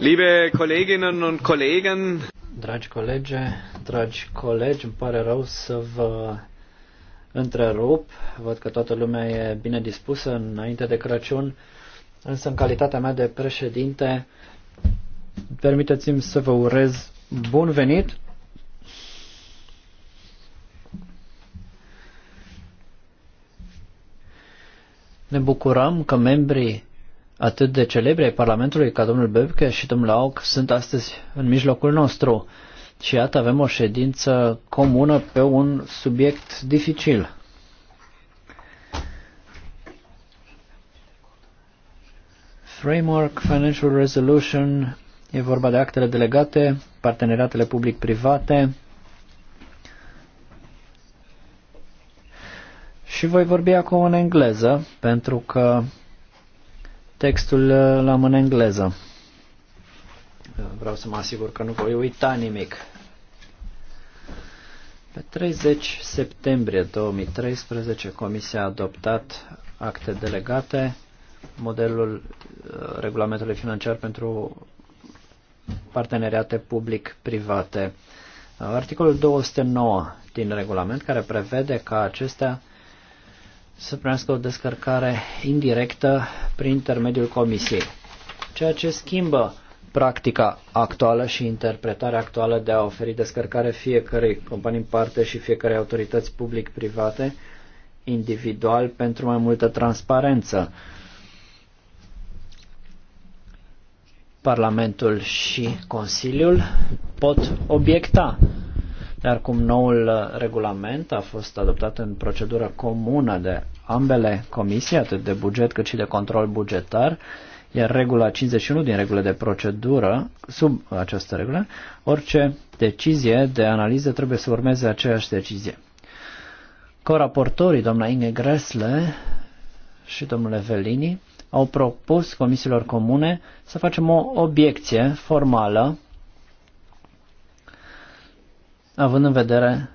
Liebe Kolleginnen und Kollegen, dragi colegi, dragi colegi, îmi pare rău să vă întrerup. Văd că toată lumea e bine dispusă înainte de Crăciun, însă în calitatea mea de președinte, permiteți-mi să vă urez bun venit Ne bucurăm că membrii atât de celebre ai Parlamentului ca domnul Bebke și domnul Auc sunt astăzi în mijlocul nostru. Și iată, avem o ședință comună pe un subiect dificil. Framework Financial Resolution e vorba de actele delegate, parteneriatele public-private, Și voi vorbi acum în engleză, pentru că Textul uh, la am în engleză. Uh, vreau să mă asigur că nu voi uita nimic. Pe 30 septembrie 2013, Comisia a adoptat acte delegate, modelul uh, regulamentului financiar pentru parteneriate public-private. Articolul 209 din regulament care prevede ca acestea să primească o descărcare indirectă prin intermediul comisiei, ceea ce schimbă practica actuală și interpretarea actuală de a oferi descărcare fiecărei companii în parte și fiecărei autorități public-private individual pentru mai multă transparență. Parlamentul și Consiliul pot obiecta dar cum noul uh, regulament a fost adoptat în procedură comună de ambele comisii, atât de buget cât și de control bugetar, iar regula 51 din regulile de procedură, sub această regulă, orice decizie de analiză trebuie să urmeze aceeași decizie. Coraportorii, doamna Inge Gresle și domnul Evelini, au propus comisiilor comune să facem o obiecție formală având în vedere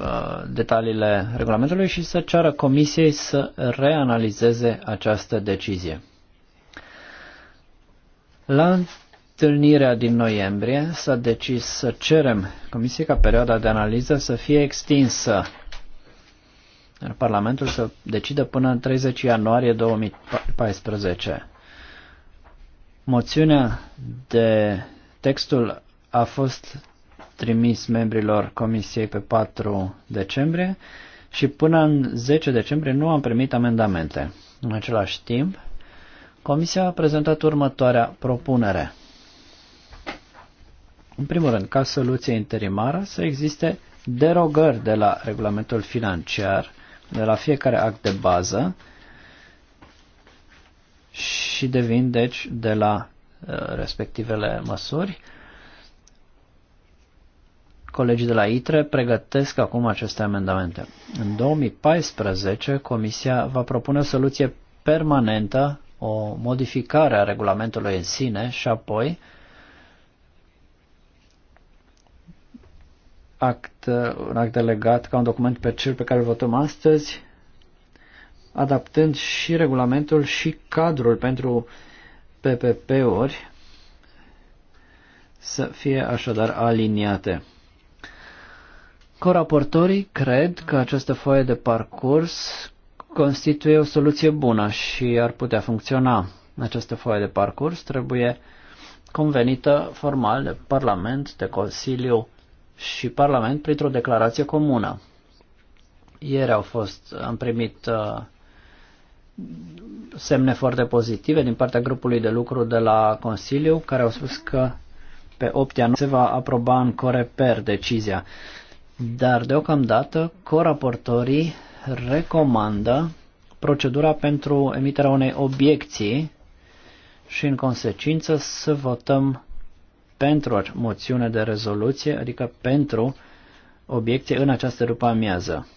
uh, detaliile regulamentului și să ceară comisiei să reanalizeze această decizie. La întâlnirea din noiembrie s-a decis să cerem comisiei ca perioada de analiză să fie extinsă. Parlamentul să decidă până în 30 ianuarie 2014. Moțiunea de textul a fost trimis membrilor comisiei pe 4 decembrie și până în 10 decembrie nu am primit amendamente. În același timp, comisia a prezentat următoarea propunere. În primul rând, ca soluție interimară să existe derogări de la regulamentul financiar, de la fiecare act de bază și devin deci de la uh, respectivele măsuri Colegii de la ITRE pregătesc acum aceste amendamente. În 2014, Comisia va propune o soluție permanentă, o modificare a regulamentului în sine și apoi act, un act delegat ca un document pe cel pe care îl votăm astăzi, adaptând și regulamentul și cadrul pentru PPP-uri să fie așadar aliniate. Coraportorii cred că această foaie de parcurs constituie o soluție bună și ar putea funcționa. Această foaie de parcurs trebuie convenită formal de Parlament, de Consiliu și Parlament printr-o declarație comună. Ieri au fost, am primit uh, semne foarte pozitive din partea grupului de lucru de la Consiliu, care au spus că pe 8 ianuarie se va aproba în Coreper decizia. Dar deocamdată coraportorii recomandă procedura pentru emiterea unei obiecții și în consecință să votăm pentru moțiune de rezoluție, adică pentru obiecție în această după amiază.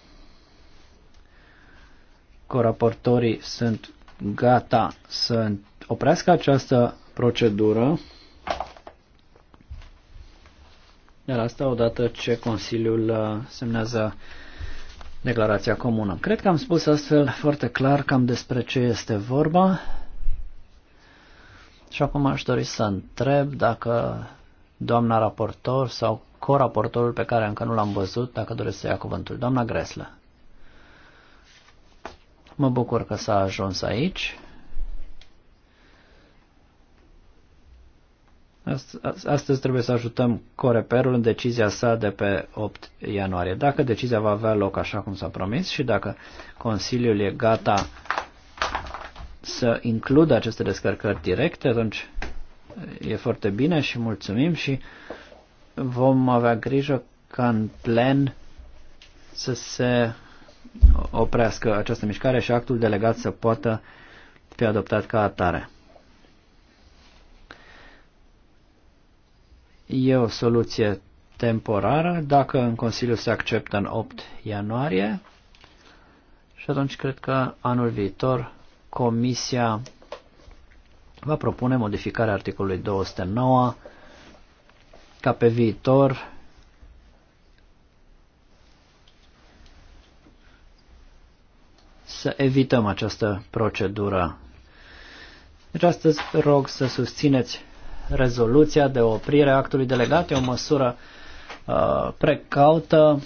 Coraportorii sunt gata să oprească această procedură Iar asta odată ce Consiliul uh, semnează declarația comună. Cred că am spus astfel foarte clar cam despre ce este vorba. Și acum aș dori să întreb dacă doamna raportor sau coraportorul pe care încă nu l-am văzut, dacă doresc să ia cuvântul. Doamna Greslă. Mă bucur că s-a ajuns aici. Astăzi trebuie să ajutăm Coreperul în decizia sa de pe 8 ianuarie. Dacă decizia va avea loc așa cum s-a promis și dacă Consiliul e gata să includă aceste descărcări directe, atunci e foarte bine și mulțumim și vom avea grijă ca în plen să se oprească această mișcare și actul delegat să poată fi adoptat ca atare. E o soluție temporară, dacă în Consiliu se acceptă în 8 ianuarie, și atunci cred că anul viitor Comisia va propune modificarea articolului 209 ca pe viitor să evităm această procedură. Deci astăzi rog să susțineți rezoluția de oprire a actului delegat, e o măsură uh, precaută,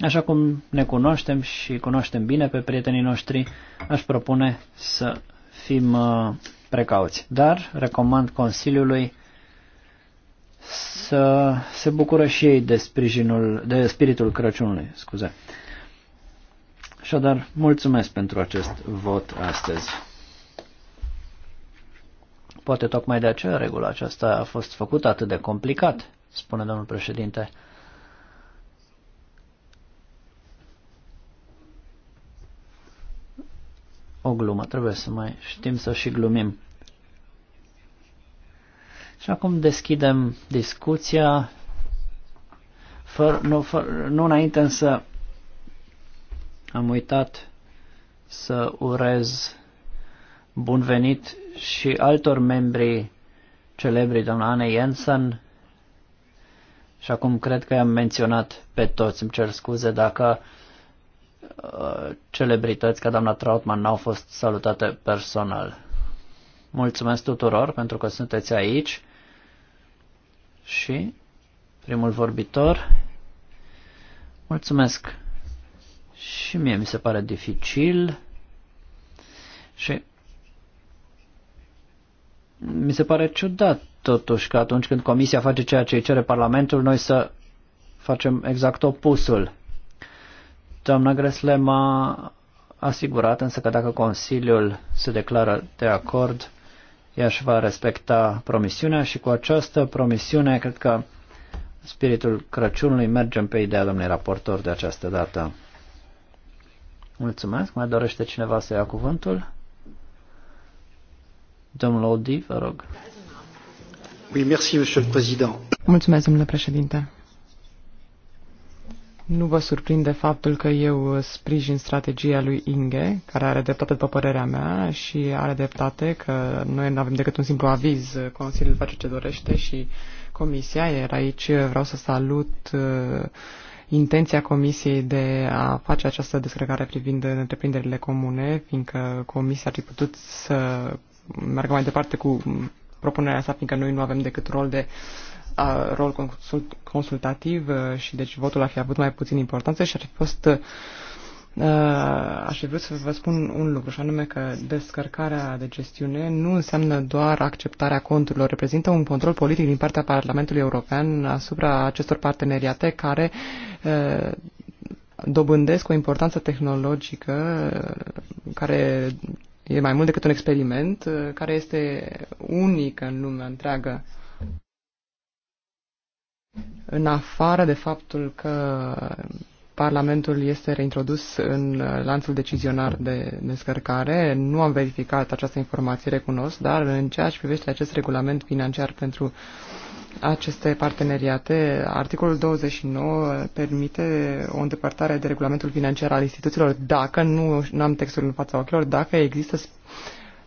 așa cum ne cunoaștem și cunoaștem bine pe prietenii noștri, aș propune să fim uh, precauți. Dar recomand Consiliului să se bucură și ei de, sprijinul, de spiritul Crăciunului. Scuze. Așadar, mulțumesc pentru acest vot astăzi. Poate tocmai de aceea regula aceasta a fost făcută atât de complicat, spune domnul președinte. O glumă, trebuie să mai știm să și glumim. Și acum deschidem discuția, fără, nu, fără, nu înainte însă am uitat să urez bun venit și altor membri celebri, doamna Anne Jensen, și acum cred că i-am menționat pe toți, îmi cer scuze dacă uh, celebrități ca doamna Trautman n-au fost salutate personal. Mulțumesc tuturor pentru că sunteți aici și primul vorbitor. Mulțumesc. Și mie mi se pare dificil și mi se pare ciudat totuși că atunci când Comisia face ceea ce îi cere Parlamentul, noi să facem exact opusul. Doamna Gresle m-a asigurat însă că dacă Consiliul se declară de acord, ea își va respecta promisiunea și cu această promisiune cred că spiritul Crăciunului mergem pe ideea domnului raportor de această dată. Mulțumesc. Mai dorește cineva să ia cuvântul? Domnul Audi, vă rog. Oui, merci, monsieur le président. Mulțumesc, domnule președinte. Nu vă surprinde faptul că eu sprijin strategia lui Inge, care are dreptate după părerea mea și are dreptate că noi nu avem decât un simplu aviz, Consiliul face ce dorește și Comisia, iar aici vreau să salut uh, intenția Comisiei de a face această descărcare privind întreprinderile comune, fiindcă Comisia ar fi putut să meargă mai departe cu propunerea asta, fiindcă noi nu avem decât rol de a, rol consult, consultativ și deci votul ar fi avut mai puțin importanță și ar fi fost Uh, aș fi vrut să vă spun un lucru, și anume că descărcarea de gestiune nu înseamnă doar acceptarea conturilor, reprezintă un control politic din partea Parlamentului European asupra acestor parteneriate care uh, dobândesc o importanță tehnologică care e mai mult decât un experiment uh, care este unic în lumea întreagă. În afară de faptul că Parlamentul este reintrodus în uh, lanțul decizionar de descărcare. Nu am verificat această informație, recunosc, dar în ceea ce privește acest regulament financiar pentru aceste parteneriate, articolul 29 permite o îndepărtare de regulamentul financiar al instituțiilor dacă nu, nu am textul în fața ochilor, dacă există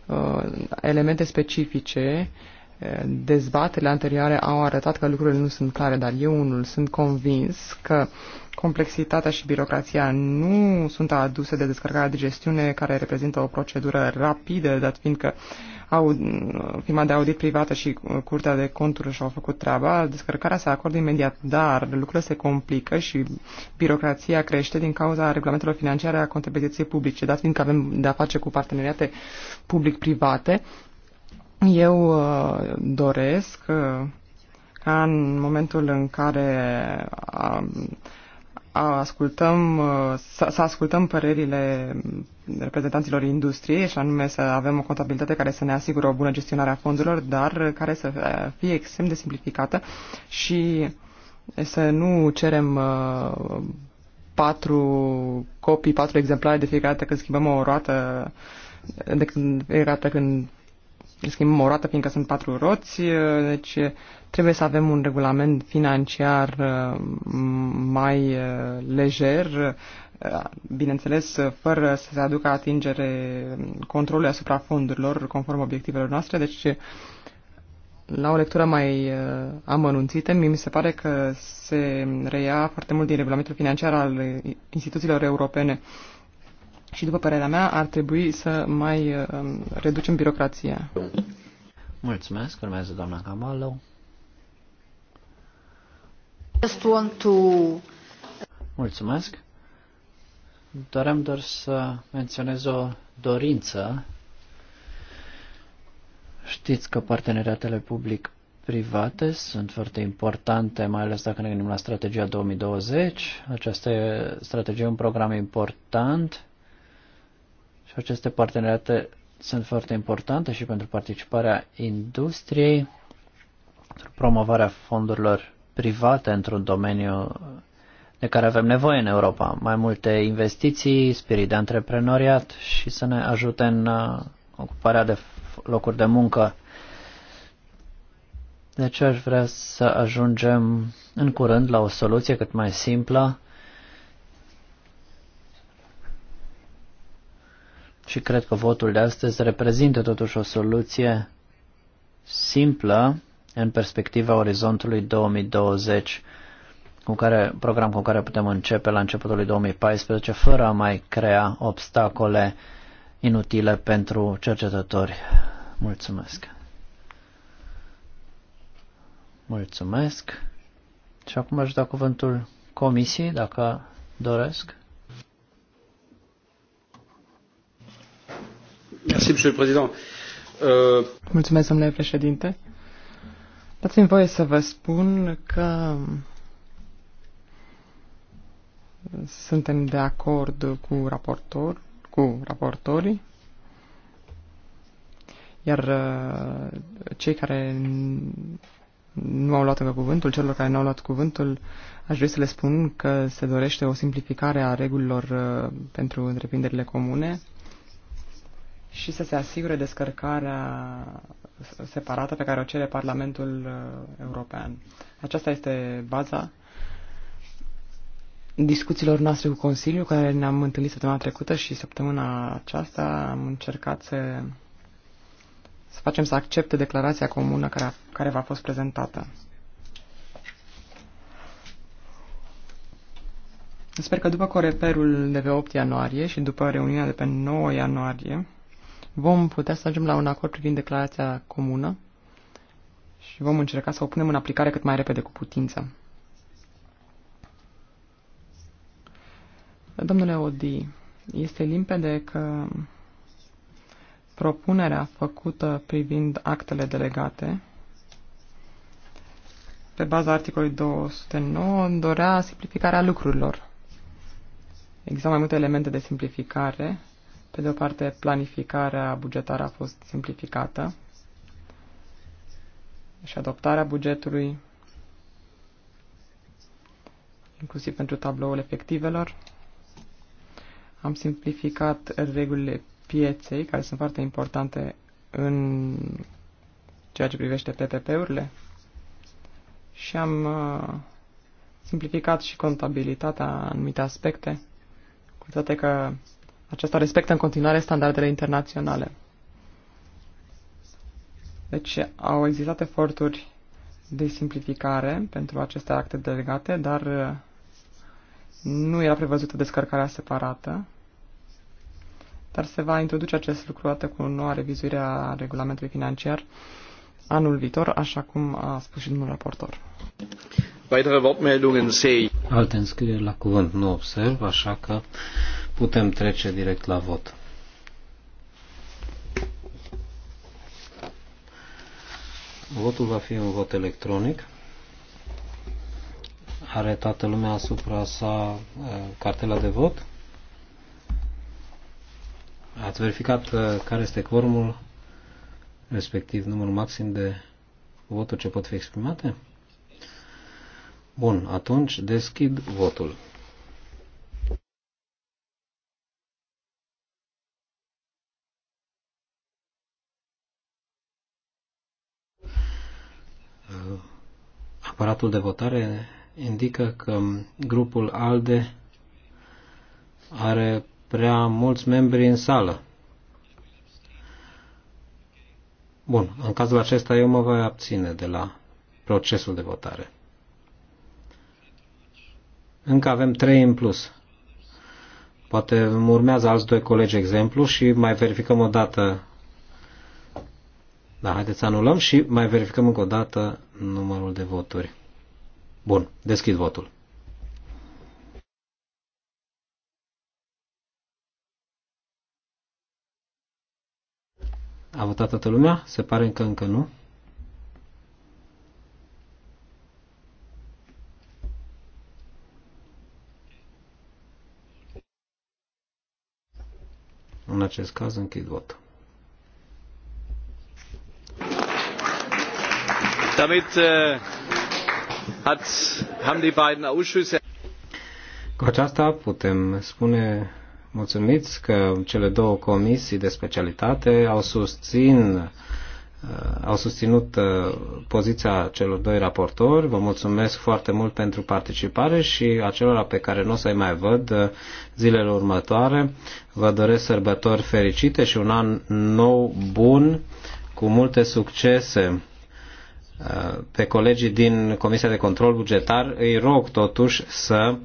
uh, elemente specifice uh, dezbatele anterioare au arătat că lucrurile nu sunt clare, dar eu unul sunt convins că complexitatea și birocrația nu sunt aduse de descărcarea de gestiune care reprezintă o procedură rapidă, dat fiindcă uh, au firma de audit privată și uh, Curtea de Conturi și-au făcut treaba, descărcarea se acordă imediat, dar lucrurile se complică și birocrația crește din cauza regulamentelor financiare a contabilității publice, dat fiindcă avem de-a face cu parteneriate public-private. Eu uh, doresc uh, ca în momentul în care ascultăm, să, să ascultăm părerile reprezentanților industriei și anume să avem o contabilitate care să ne asigure o bună gestionare a fondurilor, dar care să fie extrem de simplificată și să nu cerem uh, patru copii, patru exemplare de fiecare dată când schimbăm o roată, de când, fiecare dată când schimbăm o roată, fiindcă sunt patru roți, uh, deci Trebuie să avem un regulament financiar uh, mai uh, lejer, uh, bineînțeles, fără să se aducă atingere um, controlului asupra fondurilor conform obiectivelor noastre, deci la o lectură mai amănunțită, mi se pare că se reia foarte mult din regulamentul financiar al instituțiilor europene și, după părerea mea, ar trebui să mai reducem birocrația. Mulțumesc, urmează doamna Camalo. Just want to... Mulțumesc. Doream doar să menționez o dorință. Știți că parteneriatele public-private sunt foarte importante, mai ales dacă ne gândim la strategia 2020. Această strategie e un program important și aceste parteneriate sunt foarte importante și pentru participarea industriei, pentru promovarea fondurilor private într-un domeniu de care avem nevoie în Europa. Mai multe investiții, spirit de antreprenoriat și să ne ajute în uh, ocuparea de locuri de muncă. Deci aș vrea să ajungem în curând la o soluție cât mai simplă și cred că votul de astăzi reprezintă totuși o soluție simplă în perspectiva orizontului 2020, cu care, program cu care putem începe la începutul lui 2014, fără a mai crea obstacole inutile pentru cercetători. Mulțumesc! Mulțumesc! Și acum aș da cuvântul comisiei, dacă doresc. Euh, Mulțumesc, domnule președinte. Dați-mi voie să vă spun că suntem de acord cu raportor, cu raportorii, iar uh, cei care nu au luat încă cuvântul, celor care nu au luat cuvântul, aș vrea să le spun că se dorește o simplificare a regulilor uh, pentru întreprinderile comune, și să se asigure descărcarea separată pe care o cere Parlamentul uh, European. Aceasta este baza discuțiilor noastre cu Consiliul, care ne-am întâlnit săptămâna trecută și săptămâna aceasta am încercat să, să facem să accepte declarația comună care, care v-a fost prezentată. Sper că după coreperul de pe 8 ianuarie și după reuniunea de pe 9 ianuarie, vom putea să ajungem la un acord privind declarația comună și vom încerca să o punem în aplicare cât mai repede cu putință. Domnule Odi, este limpede că propunerea făcută privind actele delegate pe baza articolului 209 dorea simplificarea lucrurilor. Există mai multe elemente de simplificare pe de o parte, planificarea bugetară a fost simplificată și adoptarea bugetului, inclusiv pentru tabloul efectivelor. Am simplificat regulile pieței, care sunt foarte importante în ceea ce privește PPP-urile și am uh, simplificat și contabilitatea în anumite aspecte, cu toate că aceasta respectă în continuare standardele internaționale. Deci au existat eforturi de simplificare pentru aceste acte delegate, dar uh, nu era prevăzută descărcarea separată, dar se va introduce acest lucru dată cu noua revizuire a regulamentului financiar anul viitor, așa cum a spus și domnul raportor. Weitere Wortmeldungen sehe Alte înscrieri la cuvânt nu observ, așa că putem trece direct la vot. Votul va fi un vot electronic. Are toată lumea asupra sa uh, cartela de vot? Ați verificat uh, care este quorumul, respectiv numărul maxim de voturi ce pot fi exprimate? Bun, atunci deschid votul. Uh, aparatul de votare indică că grupul ALDE are prea mulți membri în sală. Bun, în cazul acesta eu mă voi abține de la procesul de votare. Încă avem trei în plus. Poate urmează alți doi colegi exemplu și mai verificăm o dată da, haideți să anulăm și mai verificăm încă o dată numărul de voturi. Bun, deschid votul. A votat toată lumea? Se pare încă încă nu. În acest caz închid votul. Damit äh, hat, haben die beiden Ausschüsse. Cu aceasta putem spune mulțumiți că cele două comisii de specialitate au, susțin, uh, au susținut uh, poziția celor doi raportori. Vă mulțumesc foarte mult pentru participare și acelora pe care nu o să-i mai văd uh, zilele următoare. Vă doresc sărbători fericite și un an nou bun cu multe succese pe colegii din Comisia de Control Bugetar, îi rog totuși să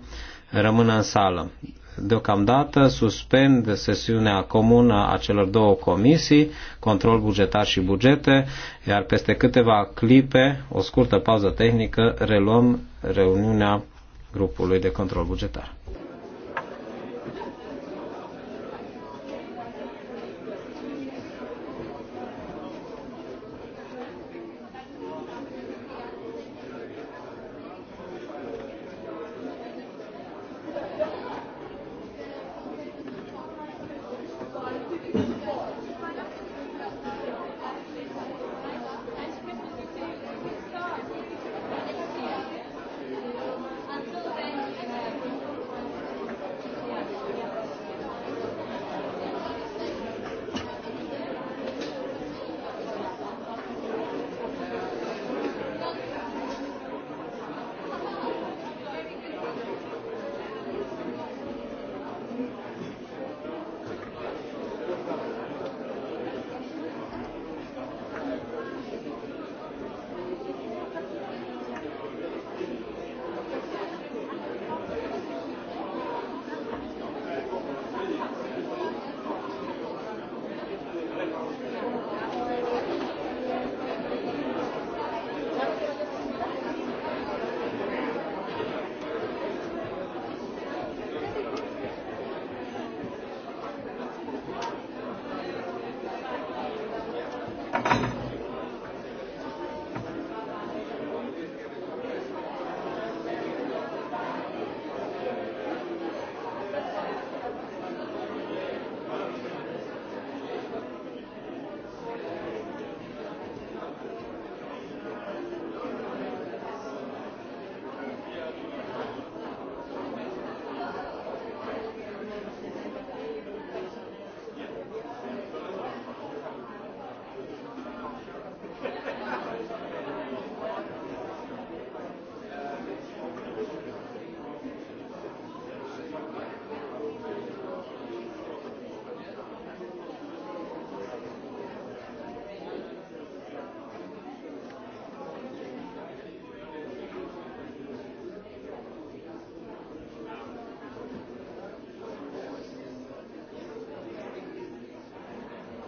rămână în sală. Deocamdată suspend sesiunea comună a celor două comisii, control bugetar și bugete, iar peste câteva clipe, o scurtă pauză tehnică, reluăm reuniunea grupului de control bugetar.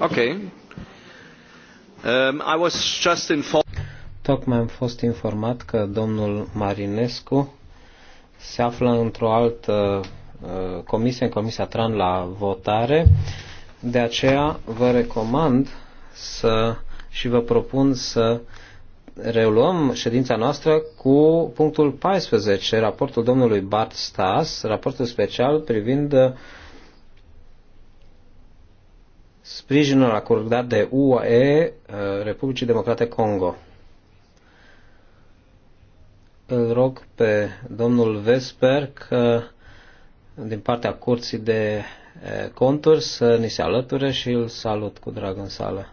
Um, Tocmai am fost informat că domnul Marinescu se află într-o altă uh, comisie, în Comisia Tran la votare. De aceea vă recomand să și vă propun să reluăm ședința noastră cu punctul 14, raportul domnului Bart Stas, raportul special privind sprijinul acordat de UAE, uh, Republicii Democrate Congo. Îl rog pe domnul Vesper că uh, din partea Curții de uh, Conturi să ni se alăture și îl salut cu drag în sală.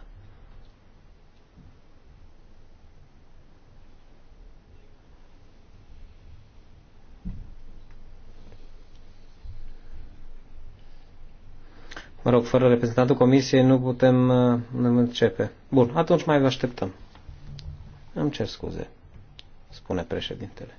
Mă rog, fără reprezentantul comisiei nu uh, putem începe. Bun, atunci mai vă așteptăm. Îmi cer scuze, spune președintele.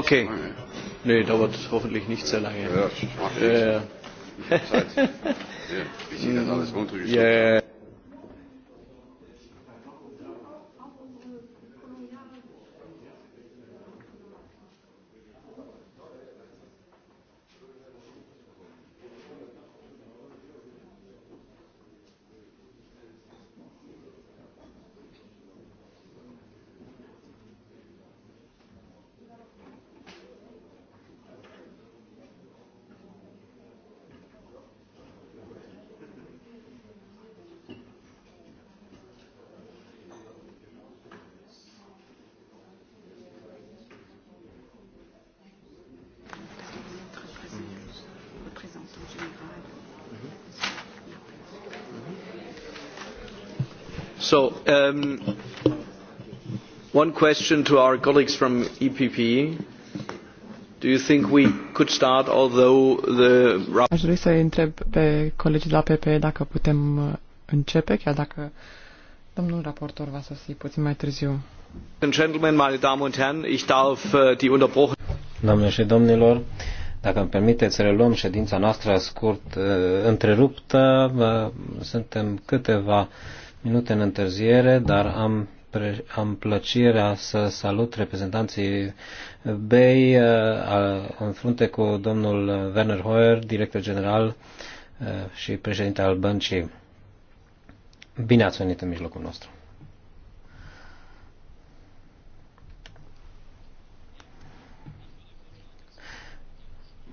Okay. Nee, dauert hoffentlich nicht sehr lange. Ja, äh. ja. ja. Zeit. Ja, wichtig, dass alles runtergeschrieben ja, ja, So, um, one question to our colleagues from EPP. Do you think we could start, although the... Aș dori să întreb pe colegii de la PPE dacă putem uh, începe, chiar dacă domnul raportor va sosi puțin mai târziu. Gentlemen, meine Damen und Herren, ich darf uh, die unterbrochen... Doamnelor și domnilor, dacă îmi permiteți, reluăm ședința noastră scurt uh, întreruptă. Suntem câteva minute în întârziere, dar am, pre, am plăcerea să salut reprezentanții BEI uh, în frunte cu domnul Werner Hoyer, director general uh, și președinte al băncii. Bine ați venit în mijlocul nostru!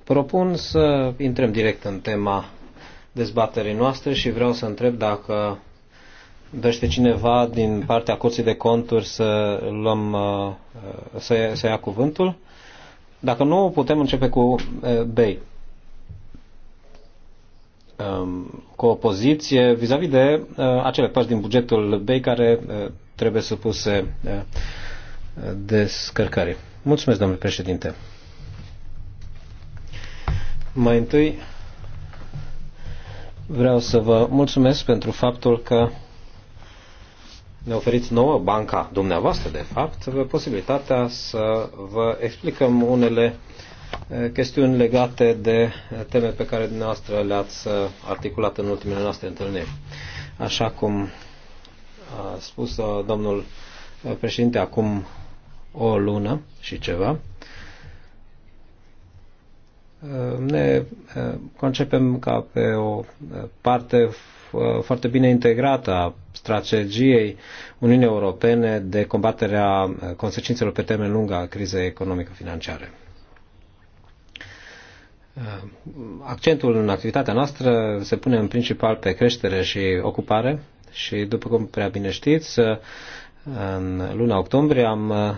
Propun să intrăm direct în tema dezbaterii noastre și vreau să întreb dacă dorește cineva din partea Curții de Conturi să, luăm, uh, uh, să, să ia cuvântul? Dacă nu, putem începe cu uh, Bay. Um, cu o poziție vis-a-vis -vis de acele părți din bugetul Bay care trebuie supuse descărcare. Mulțumesc, domnule președinte. Mai întâi vreau să vă mulțumesc pentru faptul că ne oferiți nouă, banca dumneavoastră, de fapt, posibilitatea să vă explicăm unele chestiuni legate de teme pe care dumneavoastră le-ați articulat în ultimele noastre întâlniri. Așa cum a spus domnul președinte acum o lună și ceva, ne concepem ca pe o parte foarte bine integrată a strategiei Uniunii Europene de combaterea consecințelor pe termen lung a crizei economico-financiare. Uh, accentul în activitatea noastră se pune în principal pe creștere și ocupare și, după cum prea bine știți, uh, în luna octombrie am uh,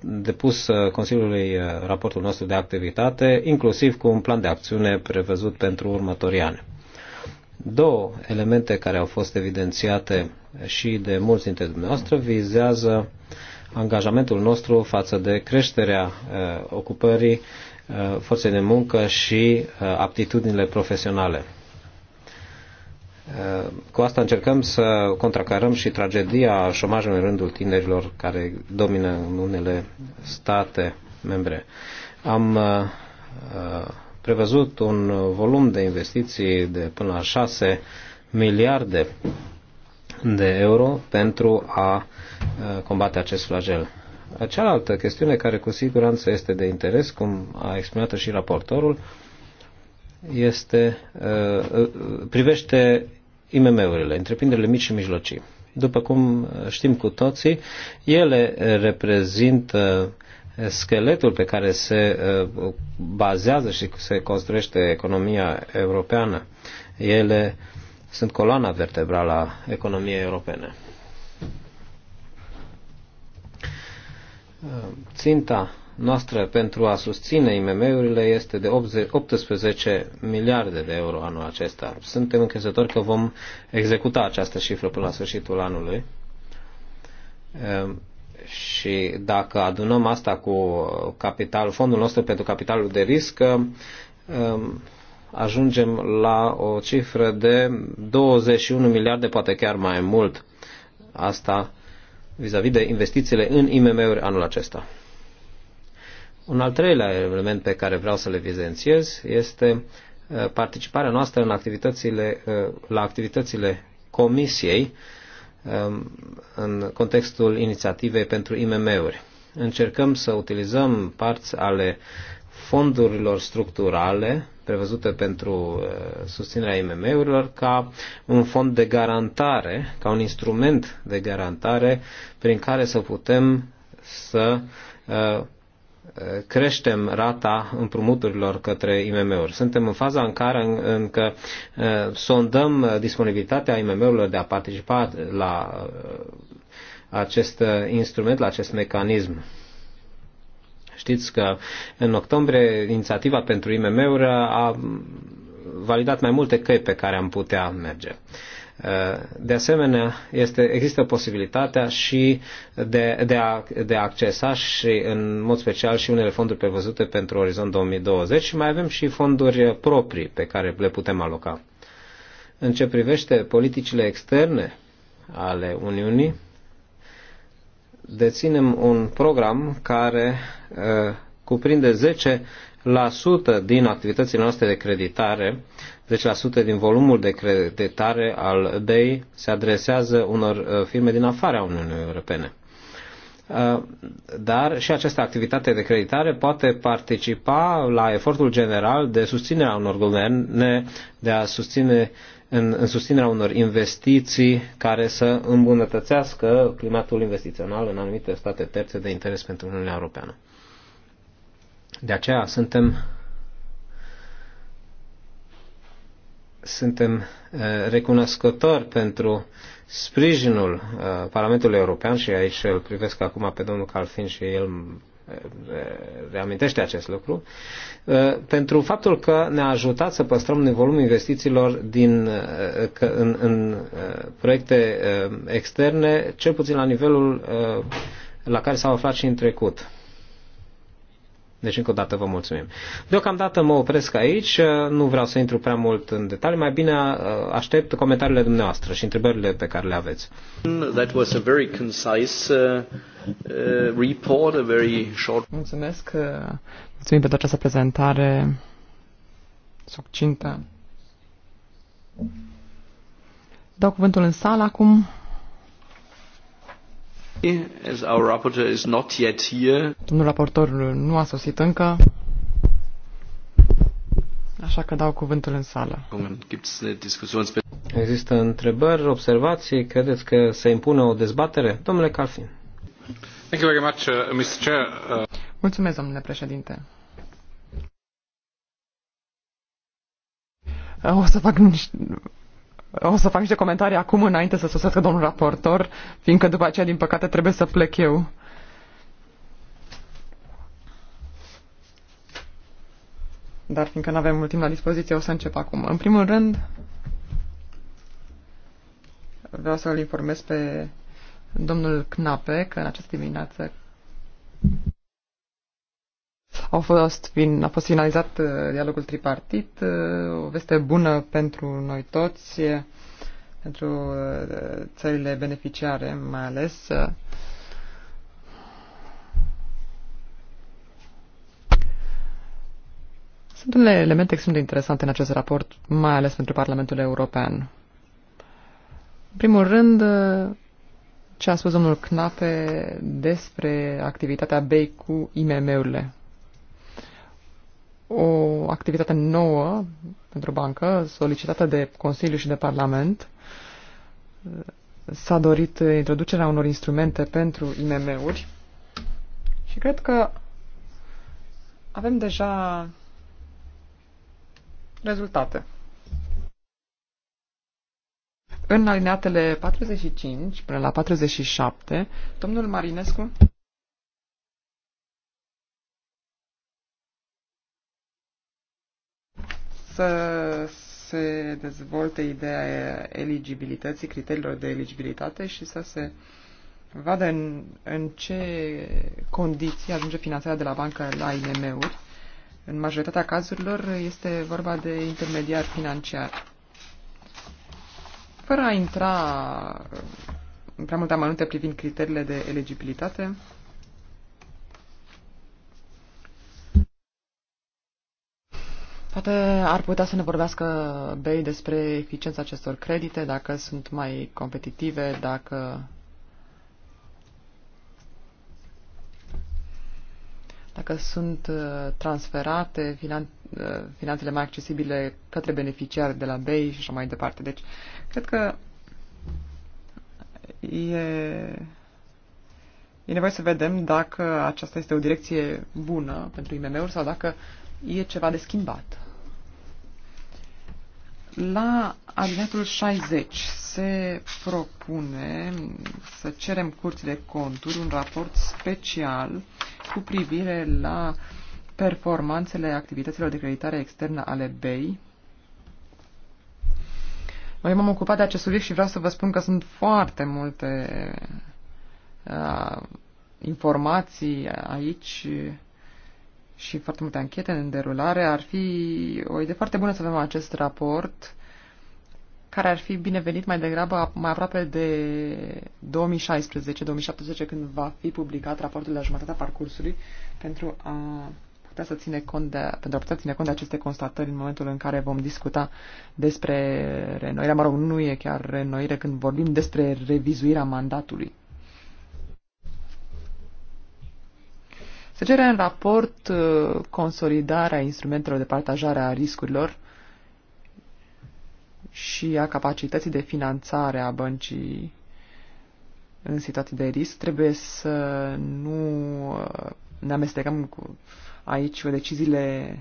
depus Consiliului raportul nostru de activitate, inclusiv cu un plan de acțiune prevăzut pentru următorii ani. Două elemente care au fost evidențiate și de mulți dintre dumneavoastră vizează angajamentul nostru față de creșterea uh, ocupării uh, forței de muncă și uh, aptitudinile profesionale. Uh, cu asta încercăm să contracarăm și tragedia șomajului în rândul tinerilor care domină în unele state membre. Am uh, uh, prevăzut un volum de investiții de până la 6 miliarde de euro pentru a uh, combate acest flagel. Cealaltă chestiune care cu siguranță este de interes, cum a exprimat și raportorul, este, uh, uh, privește IMM-urile, întreprinderile mici și mijlocii. După cum știm cu toții, ele reprezintă scheletul pe care se uh, bazează și se construiește economia europeană. Ele sunt coloana vertebrală a economiei europene. Uh, ținta noastră pentru a susține IMM-urile este de 18 miliarde de euro anul acesta. Suntem încrezători că vom executa această cifră până la sfârșitul anului. Uh, și dacă adunăm asta cu capital, fondul nostru pentru capitalul de risc, um, ajungem la o cifră de 21 miliarde, poate chiar mai mult. Asta vis-a-vis -vis de investițiile în IMM-uri anul acesta. Un al treilea element pe care vreau să le evidențiez este uh, participarea noastră în activitățile, uh, la activitățile Comisiei Um, în contextul inițiativei pentru IMM-uri. Încercăm să utilizăm parți ale fondurilor structurale prevăzute pentru uh, susținerea IMM-urilor ca un fond de garantare, ca un instrument de garantare prin care să putem să uh, creștem rata împrumuturilor către IMM-uri. Suntem în faza în care încă uh, sondăm disponibilitatea IMM-urilor de a participa la uh, acest uh, instrument, la acest mecanism. Știți că în octombrie inițiativa pentru IMM-uri a validat mai multe căi pe care am putea merge. Uh, Eh, de asemenea, este, există posibilitatea și de, de, a, de a accesa și în mod special și unele fonduri prevăzute pentru Orizont 2020 și mai avem și fonduri proprii pe care le putem aloca. În ce privește politicile externe ale Uniunii, deținem un program care uh, cuprinde 10 10% din activitățile noastre de creditare, 10% din volumul de creditare al DEI se adresează unor uh, firme din afara Uniunii Europene. Uh, dar și această activitate de creditare poate participa la efortul general de susținere a unor guverne, de a susține în, în susținerea unor investiții care să îmbunătățească climatul investițional în anumite state terțe de interes pentru Uniunea Europeană. De aceea suntem suntem uh, recunoscători pentru sprijinul uh, Parlamentului European și aici îl privesc acum pe domnul Calfin și el uh, reamintește acest lucru, pentru faptul că ne-a ajutat să păstrăm volumul investițiilor din, în, în proiecte externe, cel puțin la nivelul la care s-au aflat și în trecut. Deci, încă o dată, vă mulțumim. Deocamdată mă opresc aici, nu vreau să intru prea mult în detalii, mai bine uh, aștept comentariile dumneavoastră și întrebările pe care le aveți. That was a very concise uh, uh report, a very short... Mulțumesc, uh, mulțumim pentru această prezentare succintă. Dau cuvântul în sală acum. As our rapporteur is not yet here. Domnul raportor nu a sosit încă, așa că dau cuvântul în sală. Există întrebări, observații? Credeți că se impune o dezbatere? Domnule Calfin. Thank you very much, uh, Mr. Chair. Uh... Mulțumesc, domnule președinte. Uh, o să fac niște, o să fac niște comentarii acum înainte să sosească domnul raportor, fiindcă după aceea, din păcate, trebuie să plec eu. Dar fiindcă nu avem mult timp la dispoziție, o să încep acum. În primul rând, vreau să-l informez pe domnul Knape că în această dimineață au fost, a fost finalizat uh, dialogul tripartit, uh, o veste bună pentru noi toți, pentru uh, țările beneficiare mai ales. Sunt unele elemente extrem de interesante în acest raport, mai ales pentru Parlamentul European. În primul rând, ce a spus domnul Knape despre activitatea BEI cu IMM-urile o activitate nouă pentru bancă, solicitată de Consiliu și de Parlament. S-a dorit introducerea unor instrumente pentru IMM-uri și cred că avem deja rezultate. În alineatele 45 până la 47, domnul Marinescu să se dezvolte ideea eligibilității, criteriilor de eligibilitate și să se vadă în, în ce condiții ajunge finanțarea de la bancă la IMM-uri. În majoritatea cazurilor este vorba de intermediar financiar. Fără a intra în prea multe amănunte privind criteriile de eligibilitate, Poate ar putea să ne vorbească BEI despre eficiența acestor credite, dacă sunt mai competitive, dacă dacă sunt uh, transferate finan... Uh, finanțele mai accesibile către beneficiari de la BEI și așa mai departe. Deci, cred că e, e nevoie să vedem dacă aceasta este o direcție bună pentru IMM-uri sau dacă uh, e ceva de schimbat. La aliatul 60 se propune să cerem curții de conturi un raport special cu privire la performanțele activităților de creditare externă ale BEI. Noi m-am ocupat de acest subiect și vreau să vă spun că sunt foarte multe uh, informații aici și foarte multe anchete în derulare, ar fi o idee foarte bună să avem acest raport care ar fi binevenit mai degrabă mai aproape de 2016-2017 când va fi publicat raportul la jumătatea parcursului pentru a putea să ține cont de, pentru a putea ține cont de aceste constatări în momentul în care vom discuta despre renoirea. Mă rog, nu e chiar renoire când vorbim despre revizuirea mandatului. Se cere în raport uh, consolidarea instrumentelor de partajare a riscurilor și a capacității de finanțare a băncii în situații de risc. Trebuie să nu uh, ne amestecăm cu aici cu deciziile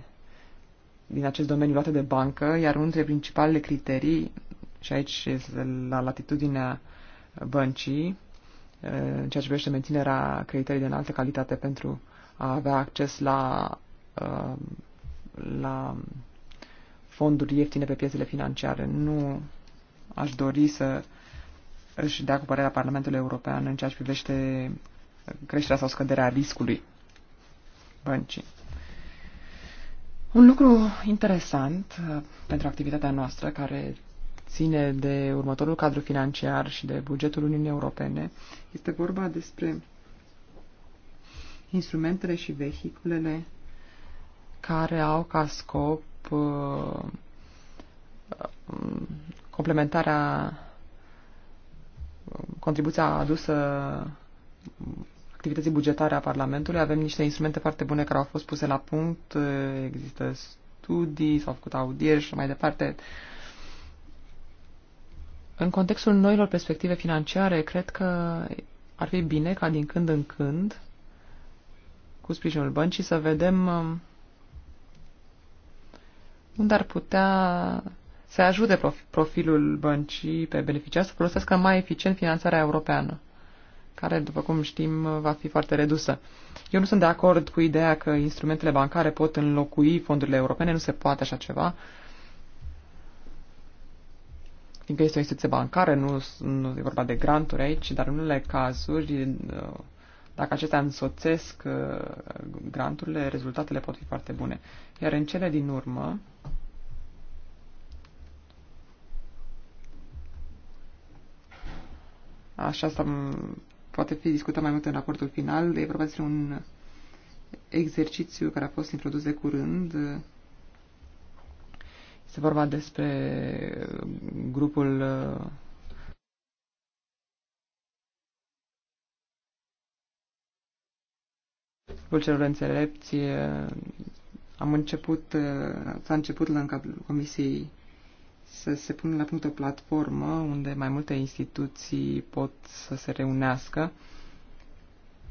din acest domeniu luate de bancă, iar unul dintre principalele criterii, și aici este la latitudinea băncii, uh, în ceea ce privește menținerea creditării de înaltă calitate pentru a avea acces la, uh, la fonduri ieftine pe piețele financiare. Nu aș dori să își dea cu părerea Parlamentului European în ceea ce privește creșterea sau scăderea riscului băncii. Un lucru interesant uh, pentru activitatea noastră, care ține de următorul cadru financiar și de bugetul Uniunii Europene, este vorba despre instrumentele și vehiculele care au ca scop uh, complementarea contribuția adusă activității bugetare a Parlamentului. Avem niște instrumente foarte bune care au fost puse la punct, uh, există studii, s-au făcut audieri și mai departe. În contextul noilor perspective financiare, cred că ar fi bine ca din când în când cu sprijinul băncii să vedem um, unde ar putea să ajute profilul băncii pe beneficiar să folosească mai eficient finanțarea europeană, care, după cum știm, va fi foarte redusă. Eu nu sunt de acord cu ideea că instrumentele bancare pot înlocui fondurile europene, nu se poate așa ceva, fiindcă este o instituție bancară, nu, nu e vorba de granturi aici, dar în unele cazuri uh, dacă acestea însoțesc uh, granturile, rezultatele pot fi foarte bune. Iar în cele din urmă, așa asta poate fi discutat mai mult în raportul final, e vorba despre un exercițiu care a fost introdus de curând. Este vorba despre grupul uh, Cuvântul celor înțelepți am început, s-a început la cadrul comisiei să se pună la punct o platformă unde mai multe instituții pot să se reunească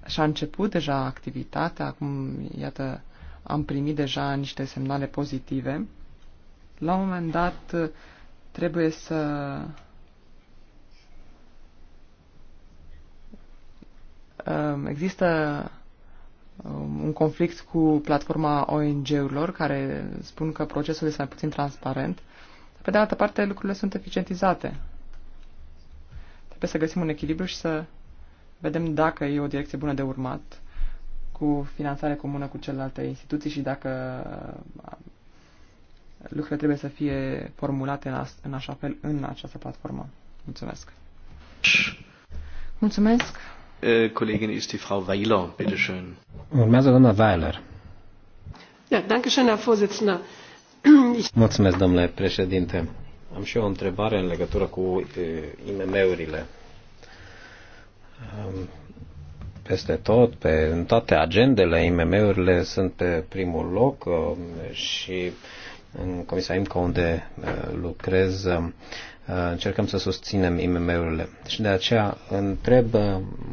și a început deja activitatea, acum, iată, am primit deja niște semnale pozitive. La un moment dat trebuie să există Um, un conflict cu platforma ONG-urilor care spun că procesul este mai puțin transparent. Pe de altă parte, lucrurile sunt eficientizate. Trebuie să găsim un echilibru și să vedem dacă e o direcție bună de urmat cu finanțare comună cu celelalte instituții și dacă uh, lucrurile trebuie să fie formulate în așa fel în această platformă. Mulțumesc! Mulțumesc! Äh, Kollegin ist die Frau Weiler, bitte schön. Urmează doamna Weiler. Ja, danke schön, Herr Vorsitzender. Mulțumesc, domnule președinte. Am și eu o întrebare în legătură cu IMM-urile. Peste tot, pe, în toate agendele, IMM-urile sunt pe primul loc um, și în Comisia IMCO unde uh, lucrez um, Uh, încercăm să susținem IMM-urile. Și de aceea întreb uh,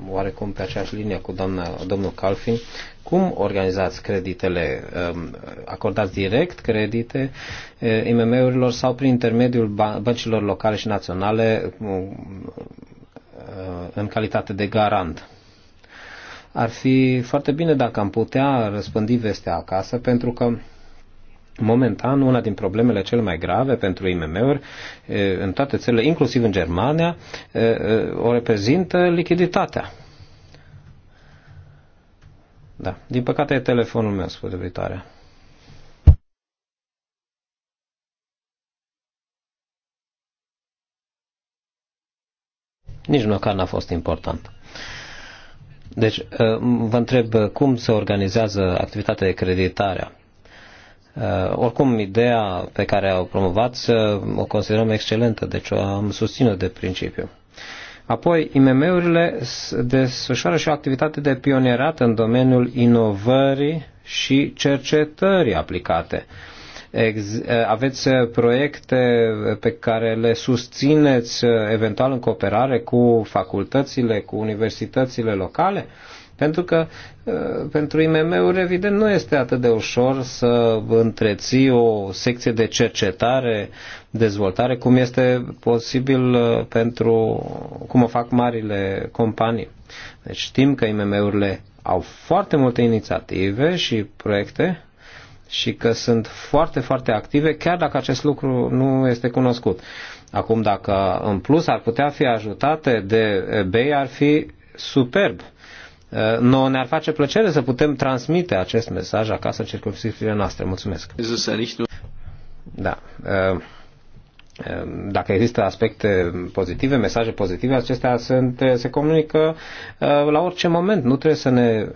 oarecum pe aceeași linie cu doamna, domnul Calfin, cum organizați creditele? Um, acordați direct credite uh, IMM-urilor sau prin intermediul băncilor locale și naționale în calitate de garant? Ar fi foarte bine dacă am putea răspândi vestea acasă, pentru că Momentan, una din problemele cel mai grave pentru IMM-uri în toate țările, inclusiv în Germania, o reprezintă lichiditatea. Da. Din păcate e telefonul meu, spune viitoarea. Nici măcar n-a fost important. Deci, vă întreb cum se organizează activitatea de creditare Uh, oricum, ideea pe care o promovați o considerăm excelentă, deci o am susținut de principiu. Apoi, IMM-urile desfășoară și o activitate de pionierat în domeniul inovării și cercetării aplicate. Uh, aveți proiecte pe care le susțineți uh, eventual în cooperare cu facultățile, cu universitățile locale? Uh, pentru că uh, pentru IMM-uri, evident, nu este atât de ușor să întreții o secție de cercetare, dezvoltare, cum este posibil uh, pentru, cum o fac marile companii. Deci știm că IMM-urile au foarte multe inițiative și proiecte și că sunt foarte, foarte active, chiar dacă acest lucru nu este cunoscut. Acum, dacă în plus ar putea fi ajutate de eBay, ar fi superb. Uh, Noi ne-ar face plăcere să putem transmite acest mesaj acasă în circunstanțele noastre. Mulțumesc. Da. Uh, uh, dacă există aspecte pozitive, mesaje pozitive, acestea sunt, se comunică la orice moment. Nu trebuie să ne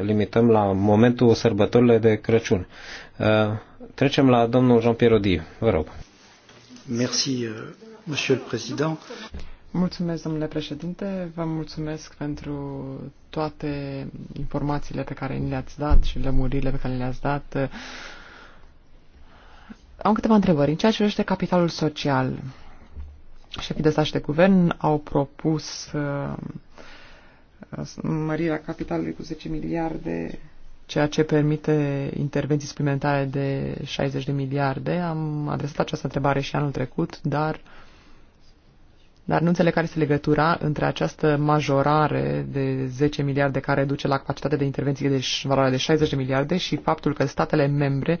limităm la momentul sărbătorilor de Crăciun. Trecem la domnul Jean pierre Odie. Vă rog. Merci, euh, monsieur le président. Mulțumesc, domnule președinte, vă mulțumesc pentru toate informațiile pe care ni le-ați dat și lămurile pe care le-ați dat. Am câteva întrebări. În ceea ce privește capitalul social, șefii de stat și de guvern au propus uh, mărirea capitalului cu 10 miliarde, ceea ce permite intervenții suplimentare de 60 de miliarde. Am adresat această întrebare și anul trecut, dar uh, dar nu înțeleg care este legătura între această majorare de 10 miliarde care duce la capacitatea de intervenție de valoare de 60 de miliarde și faptul că statele membre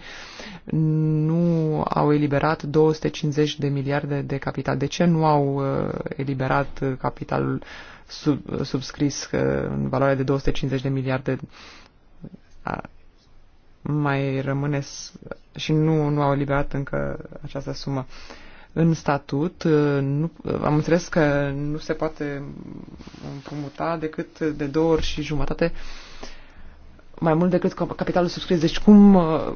nu au eliberat 250 de miliarde de capital. De ce nu au uh, eliberat capitalul sub, uh, subscris uh, în valoare de 250 de miliarde? Mai rămâne și nu, nu au eliberat încă această sumă. Uh, în statut, uh, nu, uh, am înțeles că nu se poate împrumuta decât de două ori și jumătate mai mult decât capitalul subscris. Deci cum, uh,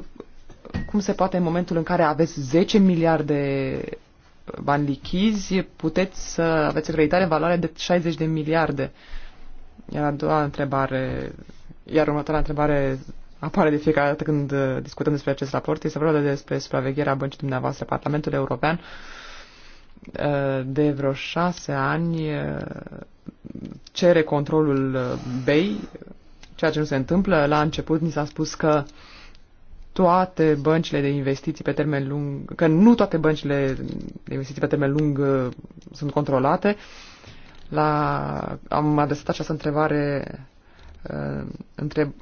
cum se poate în momentul în care aveți 10 miliarde bani lichizi, puteți să aveți o creditare în valoare de 60 de miliarde? Iar a doua întrebare, iar următoarea întrebare apare de fiecare dată când uh, discutăm despre acest raport. Este vorba despre supravegherea băncii dumneavoastră, Parlamentul European. Uh, de vreo șase ani uh, cere controlul BEI, ceea ce nu se întâmplă. La început ni s-a spus că toate băncile de investiții pe termen lung, că nu toate băncile de investiții pe termen lung sunt controlate. La, am adresat această întrebare Uh, între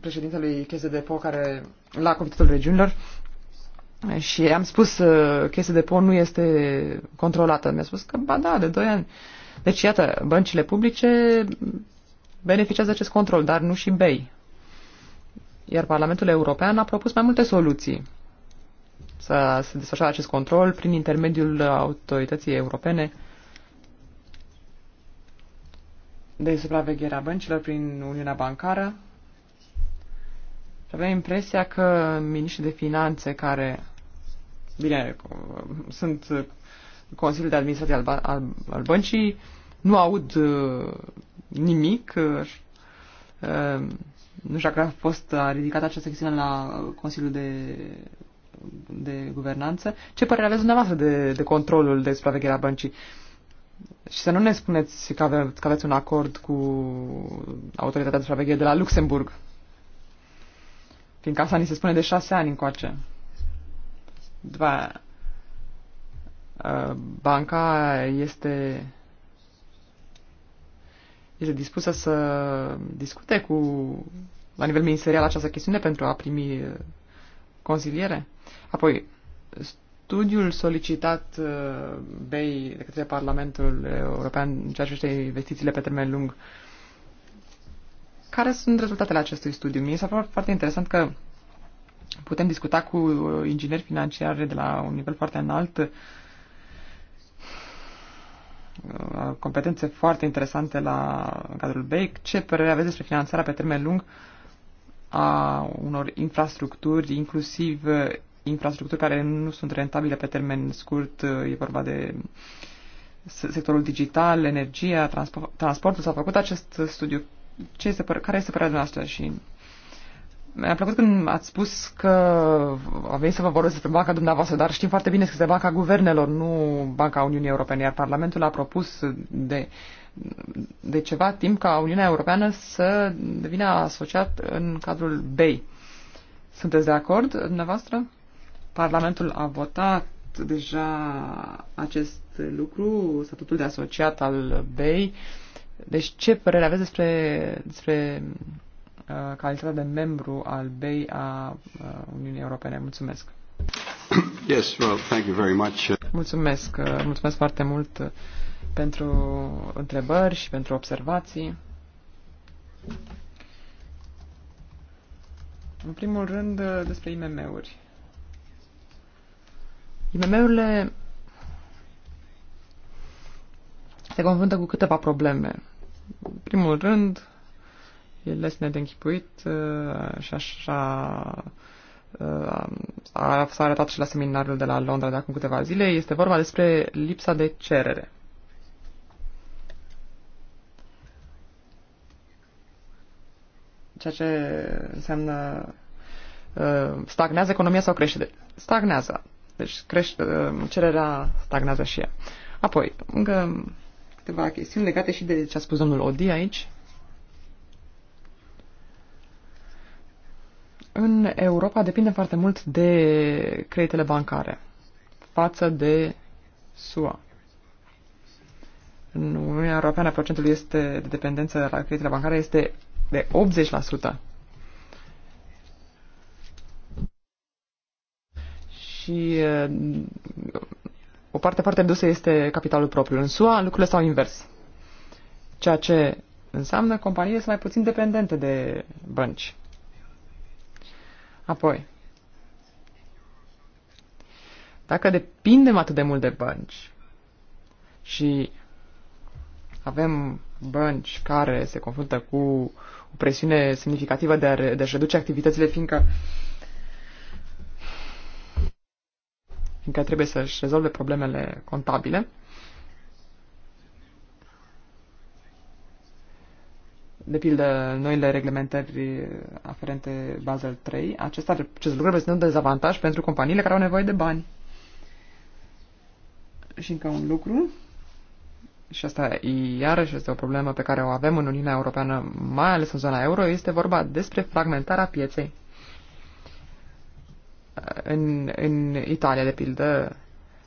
președintelui Chese de Po care la Comitetul Regiunilor și am spus uh, Chese de Po nu este controlată. Mi-a spus că ba da, de 2 ani. Deci iată, băncile publice beneficiază acest control, dar nu și BEI. Iar Parlamentul European a propus mai multe soluții să se desfășoare acest control prin intermediul autorității europene de supravegherea băncilor prin Uniunea Bancară. Și avem impresia că miniștrii de finanțe care, bine, sunt Consiliul de Administrație al, al, al băncii, nu aud uh, nimic. Uh, uh, nu știu dacă a fost a ridicat această chestiune la Consiliul de, de Guvernanță. Ce părere aveți dumneavoastră de, de controlul de supraveghere a băncii? Uh, și să nu ne spuneți că, ave, că aveți un acord cu autoritatea de supraveghere de la Luxemburg. Fiindcă asta ni se spune de șase ani încoace. După ă, banca este este dispusă să discute cu la nivel ministerial această chestiune pentru a primi ă, consiliere. Apoi, studiul solicitat uh, BEI de către Parlamentul European în ceea ce privește investițiile pe termen lung, care sunt rezultatele acestui studiu? Mie s-a părut foarte interesant că putem discuta cu ingineri financiari de la un nivel foarte înalt uh, competențe foarte interesante la în cadrul BEI. Ce părere aveți despre finanțarea pe termen lung a unor infrastructuri, inclusiv infrastructuri care nu sunt rentabile pe termen scurt, e vorba de sectorul digital, energia, transport, transportul. S-a făcut acest studiu. Ce este, care este părerea noastră? Și mi-a plăcut când ați spus că aveți să vă vorbesc despre banca dumneavoastră, dar știm foarte bine că este banca guvernelor, nu banca Uniunii Europene, iar Parlamentul a propus de, de ceva timp ca Uniunea Europeană să devină asociat în cadrul BEI. Sunteți de acord dumneavoastră? Parlamentul a votat deja acest lucru, statutul de asociat al BEI. Deci ce părere aveți despre, despre uh, calitatea de membru al BEI a uh, Uniunii Europene? Mulțumesc! Yes, well, thank you very much. Mulțumesc, uh, mulțumesc foarte mult pentru întrebări și pentru observații. În primul rând, uh, despre IMM-uri. IMM-urile se confruntă cu câteva probleme. În primul rând, ele sunt de închipuit uh, și așa uh, s-a arătat și la seminariul de la Londra de acum câteva zile, este vorba despre lipsa de cerere. Ceea ce înseamnă uh, stagnează economia sau crește. Stagnează. Deci crește, cererea stagnează și ea. Apoi, încă câteva chestiuni legate și de ce a spus domnul Odi aici. În Europa depinde foarte mult de creditele bancare față de SUA. În Uniunea Europeană procentul este de dependență la creditele bancare este de 80%. și o parte foarte redusă este capitalul propriu. În SUA lucrurile s-au invers. Ceea ce înseamnă companiile sunt mai puțin dependente de bănci. Apoi, dacă depindem atât de mult de bănci și avem bănci care se confruntă cu o presiune semnificativă de a-și reduce activitățile, fiindcă uh, care trebuie să-și rezolve problemele contabile. De pildă, noile reglementări aferente Basel 3, acest lucru reprezintă un dezavantaj pentru companiile care au nevoie de bani. Și încă un lucru, și asta iarăși este o problemă pe care o avem în Uniunea Europeană, mai ales în zona euro, este vorba despre fragmentarea pieței în, în Italia, de pildă,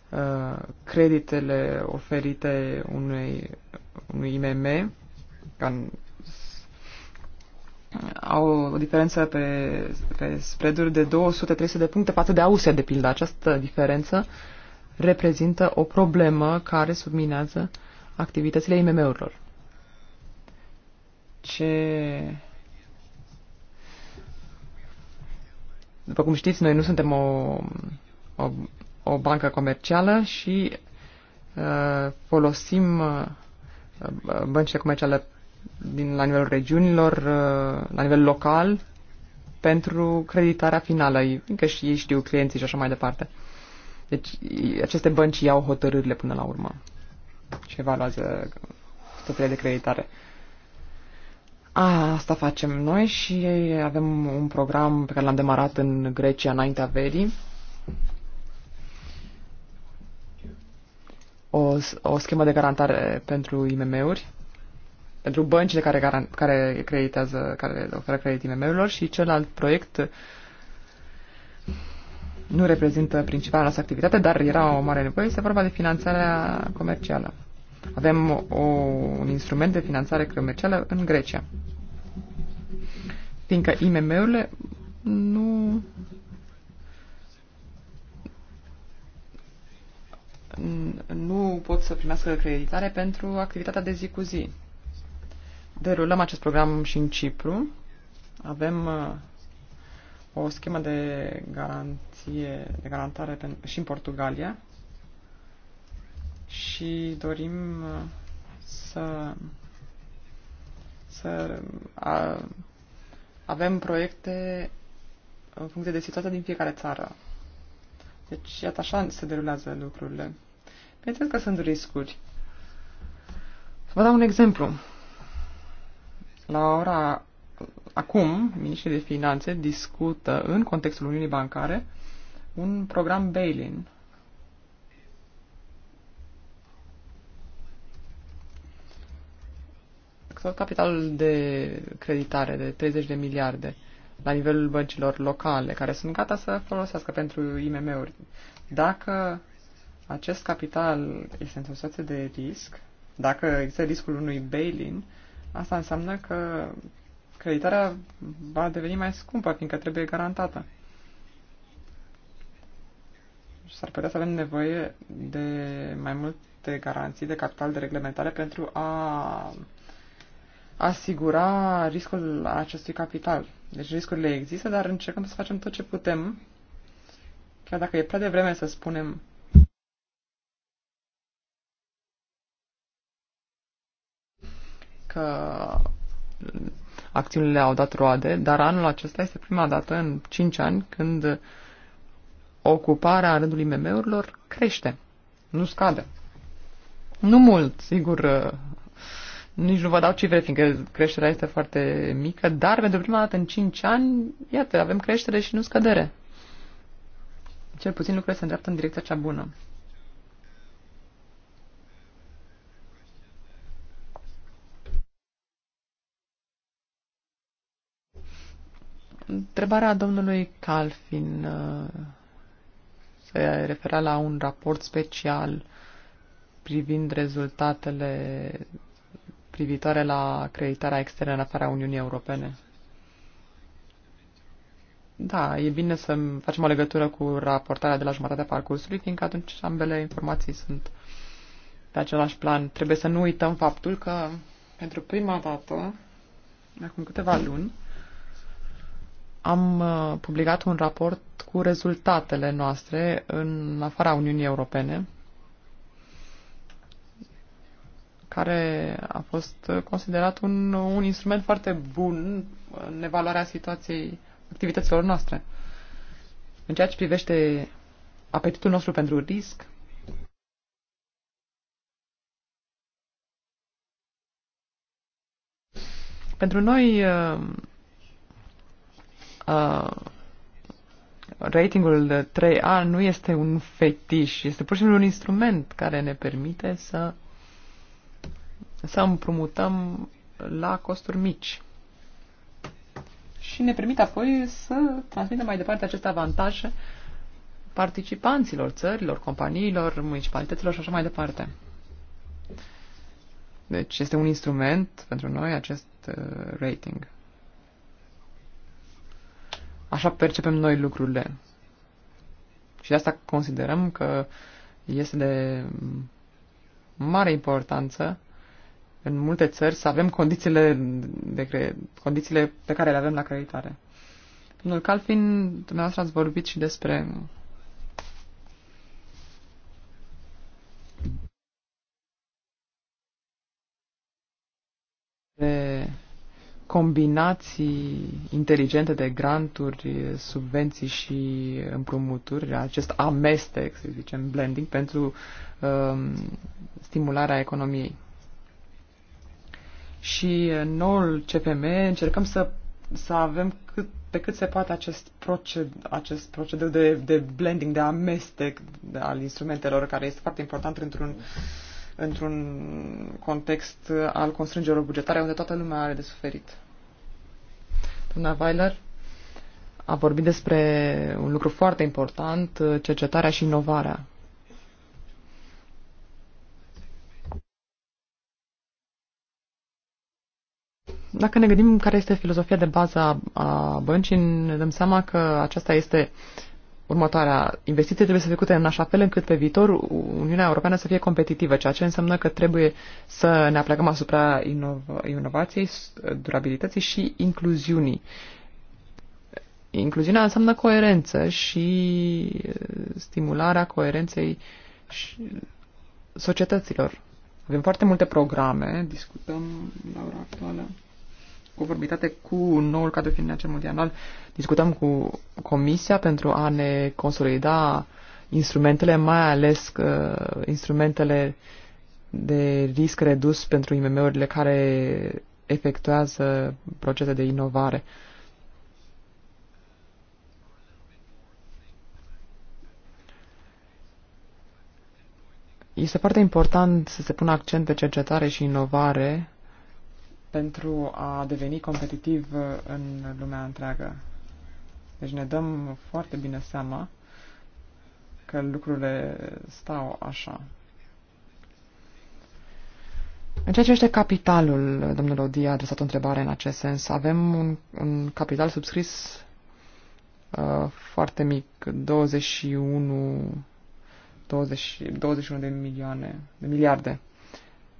uh, creditele oferite unui, unui IMM can, au o diferență pe, pe spread-uri de 200-300 de puncte față de Austria, de pildă. Această diferență reprezintă o problemă care subminează activitățile IMM-urilor. Ce După cum știți, noi nu suntem o, o, o bancă comercială și uh, folosim uh, băncile comerciale din, la nivelul regiunilor, uh, la nivel local, pentru creditarea finală, încă și ei știu clienții și așa mai departe. Deci aceste bănci iau hotărârile până la urmă și evaluează statuile de creditare. Asta facem noi și avem un program pe care l-am demarat în Grecia înaintea verii. O, o schemă de garantare pentru IMM-uri, pentru băncile care, care creditează, care oferă credit IMM-urilor și celălalt proiect nu reprezintă principala noastră activitate, dar era o mare nevoie, este vorba de finanțarea comercială avem o, un instrument de finanțare comercială în Grecia. Fiindcă IMM-urile nu nu pot să primească creditare pentru activitatea de zi cu zi. Derulăm acest program și în Cipru. Avem uh, o schemă de garanție, de garantare și în Portugalia, și dorim uh, să, să a, avem proiecte în funcție de situația din fiecare țară. Deci, iată, așa se derulează lucrurile. Bineînțeles că sunt riscuri. Să vă dau un exemplu. La ora acum, ministrii de finanțe discută în contextul Uniunii Bancare un program bail-in capitalul de creditare de 30 de miliarde la nivelul băncilor locale, care sunt gata să folosească pentru IMM-uri. Dacă acest capital este într-o situație de risc, dacă există riscul unui bail-in, asta înseamnă că creditarea va deveni mai scumpă, fiindcă trebuie garantată. S-ar putea să avem nevoie de mai multe garanții de capital de reglementare pentru a asigura riscul acestui capital. Deci riscurile există, dar încercăm să facem tot ce putem, chiar dacă e prea devreme să spunem că acțiunile au dat roade, dar anul acesta este prima dată în 5 ani când ocuparea rândului mm urilor crește, nu scade. Nu mult, sigur, nici nu vă dau cifre, fiindcă creșterea este foarte mică, dar pentru prima dată în 5 ani, iată, avem creștere și nu scădere. Cel puțin lucrurile se îndreaptă în direcția cea bună. Întrebarea domnului Calfin uh, se referea la un raport special privind rezultatele privitoare la creditarea externă în afara Uniunii Europene. Da, e bine să facem o legătură cu raportarea de la jumătatea parcursului, fiindcă atunci ambele informații sunt pe același plan. Trebuie să nu uităm faptul că pentru prima dată, acum câteva luni, am uh, publicat un raport cu rezultatele noastre în afara Uniunii Europene care a fost considerat un, un instrument foarte bun în evaluarea situației activităților noastre. În ceea ce privește apetitul nostru pentru risc, pentru noi uh, uh, ratingul 3A nu este un fetiș, este pur și simplu un instrument care ne permite să să împrumutăm la costuri mici. Și ne permit apoi să transmitem mai departe acest avantaj participanților, țărilor, companiilor, municipalităților și așa mai departe. Deci este un instrument pentru noi acest uh, rating. Așa percepem noi lucrurile. Și de asta considerăm că este de mare importanță în multe țări să avem condițiile, de cre- condițiile pe care le avem la creditare. Domnul Calfin, dumneavoastră ați vorbit și despre de combinații inteligente de granturi, subvenții și împrumuturi, acest amestec, să zicem, blending, pentru um, stimularea economiei și în noul CPM încercăm să, să avem cât, pe cât se poate acest, proced, acest procedeu de, de blending, de amestec al instrumentelor, care este foarte important într-un într-un context al constrângerilor bugetare, unde toată lumea are de suferit. Doamna Weiler a vorbit despre un lucru foarte important, cercetarea și inovarea. Dacă ne gândim care este filozofia de bază a băncii, ne dăm seama că aceasta este următoarea. Investiții trebuie să fie făcute în așa fel încât pe viitor Uniunea Europeană să fie competitivă, ceea ce înseamnă că trebuie să ne aplicăm asupra inov- inovației, durabilității și incluziunii. Incluziunea înseamnă coerență și stimularea coerenței și societăților. Avem foarte multe programe, discutăm la ora actuală conformitate cu noul cadru financiar multianual, discutăm cu Comisia pentru a ne consolida instrumentele, mai ales uh, instrumentele de risc redus pentru IMM-urile care efectuează procese de inovare. Este foarte important să se pună accent pe cercetare și inovare pentru a deveni competitiv în lumea întreagă. Deci ne dăm foarte bine seama că lucrurile stau așa. În ceea ce este capitalul, domnul Odie a adresat o întrebare în acest sens. Avem un, un capital subscris uh, foarte mic, 21, 20, 21 de milioane, de miliarde.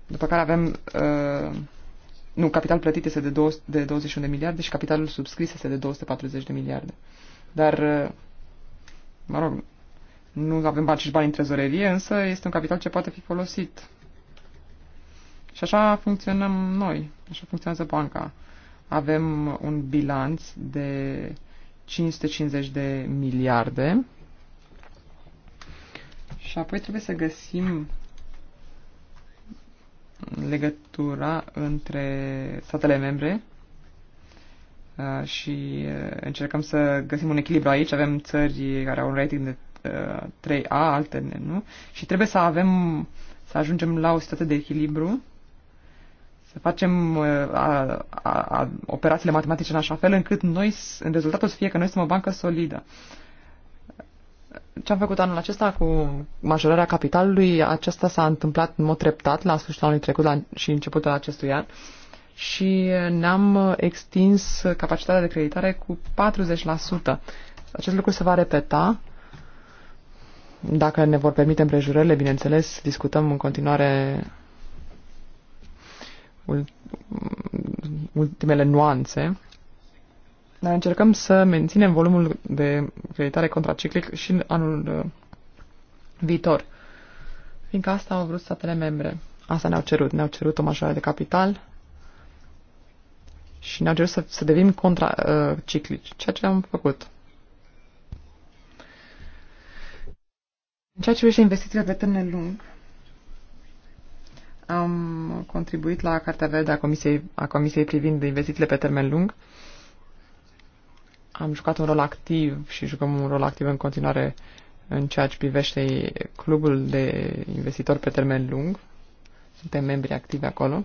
După care avem uh, nu, capital plătit este de, 20 de 21 de miliarde și capitalul subscris este de 240 de miliarde. Dar, uh, mă rog, nu avem acești bani în trezorerie, însă este un capital ce poate fi folosit. Și așa funcționăm noi, așa funcționează banca. Avem un bilanț de 550 de miliarde și apoi trebuie să găsim legătura între statele membre uh, și uh, încercăm să găsim un echilibru aici. Avem țări care au un rating de 3A, uh, alte nu, și trebuie să avem, să ajungem la o situație de echilibru, să facem a, a, a, operațiile matematice în așa fel încât noi, în rezultatul să fie că noi suntem o bancă solidă. Uh, ce am făcut anul acesta cu majorarea capitalului, acesta s-a întâmplat în mod treptat la sfârșitul anului trecut la, și începutul acestui an și ne-am extins capacitatea de creditare cu 40%. Acest lucru se va repeta dacă ne vor permite împrejurările, bineînțeles, discutăm în continuare ultimele nuanțe noi încercăm să menținem volumul de creditare contraciclic și în anul uh, viitor. Fiindcă asta au vrut statele membre. Asta ne-au cerut. Ne-au cerut o majorare de capital și ne-au cerut să, să devenim contraciclici, uh, ceea ce am făcut. În ceea ce privește investițiile pe termen lung, am contribuit la Cartea Verde a Comisiei, a Comisiei privind investițiile pe termen lung, uh, am jucat un rol activ și jucăm un rol activ în continuare în ceea ce privește clubul de investitori pe termen lung. Suntem membri activi acolo.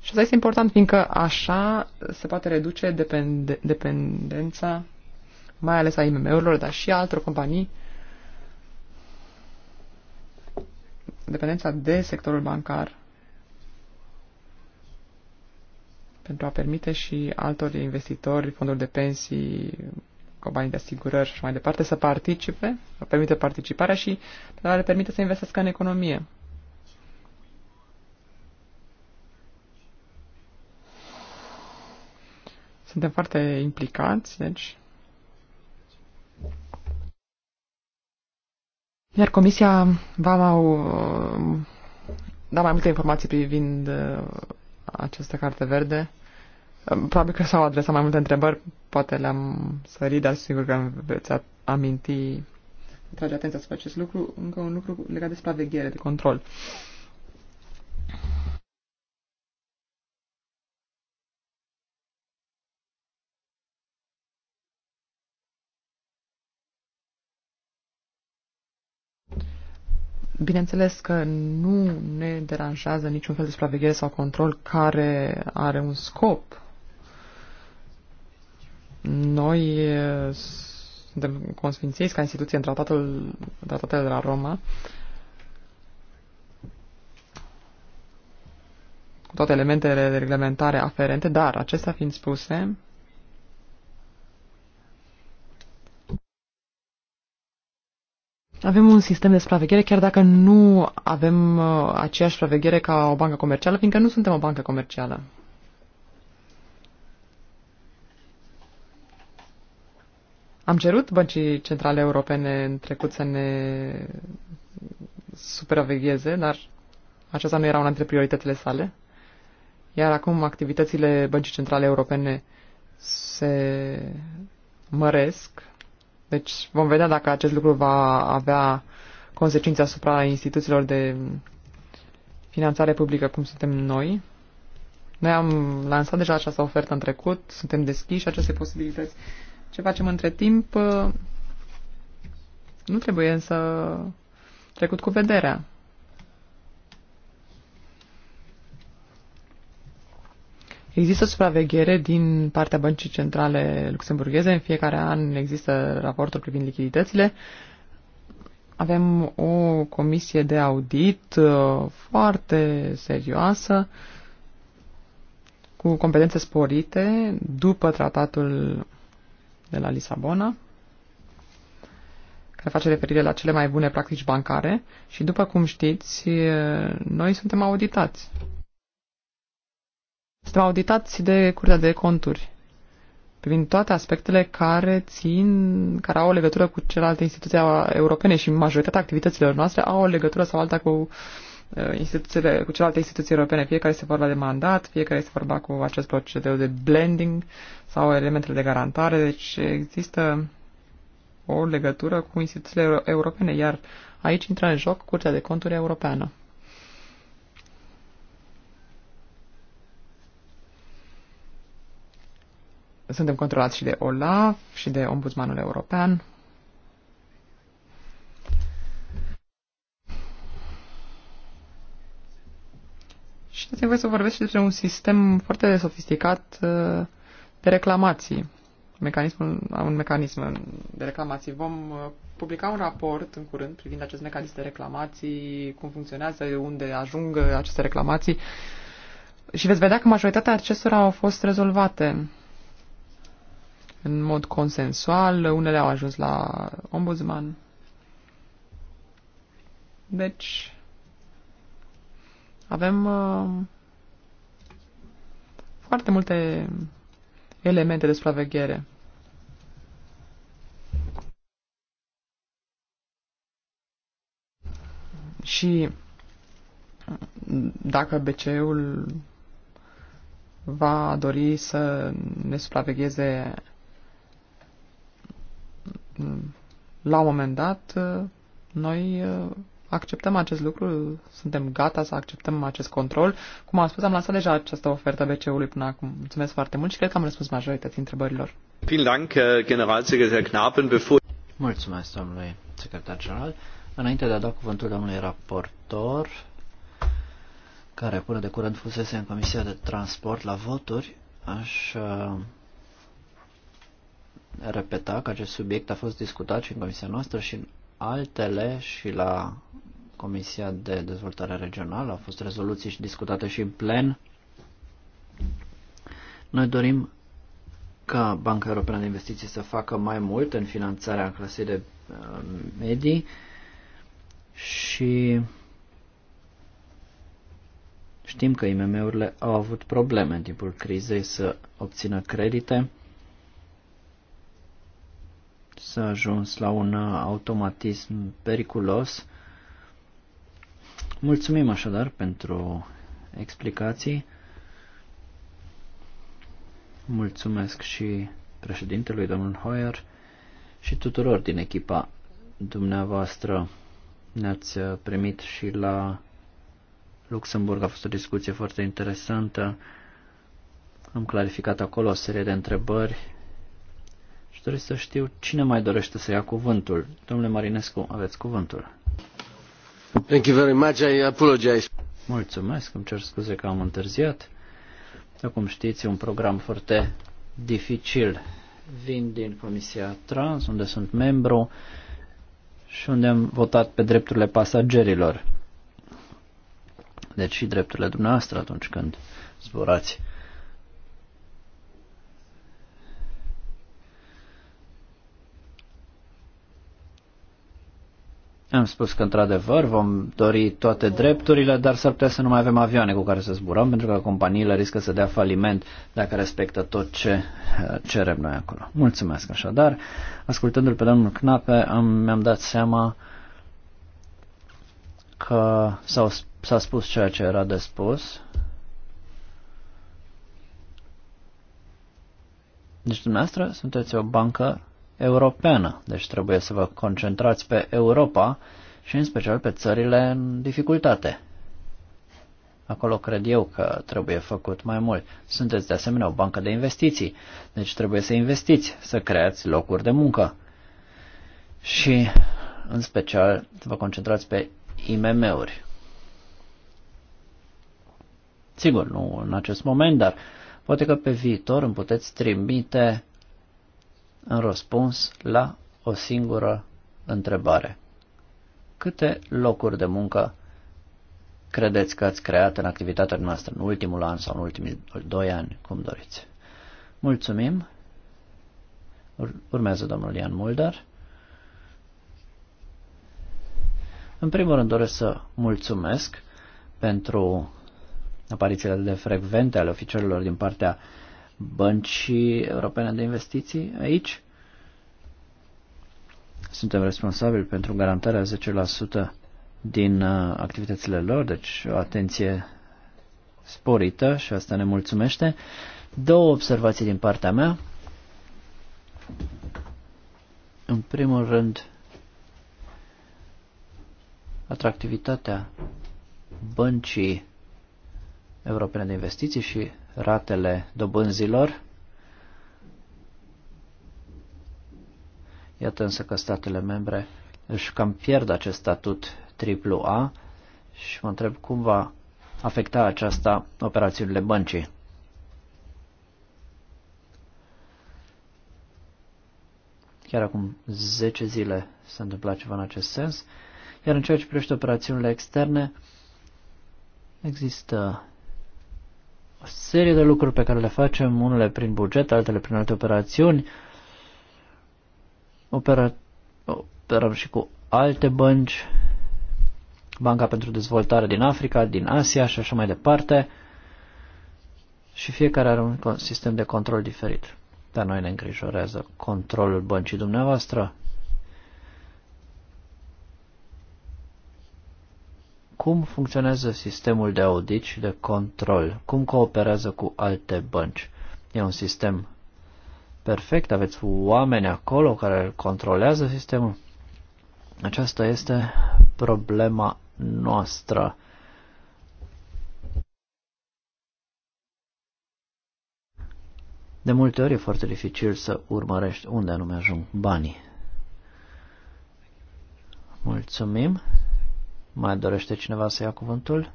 Și asta este important, fiindcă așa se poate reduce depend- dependența, mai ales a IMM-urilor, dar și a altor companii, dependența de sectorul bancar pentru a permite și altor investitori, fonduri de pensii, companii de asigurări și mai departe, să participe, permite participarea și le permite să investească în economie. Suntem foarte implicați, deci. Iar comisia va da mai multe informații privind această carte verde. Probabil că s-au adresat mai multe întrebări, poate le-am sărit, dar sigur că veți aminti, trage atenția spre acest lucru, încă un lucru legat de supraveghere, de control. Bineînțeles că nu ne deranjează niciun fel de supraveghere sau control care are un scop. Noi suntem consfințiți ca instituție în tratatul, tratatele de la Roma, cu toate elementele de reglementare aferente, dar acestea fiind spuse, avem un sistem de supraveghere, chiar dacă nu avem uh, aceeași supraveghere ca o bancă comercială, fiindcă nu suntem o bancă comercială. Am cerut băncii centrale europene în trecut să ne supravegheze, dar aceasta nu era una dintre prioritățile sale. Iar acum activitățile băncii centrale europene se măresc deci vom vedea dacă acest lucru va avea consecințe asupra instituțiilor de finanțare publică cum suntem noi. Noi am lansat deja această ofertă în trecut, suntem deschiși aceste posibilități. Ce facem între timp nu trebuie însă trecut cu vederea. Există supraveghere din partea Băncii Centrale Luxemburgheze. În fiecare an există raportul privind lichiditățile. Avem o comisie de audit uh, foarte serioasă, cu competențe sporite după tratatul de la Lisabona, care face referire la cele mai bune practici bancare și, după cum știți, uh, noi suntem auditați. Suntem auditați de Curtea de Conturi prin toate aspectele care țin, care au o legătură cu celelalte instituții europene și majoritatea activităților noastre au o legătură sau alta cu uh, instituțiile, cu celelalte instituții europene, fie că este vorba de mandat, fie că este vorba cu acest procedeu de blending sau elementele de garantare, deci există o legătură cu instituțiile europene, iar aici intră în joc Curtea de Conturi Europeană. suntem controlați și de OLAF și de Ombudsmanul European. Și dați voi să vorbesc și despre un sistem foarte sofisticat uh, de reclamații. Mecanismul, un mecanism de reclamații. Vom uh, publica un raport în curând privind acest mecanism de reclamații, cum funcționează, unde ajung aceste reclamații și veți vedea că majoritatea acestora au fost rezolvate în mod consensual, unele au ajuns la ombudsman. Deci, avem uh, foarte multe elemente de supraveghere. Și dacă BCE-ul va dori să ne supravegheze la un moment dat, uh, noi uh, acceptăm acest lucru, suntem gata să acceptăm acest control. Cum am spus, am lansat deja această ofertă BCE-ului până acum. Mulțumesc foarte mult și cred că am răspuns majorității întrebărilor. Mulțumesc, domnule secretar general. Înainte de a da cuvântul domnului raportor, care până de curând fusese în Comisia de Transport la voturi, aș uh, repeta că acest subiect a fost discutat și în comisia noastră și în altele și la Comisia de Dezvoltare Regională. Au fost rezoluții și discutate și în plen. Noi dorim ca Banca Europeană de Investiții să facă mai mult în finanțarea clasei de uh, medii și știm că IMM-urile au avut probleme în timpul crizei să obțină credite s-a ajuns la un automatism periculos. Mulțumim așadar pentru explicații. Mulțumesc și președintelui domnul Hoyer și tuturor din echipa dumneavoastră. Ne-ați primit și la Luxemburg. A fost o discuție foarte interesantă. Am clarificat acolo o serie de întrebări dori să știu cine mai dorește să ia cuvântul. Domnule Marinescu, aveți cuvântul. Thank you very much. I apologize. Mulțumesc, îmi cer scuze că am întârziat. Acum știți, e un program foarte dificil. Vin din Comisia Trans, unde sunt membru și unde am votat pe drepturile pasagerilor. Deci și drepturile dumneavoastră atunci când zburați. Am spus că, într-adevăr, vom dori toate drepturile, dar s-ar putea să nu mai avem avioane cu care să zburăm, pentru că companiile riscă să dea faliment dacă respectă tot ce uh, cerem noi acolo. Mulțumesc așadar. Ascultându-l pe domnul Knape, am, mi-am dat seama că s-a, s-a spus ceea ce era de spus. Deci dumneavoastră sunteți o bancă europeană. Deci trebuie să vă concentrați pe Europa și în special pe țările în dificultate. Acolo cred eu că trebuie făcut mai mult. Sunteți de asemenea o bancă de investiții, deci trebuie să investiți, să creați locuri de muncă. Și în special să vă concentrați pe IMM-uri. Sigur, nu în acest moment, dar poate că pe viitor îmi puteți trimite în răspuns la o singură întrebare. Câte locuri de muncă credeți că ați creat în activitatea noastră în ultimul an sau în ultimii doi ani, cum doriți? Mulțumim. Urmează domnul Ian Mulder. În primul rând doresc să mulțumesc pentru aparițiile de frecvente ale oficerilor din partea uh, băncii europene de investiții aici. Suntem responsabili pentru garantarea 10% din uh, activitățile lor, deci o atenție sporită și asta ne mulțumește. Două observații din partea mea. În primul rând, atractivitatea băncii europene de investiții și ratele dobânzilor. Iată însă că statele membre își cam pierd acest statut AAA și mă întreb cum va afecta aceasta operațiunile băncii. Chiar acum 10 zile s-a întâmplat ceva în acest sens. Iar în ceea ce privește operațiunile externe, există o serie de lucruri pe care le facem, unele prin buget, altele prin alte operațiuni. Opera, operăm și cu alte bănci, Banca pentru Dezvoltare din Africa, din Asia și așa mai departe. Și fiecare are un sistem de control diferit. Dar noi ne îngrijorează controlul băncii dumneavoastră. Cum funcționează sistemul de audit și de control? Cum cooperează cu alte bănci? E un sistem perfect? Aveți oameni acolo care controlează sistemul? Aceasta este problema noastră. De multe ori e foarte dificil să urmărești unde anume ajung banii. Mulțumim! Mai dorește cineva să ia cuvântul?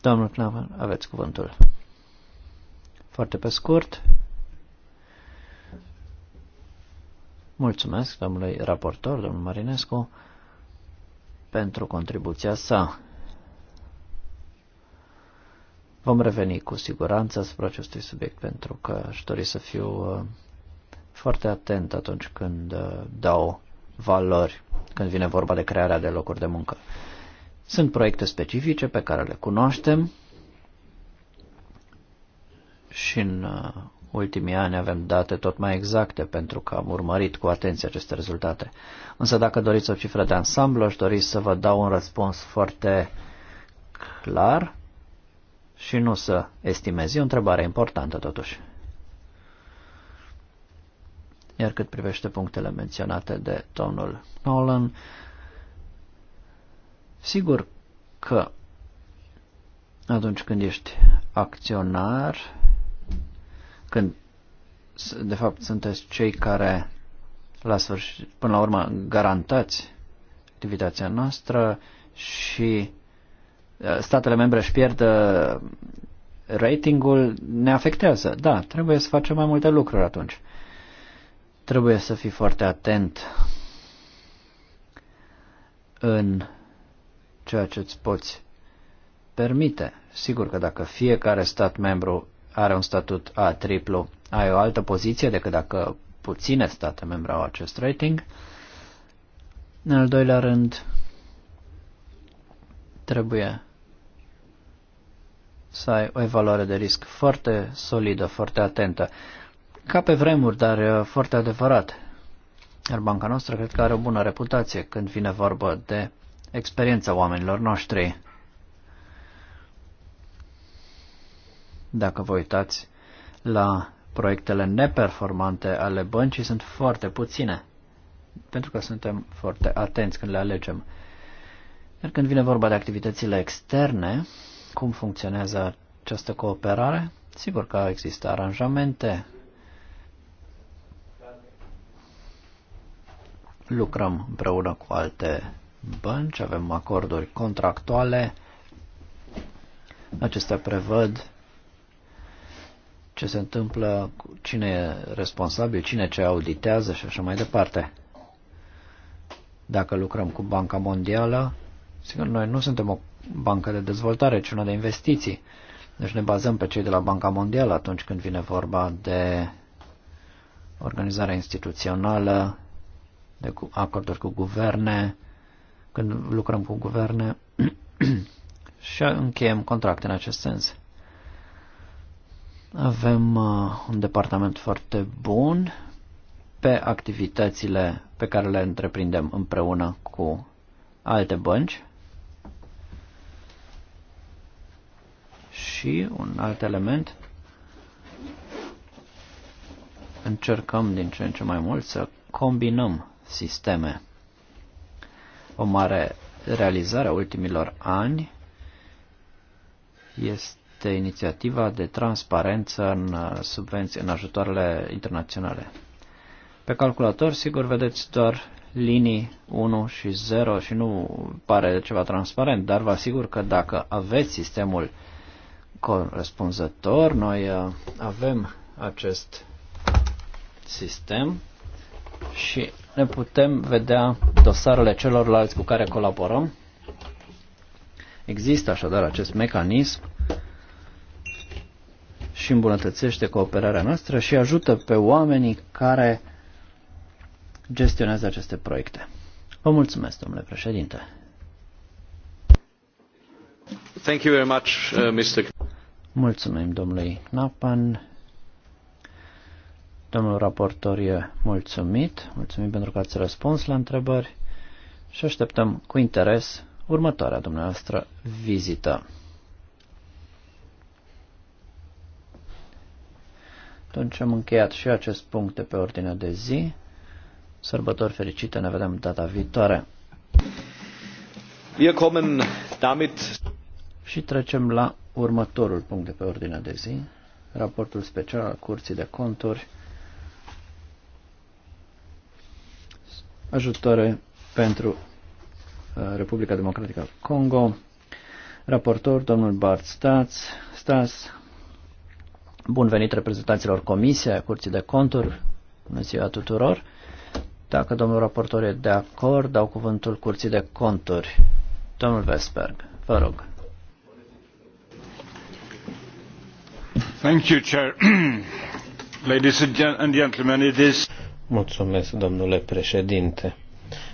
Domnul Knaven, aveți cuvântul. Foarte pe scurt. Mulțumesc domnului raportor, domnul Marinescu, pentru contribuția sa. Vom reveni cu siguranță asupra acestui subiect pentru că aș dori să fiu uh, foarte atent atunci când uh, dau valori când vine vorba de crearea de locuri de muncă. Sunt proiecte specifice pe care le cunoaștem și în uh, ultimii ani avem date tot mai exacte pentru că am urmărit cu atenție aceste rezultate. Însă dacă doriți o cifră de ansamblu, aș dori să vă dau un răspuns foarte clar și nu să estimez. E o întrebare importantă totuși. Iar cât privește punctele menționate de domnul Nolan, sigur că atunci când ești acționar, când de fapt sunteți cei care la sfârșit, până la urmă garantați activitatea noastră și uh, statele membre își pierd uh, ratingul, ne afectează. Da, trebuie să facem mai multe lucruri atunci. Trebuie să fii foarte atent în ceea ce îți poți permite. Sigur că dacă fiecare stat membru are un statut A triplu, ai o altă poziție decât dacă puține state membre au acest rating. În al doilea rând, trebuie să ai o evaluare de risc foarte solidă, foarte atentă. Ca pe vremuri, dar uh, foarte adevărat. Iar banca noastră cred că are o bună reputație când vine vorba de experiența oamenilor noștri. Dacă vă uitați la proiectele neperformante ale băncii, sunt foarte puține, pentru că suntem foarte atenți când le alegem. Iar când vine vorba de activitățile externe, cum funcționează această cooperare, sigur că există aranjamente lucrăm împreună cu alte bănci, avem acorduri contractuale. Acestea prevăd ce se întâmplă, cine e responsabil, cine ce auditează și așa mai departe. Dacă lucrăm cu Banca Mondială, sigur, noi nu suntem o bancă de dezvoltare, ci una de investiții. Deci ne bazăm pe cei de la Banca Mondială atunci când vine vorba de organizarea instituțională de cu acorduri cu guverne, când lucrăm cu guverne și încheiem contracte în acest sens. Avem uh, un departament foarte bun pe activitățile pe care le întreprindem împreună cu alte bănci și un alt element încercăm din ce în ce mai mult să combinăm sisteme. O mare realizare a ultimilor ani este inițiativa de transparență în uh, subvenții, în ajutoarele internaționale. Pe calculator, sigur, vedeți doar linii 1 și 0 și nu pare ceva transparent, dar vă asigur că dacă aveți sistemul corespunzător, noi uh, avem acest sistem și ne putem vedea dosarele celorlalți cu care colaborăm. Există așadar acest mecanism și îmbunătățește cooperarea noastră și ajută pe oamenii care gestionează aceste proiecte. Vă mulțumesc, domnule președinte. Thank you very much, uh, Mr. Mulțumim domnului Napan. Domnul raportor e mulțumit, mulțumit pentru că ați răspuns la întrebări și așteptăm cu interes următoarea dumneavoastră vizită. Atunci am încheiat și acest punct de pe ordinea de zi. Sărbători fericite, ne vedem data viitoare. Wir kommen damit și trecem la următorul punct de pe ordinea de zi, raportul special al Curții de Conturi ajutoare pentru uh, Republica Democratică Congo. Raportor, domnul Bart Stas, Stas. Bun venit reprezentanților Comisiei, a Curții de Conturi. Bună ziua tuturor. Dacă domnul raportor e de acord, dau cuvântul Curții de Conturi. Domnul Vesberg, vă rog. Thank you, Chair. Ladies and gentlemen, it is Mulțumesc, domnule președinte.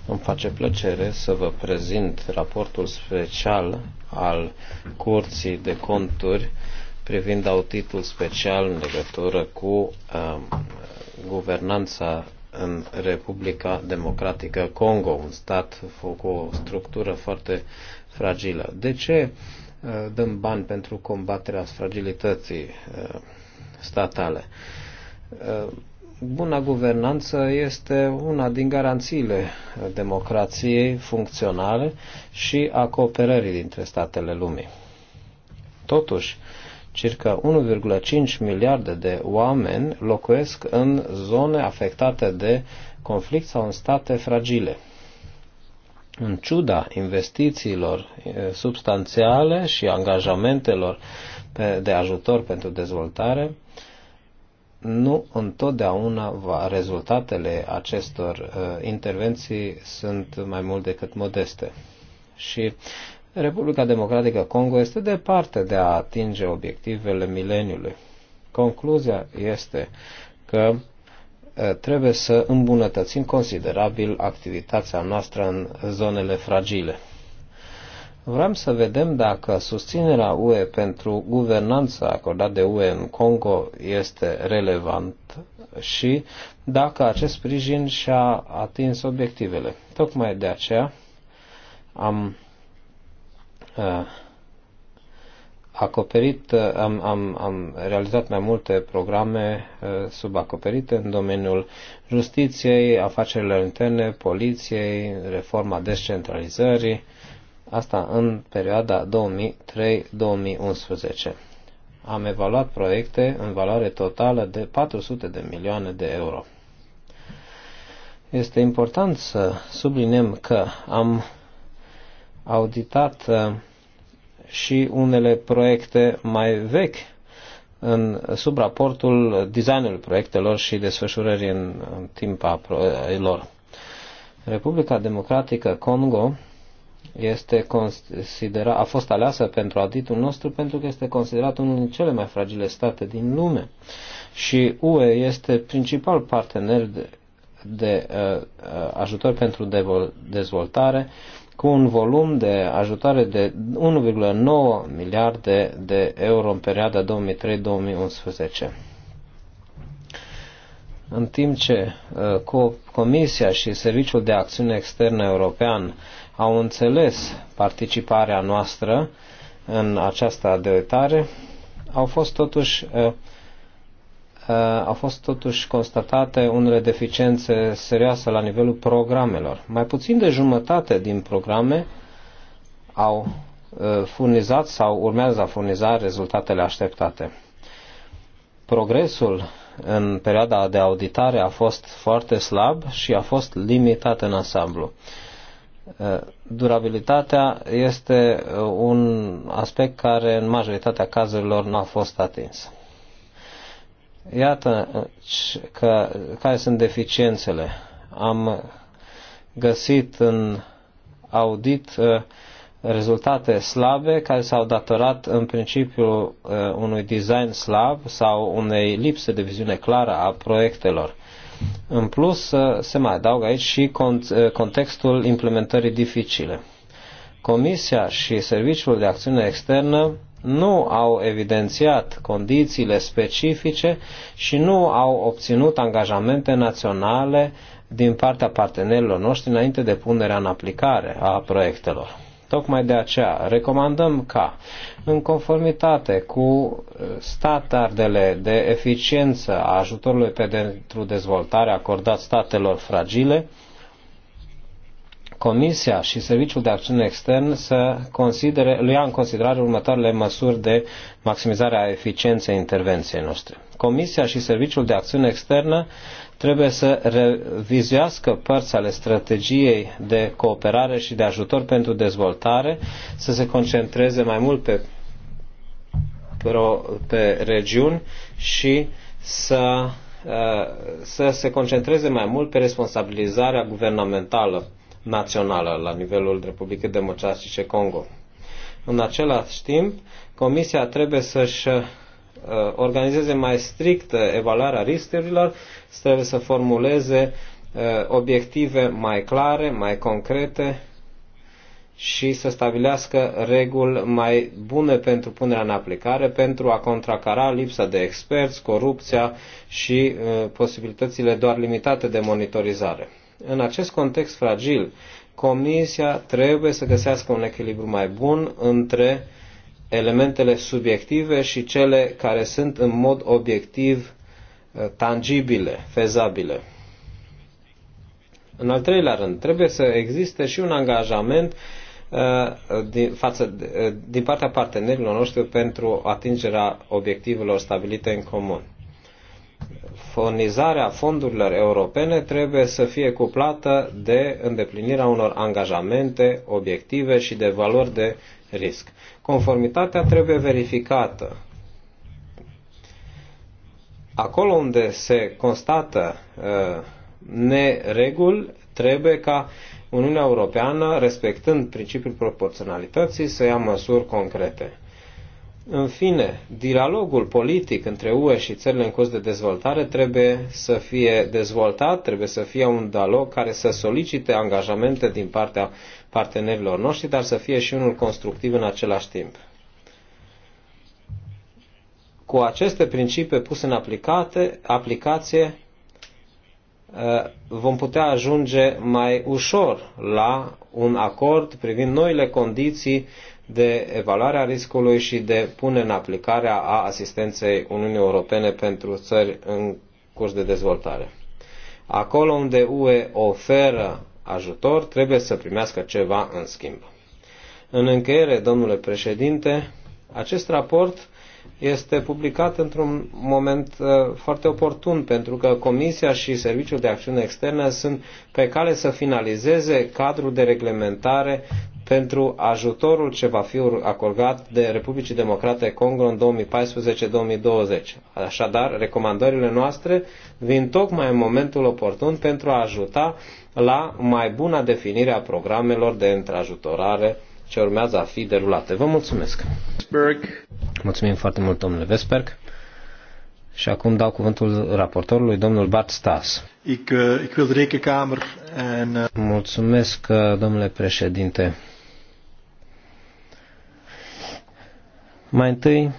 Îmi face plăcere să vă prezint raportul special al Curții de Conturi privind auditul special în legătură cu uh, guvernanța în Republica Democratică Congo, un stat cu o structură foarte fragilă. De ce uh, dăm bani pentru combaterea fragilității uh, statale? Uh, Buna guvernanță este una din garanțiile democrației funcționale și a cooperării dintre statele lumii. Totuși, circa 1,5 miliarde de oameni locuiesc în zone afectate de conflict sau în state fragile. În ciuda investițiilor substanțiale și angajamentelor de ajutor pentru dezvoltare, nu întotdeauna va, rezultatele acestor uh, intervenții sunt mai mult decât modeste. Și Republica Democratică Congo este departe de a atinge obiectivele mileniului. Concluzia este că uh, trebuie să îmbunătățim considerabil activitatea noastră în zonele fragile. Vrem să vedem dacă susținerea UE pentru guvernanța acordată de UE în Congo este relevant și dacă acest sprijin și-a atins obiectivele. Tocmai de aceea am uh, acoperit, uh, am, am, am realizat mai multe programe uh, subacoperite în domeniul justiției, afacerilor interne, poliției, reforma descentralizării Asta în perioada 2003-2011. Am evaluat proiecte în valoare totală de 400 de milioane de euro. Este important să subliniem că am auditat uh, și unele proiecte mai vechi în subraportul designului proiectelor și desfășurării în timp a lor. Republica Democratică Congo este considera, a fost aleasă pentru aditul nostru pentru că este considerat unul din cele mai fragile state din lume și UE este principal partener de, de uh, uh ajutor pentru dezvoltare cu un volum de ajutare de 1,9 miliarde de euro în perioada 2003-2011. În timp ce uh, Comisia și Serviciul de Acțiune Externă European uh, au înțeles participarea noastră în această adăutare, au fost totuși uh, uh, au fost totuși constatate unele deficiențe serioase la nivelul programelor. Mai puțin de jumătate din programe au uh, furnizat sau urmează a furniza rezultatele așteptate. Progresul în perioada de auditare a fost foarte slab și a fost limitat în ansamblu. Eh, durabilitatea este eh, un aspect care în majoritatea cazurilor nu a fost atins. Iată eh, că, care sunt deficiențele. Am găsit în audit rezultate slabe care s-au datorat în principiu unui design slab sau unei lipse de viziune clară a proiectelor. În plus, uh, se mai adaugă aici și uh, contextul implementării dificile. Comisia și Serviciul de Acțiune Externă nu au evidențiat condițiile specifice și nu au obținut angajamente naționale din partea partenerilor noștri înainte de punerea în aplicare a proiectelor. Tocmai de aceea recomandăm ca, în conformitate cu uh, standardele de eficiență a ajutorului pentru dezvoltare acordat statelor fragile, Comisia și Serviciul de Acțiune Extern să considere, lui ia în considerare următoarele măsuri de maximizare a eficienței intervenției noastre. Comisia și Serviciul de Acțiune Externă trebuie să revizuiască părți ale strategiei de cooperare și de ajutor pentru dezvoltare, să se concentreze mai mult pe, pe regiuni și să, uh, să se concentreze mai mult pe responsabilizarea guvernamentală națională la nivelul Republicii Democratice Congo. În același timp, Comisia trebuie să-și Uh, organizeze mai strict evaluarea riscurilor, trebuie să formuleze uh, obiective mai clare, mai concrete și să stabilească reguli mai bune pentru punerea în aplicare, pentru a contracara lipsa de experți, corupția și uh, posibilitățile doar limitate de monitorizare. În acest context fragil, Comisia trebuie să găsească un echilibru mai bun între uh, elementele subiective și cele care sunt în mod obiectiv uh, tangibile, fezabile. În al treilea rând, trebuie să existe și un angajament uh, din, față, uh, din partea partenerilor noștri pentru atingerea obiectivelor stabilite în comun. Furnizarea fondurilor europene trebuie să fie cuplată de îndeplinirea unor angajamente, obiective și de valori de risc conformitatea trebuie verificată. Acolo unde se constată uh, nereguli, trebuie ca Uniunea Europeană, respectând principiul proporționalității, să ia măsuri concrete. În fine, dialogul politic între UE și țările în curs de dezvoltare trebuie să fie dezvoltat, trebuie să fie un dialog care să solicite angajamente din partea partenerilor noștri, dar să fie și unul constructiv în același timp. Cu aceste principii puse în aplicate, aplicație, ă, vom putea ajunge mai ușor la un acord privind noile condiții de evaluare a riscului și de pune în aplicare a asistenței Uniunii Europene pentru țări în curs de dezvoltare. Acolo unde UE oferă ajutor trebuie să primească ceva în schimb. În încheiere, domnule președinte, acest raport este publicat într-un moment uh, foarte oportun, pentru că Comisia și Serviciul de Acțiune Externă sunt pe cale să finalizeze cadrul de reglementare pentru ajutorul ce va fi acordat de Republicii Democrate Congo în 2014-2020. Așadar, recomandările noastre vin tocmai în momentul oportun pentru a ajuta la mai buna definire a programelor de întrajutorare ce urmează a fi derulate. Vă mulțumesc! Vesberg. Mulțumim foarte mult, domnule Vesberg. Și acum dau cuvântul raportorului, domnul Bart Stas. Ik, uh, ik wil de rekenkamer en... Uh... Mulțumesc, eh, domnule președinte. Mai întâi,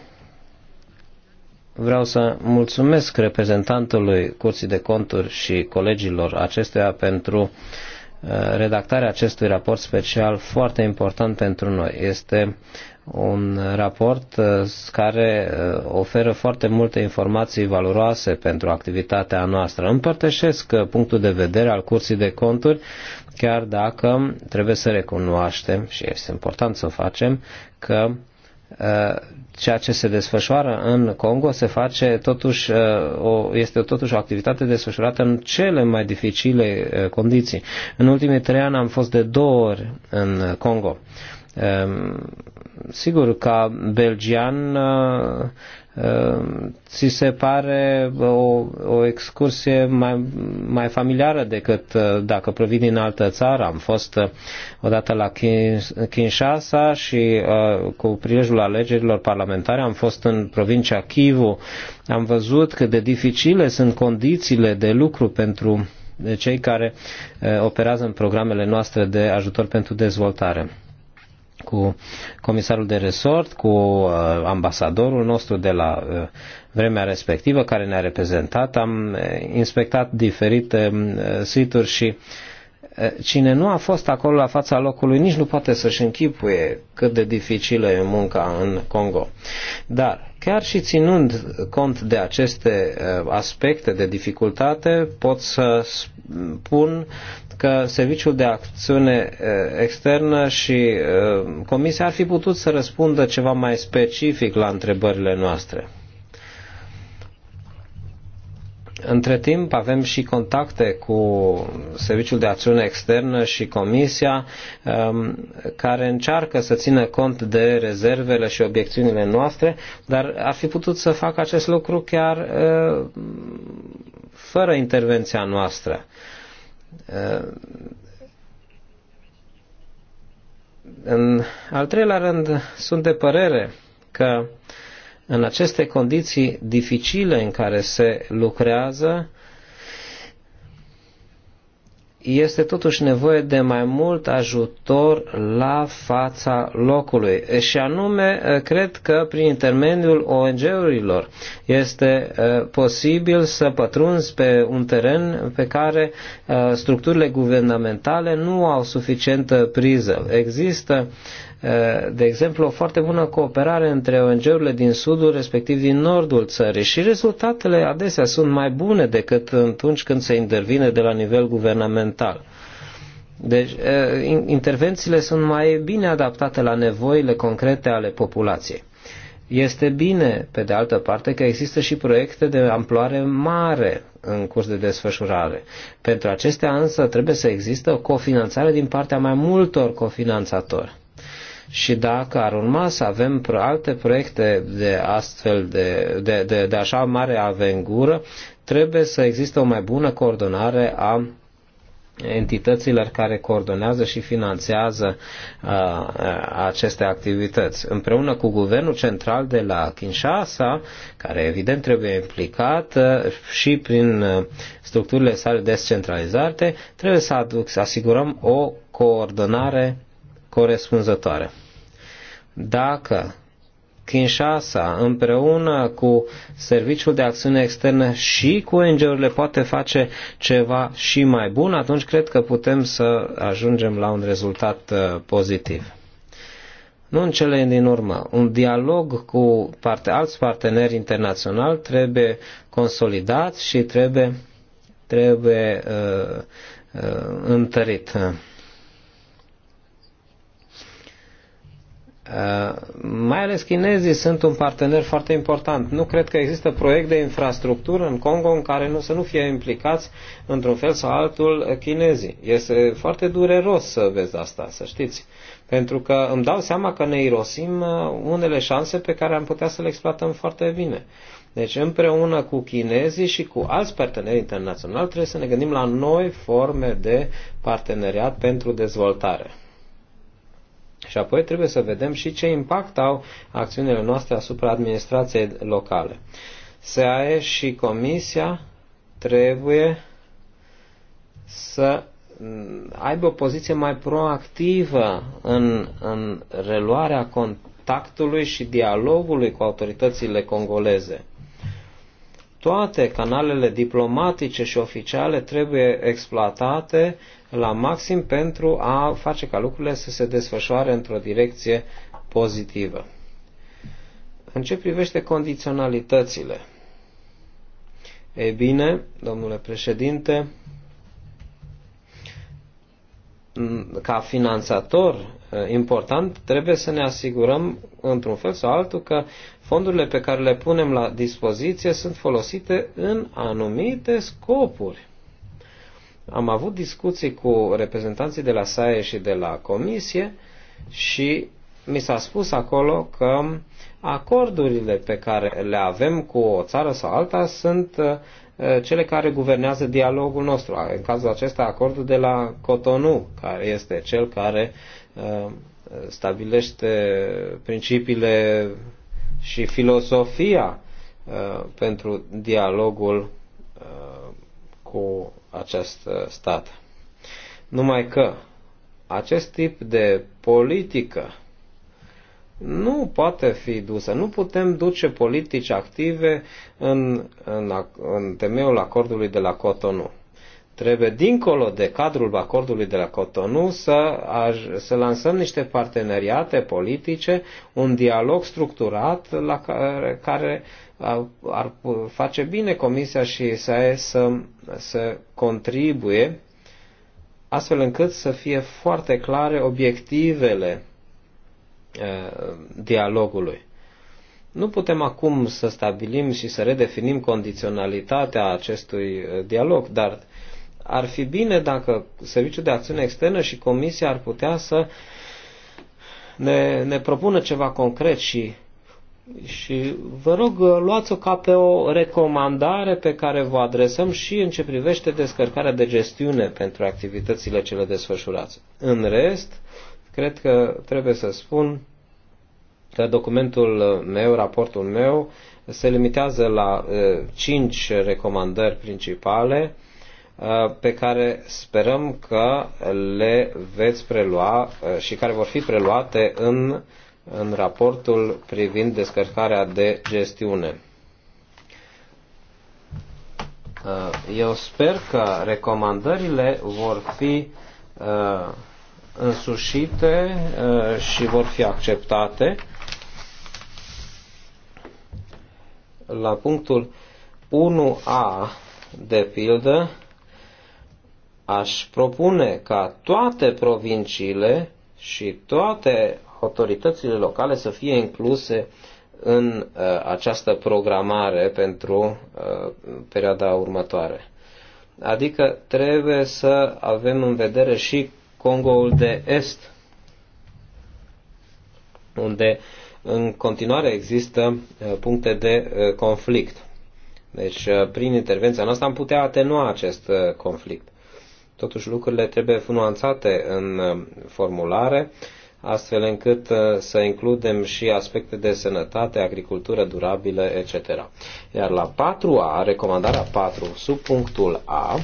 Vreau să mulțumesc reprezentantului Curții de Conturi și colegilor acestuia pentru uh, redactarea acestui raport special foarte important pentru noi. Este un raport uh, care uh, oferă foarte multe informații valoroase pentru activitatea noastră. Împărtășesc punctul de vedere al Curții de Conturi, chiar dacă trebuie să recunoaștem, și este important să o facem, că Uh, ceea ce se desfășoară în Congo se face totuși uh, o, este totuși o activitate desfășurată în cele mai dificile uh, condiții. În ultimii trei ani am fost de două ori în Congo. Um, sigur, ca belgian ți se pare o, o excursie mai, mai familiară decât uh, dacă provii din altă țară. Am fost uh, odată la Kinshasa și uh, cu prilejul alegerilor parlamentare am fost în provincia Kivu. Am văzut cât de dificile sunt condițiile de lucru pentru cei care operează în programele noastre de ajutor pentru dezvoltare cu comisarul de resort, cu uh, ambasadorul nostru de la uh, vremea respectivă care ne-a reprezentat. Am uh, inspectat diferite um, situri și cine nu a fost acolo la fața locului nici nu poate să-și închipuie cât de dificilă e munca în Congo. Dar Chiar și ținând cont de aceste eh, aspecte de dificultate, pot să spun că Serviciul de Acțiune eh, Externă și eh, Comisia ar fi putut să răspundă ceva mai specific la întrebările noastre. Între timp avem și contacte cu Serviciul de Acțiune Externă și Comisia um, care încearcă să țină cont de rezervele și obiecțiunile noastre, dar ar fi putut să facă acest lucru chiar uh, fără intervenția noastră uh, în al treilea rând, sunt de părere că în aceste condiții dificile în care se lucrează, este totuși nevoie de mai mult ajutor la fața locului. Și anume, cred că prin intermediul ONG-urilor este posibil să pătrunzi pe un teren pe care structurile guvernamentale nu au suficientă priză. Există uh, Eh, de exemplu, o foarte bună cooperare între ONG-urile din sudul, respectiv din nordul țării și rezultatele adesea sunt mai bune decât atunci când se intervine de la nivel guvernamental. Deci, eh, intervențiile sunt mai bine adaptate la nevoile concrete ale populației. Este bine, pe de altă parte, că există și proiecte de amploare mare în curs de desfășurare. Pentru acestea însă trebuie să există o cofinanțare din partea mai multor cofinanțatori și dacă ar urma să avem alte proiecte de astfel de, de, de, de așa mare avengură, trebuie să existe o mai bună coordonare a entităților care coordonează și finanțează uh, aceste activități. Împreună cu guvernul central de la Kinshasa, care evident trebuie implicat uh, și prin uh, structurile sale descentralizate, trebuie să aduc, să asigurăm o coordonare corespunzătoare. Dacă Kinshasa împreună cu Serviciul de Acțiune Externă și cu ONG-urile poate face ceva și mai bun, atunci cred că putem să ajungem la un rezultat uh, pozitiv. Nu în cele din urmă. Un dialog cu parte, alți parteneri internaționali trebuie consolidat și trebuie, trebuie uh, uh, întărit. Uh, mai ales chinezii sunt un partener foarte important. Nu cred că există proiect de infrastructură în Congo în care nu să nu fie implicați într-un fel sau altul chinezii. Este foarte dureros să vezi asta, să știți. Pentru că îmi dau seama că ne irosim uh, unele șanse pe care am putea să le exploatăm foarte bine. Deci împreună cu chinezii și cu alți parteneri internaționali trebuie să ne gândim la noi forme de parteneriat pentru dezvoltare. Și apoi trebuie să vedem și ce impact au acțiunile noastre asupra administrației locale. SAE și Comisia trebuie să aibă o poziție mai proactivă în, în reluarea contactului și dialogului cu autoritățile congoleze. Toate canalele diplomatice și oficiale trebuie exploatate la maxim pentru a face ca lucrurile să se desfășoare într-o direcție pozitivă. În ce privește condiționalitățile? Ei bine, domnule președinte, ca finanțator eh, important, trebuie să ne asigurăm într-un fel sau altul că fondurile pe care le punem la dispoziție sunt folosite în anumite scopuri am avut discuții cu reprezentanții de la SAE și de la Comisie și mi s-a spus acolo că acordurile pe care le avem cu o țară sau alta sunt uh, cele care guvernează dialogul nostru. În cazul acesta, acordul de la Cotonou, care este cel care uh, stabilește principiile și filosofia uh, pentru dialogul cu acest uh, stat. Numai că acest tip de politică nu poate fi dusă. Nu putem duce politici active în, în, în temeiul acordului de la Cotonou. Trebuie, dincolo de cadrul acordului de la Cotonou, să, să lansăm niște parteneriate politice, un dialog structurat la care, care ar face bine Comisia și SAE să, să contribuie astfel încât să fie foarte clare obiectivele dialogului. Nu putem acum să stabilim și să redefinim condiționalitatea acestui dialog, dar ar fi bine dacă Serviciul de Acțiune Externă și Comisia ar putea să ne, ne propună ceva concret și și vă rog, uh, luați-o ca pe o recomandare pe care vă adresăm și în ce privește descărcarea de gestiune pentru activitățile cele desfășurați. În rest, cred că trebuie să spun că documentul meu, raportul meu, se limitează la uh, cinci recomandări principale uh, pe care sperăm că le veți prelua și care vor fi preluate în în raportul privind descărcarea de gestiune. Uh, eu sper că recomandările vor fi uh, însușite uh, și vor fi acceptate. La punctul 1a, de pildă, aș propune ca toate provinciile și toate autoritățile locale să fie incluse în uh, această programare pentru uh, perioada următoare. Adică trebuie să avem în vedere și Congoul de Est, unde în continuare există uh, puncte de uh, conflict. Deci, uh, prin intervenția noastră am putea atenua acest uh, conflict. Totuși, lucrurile trebuie nuanțate în uh, formulare. Uh, astfel încât uh, să includem și aspecte de sănătate, agricultură durabilă, etc. Iar la 4A, recomandarea 4, sub punctul A,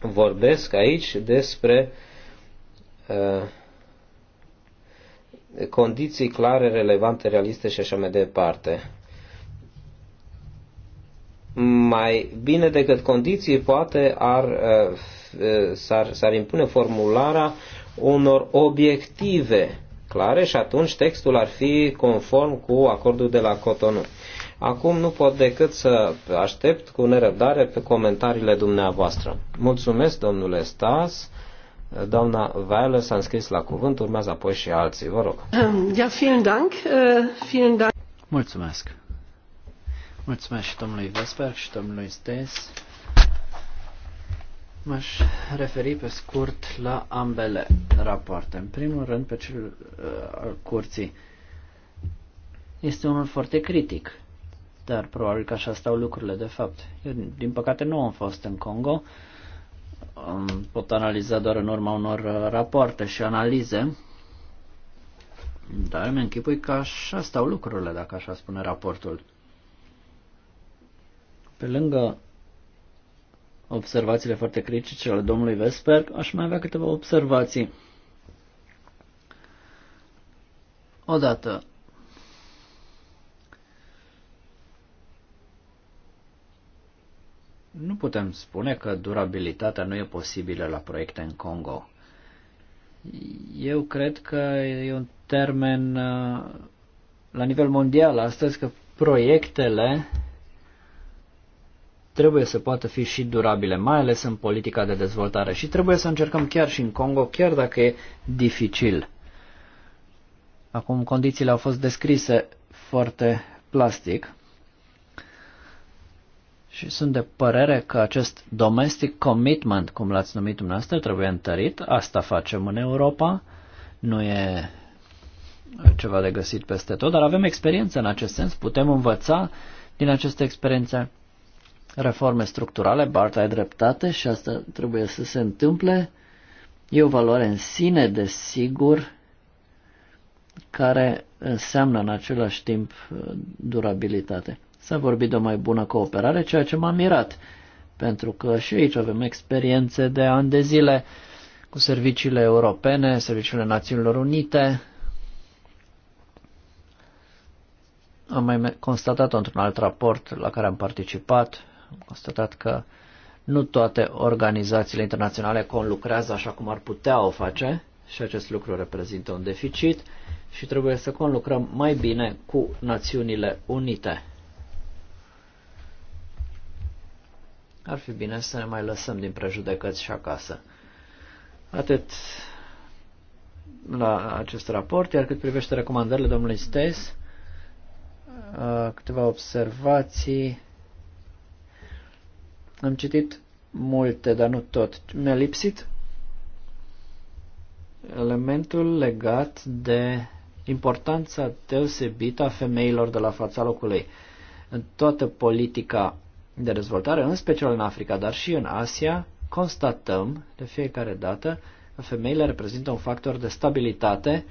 vorbesc aici despre uh, condiții clare, relevante, realiste și așa mai departe. Mai bine decât condiții, poate ar, uh, s-ar, s-ar impune formularea unor obiective clare și atunci textul ar fi conform cu acordul de la Cotonou. Acum nu pot decât să aștept cu nerăbdare pe comentariile dumneavoastră. Mulțumesc, domnule Stas. Doamna Weiler s-a înscris la cuvânt, urmează apoi și alții. Vă rog. Ja, vielen Dank. Äh, vielen Dank. Mulțumesc. Mulțumesc și domnului Vesper și domnului Stes M-aș referi pe scurt la ambele rapoarte. În primul rând, pe cel uh, al curții. Este unul foarte critic, dar probabil că așa stau lucrurile de fapt. Eu, din păcate, nu am fost în Congo. Um, pot analiza doar în urma unor uh, rapoarte și analize. Dar îmi închipui că așa stau lucrurile, dacă așa spune raportul. Pe lângă observațiile foarte critice ale domnului Vesper, aș mai avea câteva observații. Odată, nu putem spune că durabilitatea nu e posibilă la proiecte în Congo. Eu cred că e un termen uh, la nivel mondial astăzi că proiectele trebuie să poată fi și durabile, mai ales în politica de dezvoltare și trebuie să încercăm chiar și în Congo, chiar dacă e dificil. Acum condițiile au fost descrise foarte plastic și sunt de părere că acest domestic commitment, cum l-ați numit dumneavoastră, trebuie întărit. Asta facem în Europa. Nu e ceva de găsit peste tot, dar avem experiență în acest sens. Putem învăța din aceste experiențe reforme structurale, Bart ai dreptate și asta trebuie să se întâmple. E o valoare în sine, desigur, care înseamnă în același timp uh, durabilitate. S-a vorbit de o mai bună cooperare, ceea ce m-a mirat, pentru că și aici avem experiențe de ani de zile cu serviciile europene, serviciile Națiunilor Unite. Am mai constatat într-un alt raport la care am participat am constatat că nu toate organizațiile internaționale conlucrează așa cum ar putea o face și acest lucru reprezintă un deficit și trebuie să conlucrăm mai bine cu Națiunile Unite. Ar fi bine să ne mai lăsăm din prejudecăți și acasă. Atât la acest raport, iar cât privește recomandările domnului Stes, uh, câteva observații am citit multe, dar nu tot. Mi-a lipsit elementul legat de importanța deosebită a femeilor de la fața locului în toată politica de dezvoltare, în special în Africa, dar și în Asia, constatăm de fiecare dată că femeile reprezintă un factor de stabilitate,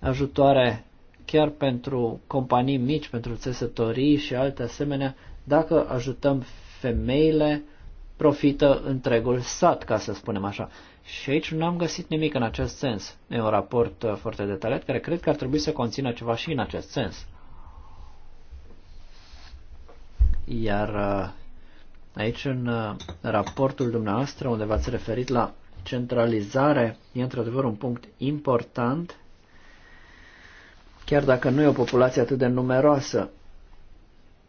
ajutoare chiar pentru companii mici, pentru țesătorii și alte asemenea, dacă ajutăm femeile profită întregul sat, ca să spunem așa. Și aici nu am găsit nimic în acest sens. E un raport uh, foarte detaliat care cred că ar trebui să conțină ceva și în acest sens. Iar uh, aici în uh, raportul dumneavoastră unde v-ați referit la centralizare e într-adevăr un punct important chiar dacă nu e o populație atât de numeroasă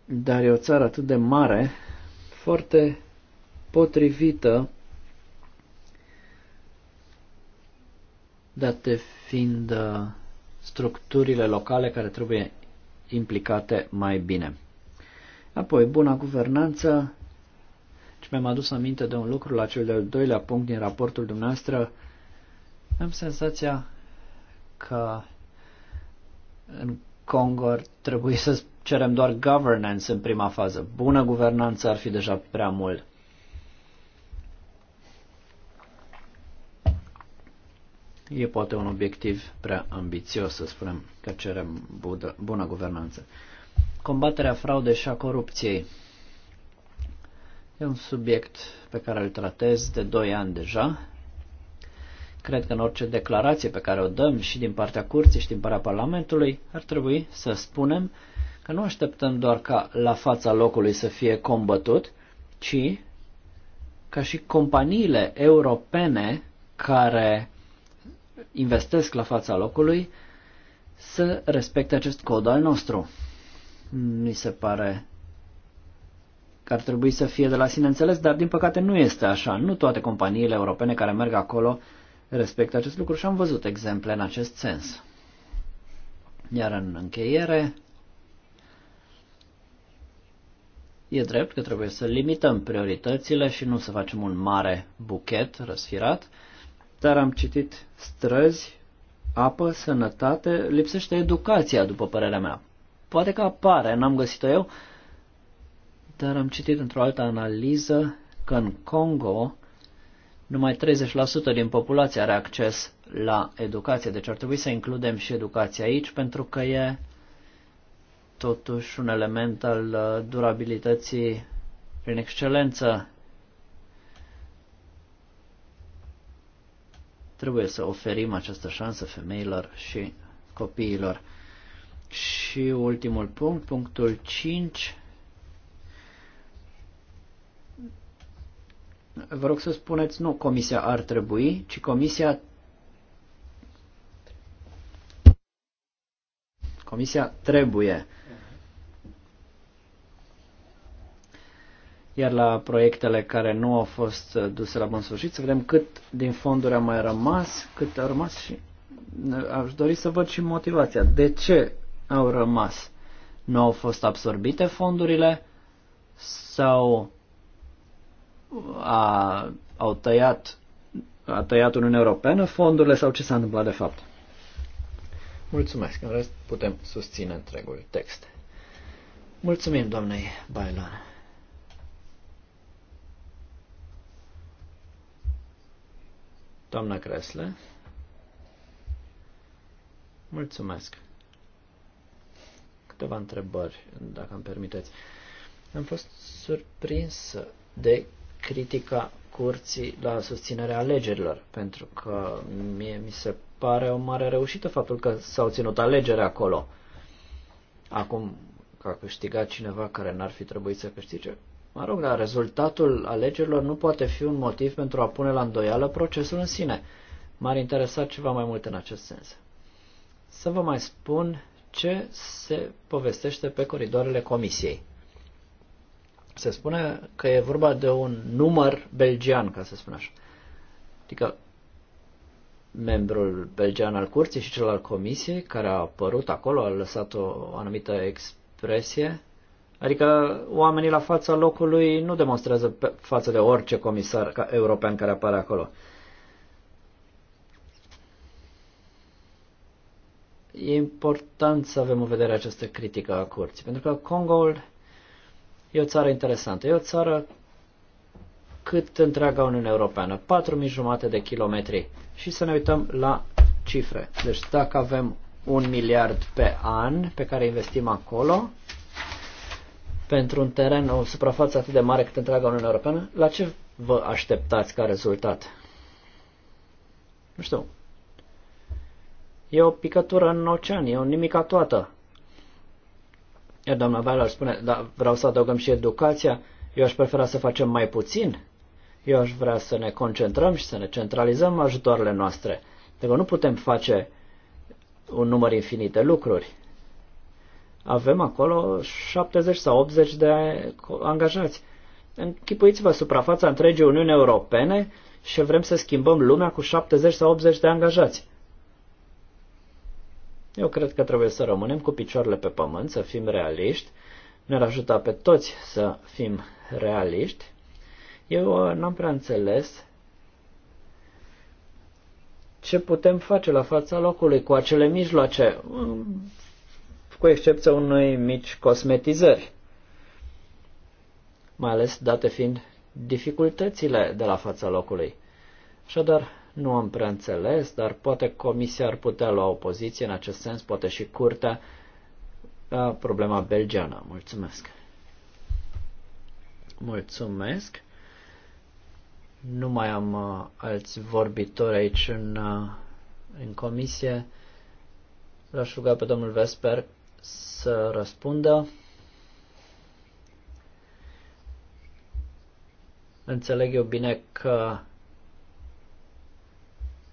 dar e o țară atât de mare foarte potrivită, date fiind uh, structurile locale care trebuie implicate mai bine. Apoi, buna guvernanță. Și mi-am adus aminte de un lucru la cel de-al doilea punct din raportul dumneavoastră. Am senzația că în Congo ar trebui să cerem doar governance în prima fază. Bună guvernanță ar fi deja prea mult. E poate un obiectiv prea ambițios să spunem că cerem budă, bună guvernanță. Combaterea fraudei și a corupției. E un subiect pe care îl tratez de 2 ani deja Cred că în orice declarație pe care o dăm și din partea curții și din partea Parlamentului ar trebui să spunem că nu așteptăm doar ca la fața locului să fie combătut, ci ca și companiile europene care investesc la fața locului să respecte acest cod al nostru. Mi se pare că ar trebui să fie de la sine înțeles, dar din păcate nu este așa. Nu toate companiile europene care merg acolo respectă acest lucru și am văzut exemple în acest sens. Iar în încheiere, e drept că trebuie să limităm prioritățile și nu să facem un mare buchet răsfirat, dar am citit străzi, apă, sănătate, lipsește educația, după părerea mea. Poate că apare, n-am găsit-o eu, dar am citit într-o altă analiză că în Congo numai 30% din populație are acces la educație, deci ar trebui să includem și educația aici pentru că e totuși un element al uh, durabilității prin excelență. Trebuie să oferim această șansă femeilor și copiilor. Și ultimul punct, punctul 5 vă rog să spuneți nu comisia ar trebui, ci comisia comisia trebuie. Iar la proiectele care nu au fost duse la bun sfârșit, să vedem cât din fonduri a mai rămas, cât a rămas și aș dori să văd și motivația. De ce au rămas? Nu au fost absorbite fondurile? Sau a, au tăiat, a tăiat Uniunea Europeană fondurile sau ce s-a întâmplat de fapt? Mulțumesc. În rest putem susține întregul text. Mulțumim, doamnei Bailan. Doamna Cresle. Mulțumesc. Câteva întrebări, dacă îmi permiteți. Am fost surprins de critica curții la susținerea alegerilor, pentru că mie mi se pare o mare reușită faptul că s-au ținut alegeri acolo. Acum, că a câștigat cineva care n-ar fi trebuit să câștige, mă rog, dar rezultatul alegerilor nu poate fi un motiv pentru a pune la îndoială procesul în sine. M-ar interesa ceva mai mult în acest sens. Să vă mai spun ce se povestește pe coridoarele comisiei. Se spune că e vorba de un număr belgian, ca să spun așa. Adică membrul belgian al curții și cel al comisiei care a apărut acolo, a lăsat o anumită expresie. Adică oamenii la fața locului nu demonstrează pe, față de orice comisar ca, european care apare acolo. E important să avem în vedere această critică a curții, pentru că Congo. E o țară interesantă. E o țară cât întreaga Uniune Europeană, 4.000 jumate de kilometri. Și să ne uităm la cifre. Deci dacă avem un miliard pe an pe care investim acolo, pentru un teren, o suprafață atât de mare cât întreaga Uniune Europeană, la ce vă așteptați ca rezultat? Nu știu. E o picătură în ocean, e o nimica toată. Iar doamna Weiler spune, da, vreau să adăugăm și educația, eu aș prefera să facem mai puțin, eu aș vrea să ne concentrăm și să ne centralizăm ajutoarele noastre. că nu putem face un număr infinit de lucruri. Avem acolo 70 sau 80 de angajați. Închipuiți-vă suprafața întregii Uniuni Europene și vrem să schimbăm lumea cu 70 sau 80 de angajați. Eu cred că trebuie să rămânem cu picioarele pe pământ, să fim realiști. Ne-ar ajuta pe toți să fim realiști. Eu uh, n-am prea înțeles ce putem face la fața locului cu acele mijloace, mm, cu excepția unui mici cosmetizări, mai ales date fiind dificultățile de la fața locului. Așadar, nu am prea înțeles, dar poate comisia ar putea lua o poziție în acest sens, poate și curtea la problema belgeană. Mulțumesc! Mulțumesc! Nu mai am uh, alți vorbitori aici în, uh, în comisie. L-aș ruga pe domnul Vesper să răspundă. Înțeleg eu bine că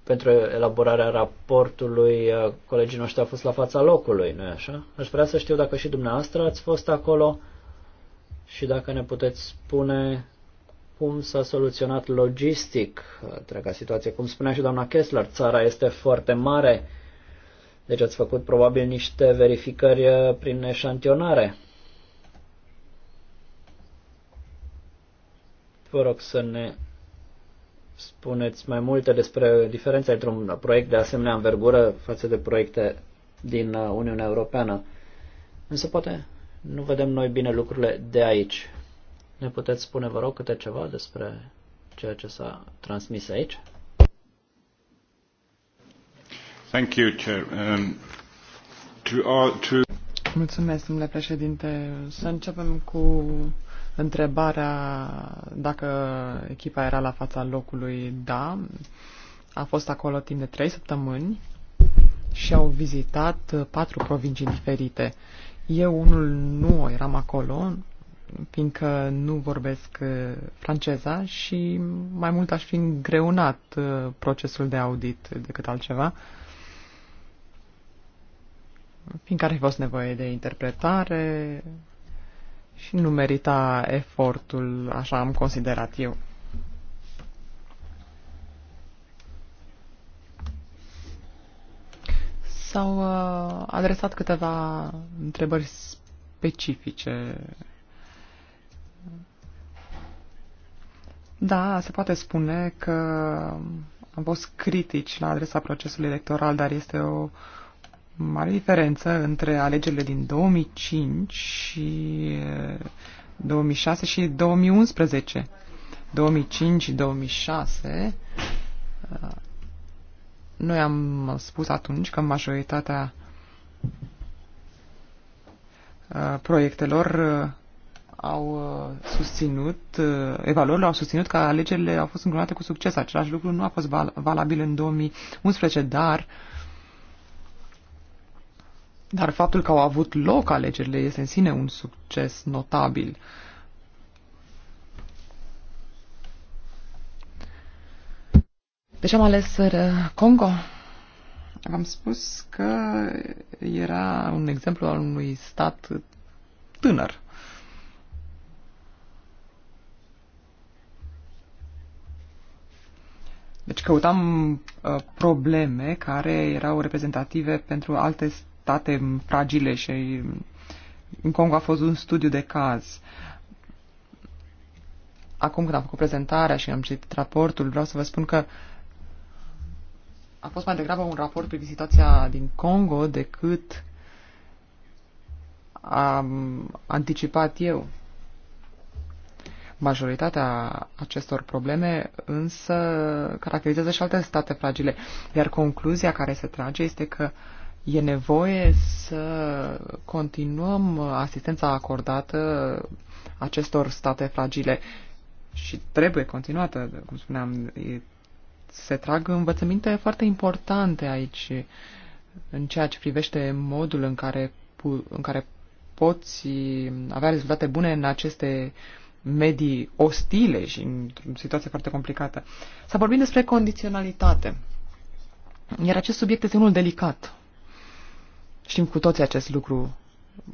pentru elaborarea raportului uh, colegii noștri a fost la fața locului, nu-i așa? Aș vrea să știu dacă și dumneavoastră ați fost acolo și dacă ne puteți spune cum s-a soluționat logistic uh, întreaga situație. Cum spunea și doamna Kessler, țara este foarte mare, deci ați făcut probabil niște verificări uh, prin eșantionare. Vă rog să ne spuneți mai multe despre diferența între un proiect de asemenea învergură față de proiecte din uh, Uniunea Europeană. Însă poate nu vedem noi bine lucrurile de aici. Ne puteți spune, vă rog, câte ceva despre ceea ce s-a transmis aici? Thank you, Chair. Um, to, all, to... Mulțumesc, domnule președinte. Să începem cu Întrebarea dacă echipa era la fața locului, da, a fost acolo timp de trei săptămâni și au vizitat patru provincii diferite. Eu unul nu eram acolo, fiindcă nu vorbesc uh, franceza și mai mult aș fi îngreunat uh, procesul de audit decât altceva, fiindcă ar fi fost nevoie de interpretare și nu merita efortul, așa am considerat eu. S-au uh, adresat câteva întrebări specifice. Da, se poate spune că am fost critici la adresa procesului electoral, dar este o mare diferență între alegerile din 2005 și 2006 eh, și 2011. 2005 și 2006 eh, noi am spus atunci că majoritatea eh, proiectelor au susținut, evaluările au susținut că alegerile au fost încununate cu succes. Același lucru nu a fost valabil în 2011, dar uh, dar faptul că au avut loc alegerile este în sine un succes notabil. Deci am ales uh, Congo. Am spus că era un exemplu al unui stat tânăr. Deci căutam uh, probleme care erau reprezentative pentru alte state fragile și în Congo a fost un studiu de caz. Acum când am făcut prezentarea și am citit raportul, vreau să vă spun că a fost mai degrabă un raport privind situația din Congo decât am anticipat eu. Majoritatea acestor probleme însă caracterizează și alte state fragile, iar concluzia care se trage este că uh, E nevoie să continuăm asistența acordată acestor state fragile și trebuie continuată, cum spuneam, se trag învățăminte foarte importante aici în ceea ce privește modul în care, în care poți avea rezultate bune în aceste medii ostile și într-o situație foarte complicată. S-a vorbit despre condiționalitate. Iar acest subiect este unul delicat. Știm cu toții acest lucru.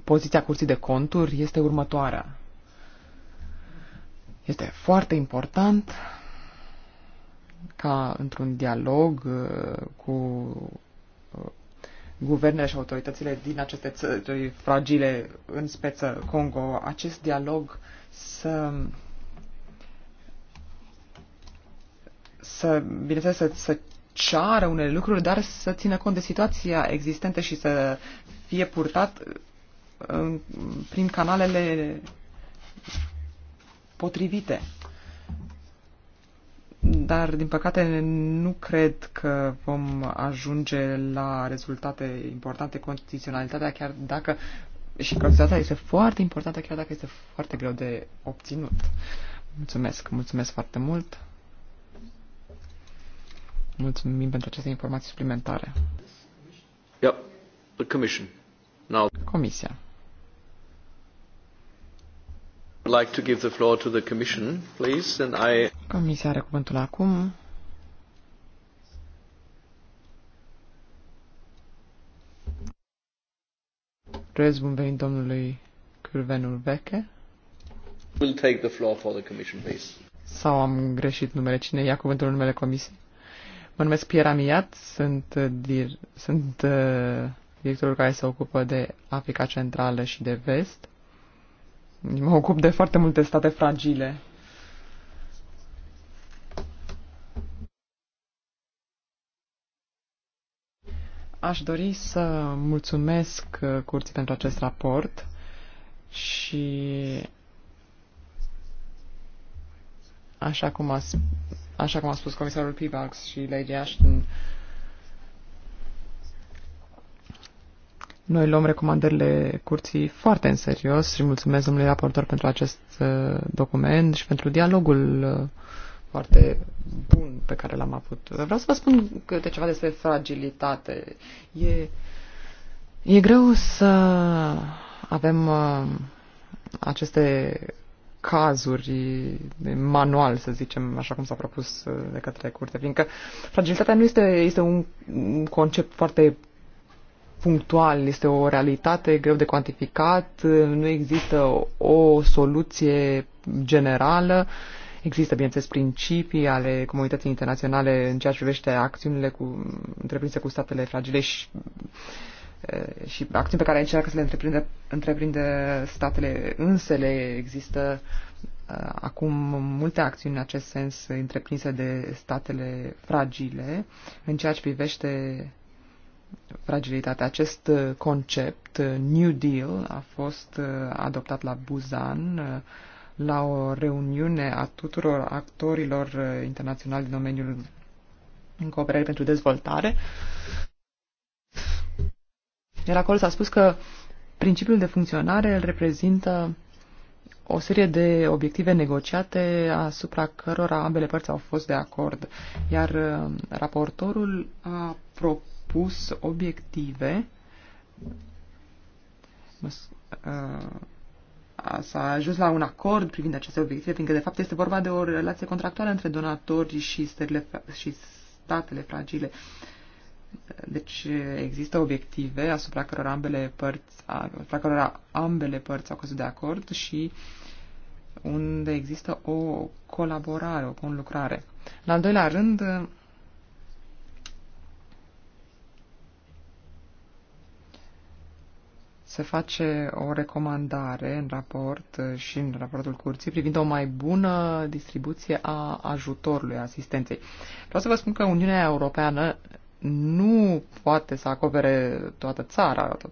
Poziția curții de conturi este următoarea. Este foarte important ca într-un dialog uh, cu uh, guvernele și autoritățile din aceste țări fragile, în speță Congo, acest dialog să să, bineînțeles, să, să ceară unele lucruri, dar să țină cont de situația existentă și să fie purtat în, prin canalele potrivite. Dar, din păcate, nu cred că vom ajunge la rezultate importante. Condiționalitatea, chiar dacă și condiționalitatea este foarte importantă, chiar dacă este foarte greu de obținut. Mulțumesc, mulțumesc foarte mult. Mulțumim pentru aceste informații suplimentare. Yep. The commission. Now. Comisia. I'd like to give the floor to the commission, please, and I... Comisia are cuvântul acum. Rez, bun venit domnului Curvenul Veche. We'll take the floor for the commission, please. Sau am greșit numele. Cine ia cuvântul numele comisiei? Mă numesc Pierre Amiat, sunt, uh, dir, sunt uh, directorul care se ocupă de Africa Centrală și de Vest. Mă ocup de foarte multe state fragile. Aș dori să mulțumesc uh, curții pentru acest raport și așa cum a așa cum a spus comisarul Pivax și Lady Ashton, Noi luăm recomandările curții foarte în serios și mulțumesc domnului raportor pentru acest uh, document și pentru dialogul uh, foarte bun pe care l-am avut. Vreau să vă spun câte ceva despre fragilitate. E, e greu să avem uh, aceste cazuri de manual, să zicem, așa cum s-a propus uh, de către curte, fiindcă fragilitatea nu este, este un, un concept foarte punctual, este o realitate greu de cuantificat, uh, nu există o soluție generală, există, bineînțeles, principii ale comunității internaționale în ceea ce privește acțiunile cu, întreprinse cu statele fragile și Eh, și acțiuni pe care încearcă să le întreprinde, întreprinde statele însele. Există eh, acum multe acțiuni în acest sens întreprinse de statele fragile în ceea ce privește fragilitatea. Acest eh, concept, New Deal, a fost adoptat la Busan la o reuniune a tuturor actorilor internaționali din domeniul în cooperare pentru dezvoltare. Iar acolo s-a spus că principiul de funcționare îl reprezintă o serie de obiective negociate asupra cărora ambele părți au fost de acord. Iar uh, raportorul a propus obiective uh, s-a ajuns la un acord privind aceste obiective, fiindcă de fapt este vorba de o relație contractuală între donatori și, și statele fragile. Uh, deci există obiective asupra cărora ambele părți, asupra cărora ambele părți au căzut de acord și unde există o colaborare, o conlucrare. La al doilea rând, se face o recomandare în raport și în raportul curții privind o mai bună distribuție a ajutorului, a asistenței. Vreau să vă spun că Uniunea Europeană nu poate să acopere toată țara, tot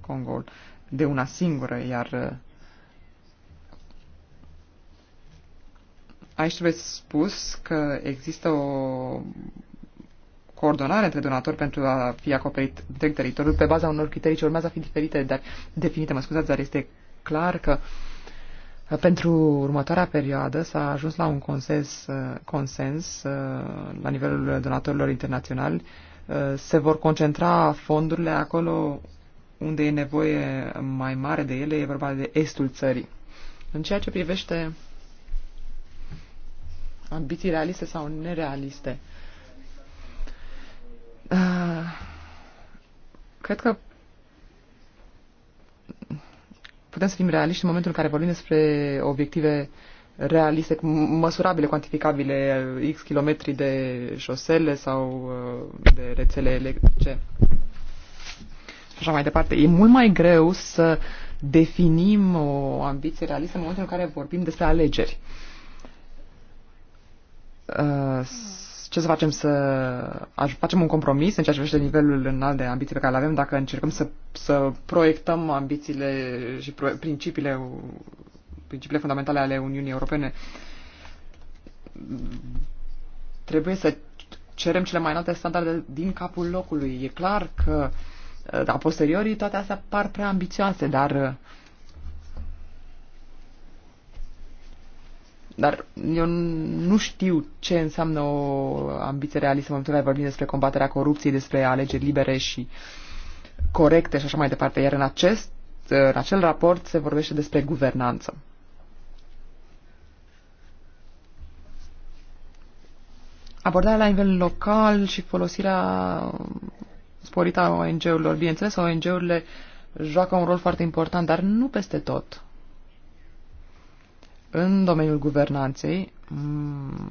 Congoul, de una singură, iar uh, aici trebuie spus că există o coordonare între donatori pentru a fi acoperit întreg teritoriul pe baza unor criterii ce urmează a fi diferite, dar definite, mă scuzați, dar este clar că uh, pentru următoarea perioadă s-a ajuns la un consens, uh, consens la nivelul donatorilor internaționali Eh, se vor concentra fondurile acolo unde e nevoie mai mare de ele, e vorba de estul țării. În ceea ce privește ambiții realiste sau nerealiste, eh, cred că putem să fim realiști în momentul în care vorbim despre obiective uh, realiste, măsurabile, cuantificabile, X kilometri de șosele sau uh, de rețele electrice. Și așa mai departe. E mult mai greu să definim o ambiție realistă în momentul în care vorbim despre alegeri. Uh, ce să facem? Să facem un compromis în ceea ce privește nivelul înalt de ambiții pe care le avem dacă încercăm să, să proiectăm ambițiile și principiile principiile fundamentale ale Uniunii Europene. Trebuie să cerem cele mai înalte standarde din capul locului. E clar că uh, a posteriori toate astea par prea ambițioase, dar uh, dar eu nu știu ce înseamnă o ambiție realistă în momentul în care vorbim despre combaterea corupției, despre alegeri libere și corecte și așa mai departe. Iar în acest uh, în acel raport se vorbește despre guvernanță. abordarea la nivel local și folosirea um, sporită a ONG-urilor. Bineînțeles, ONG-urile joacă un rol foarte important, dar nu peste tot. În domeniul guvernanței, mm,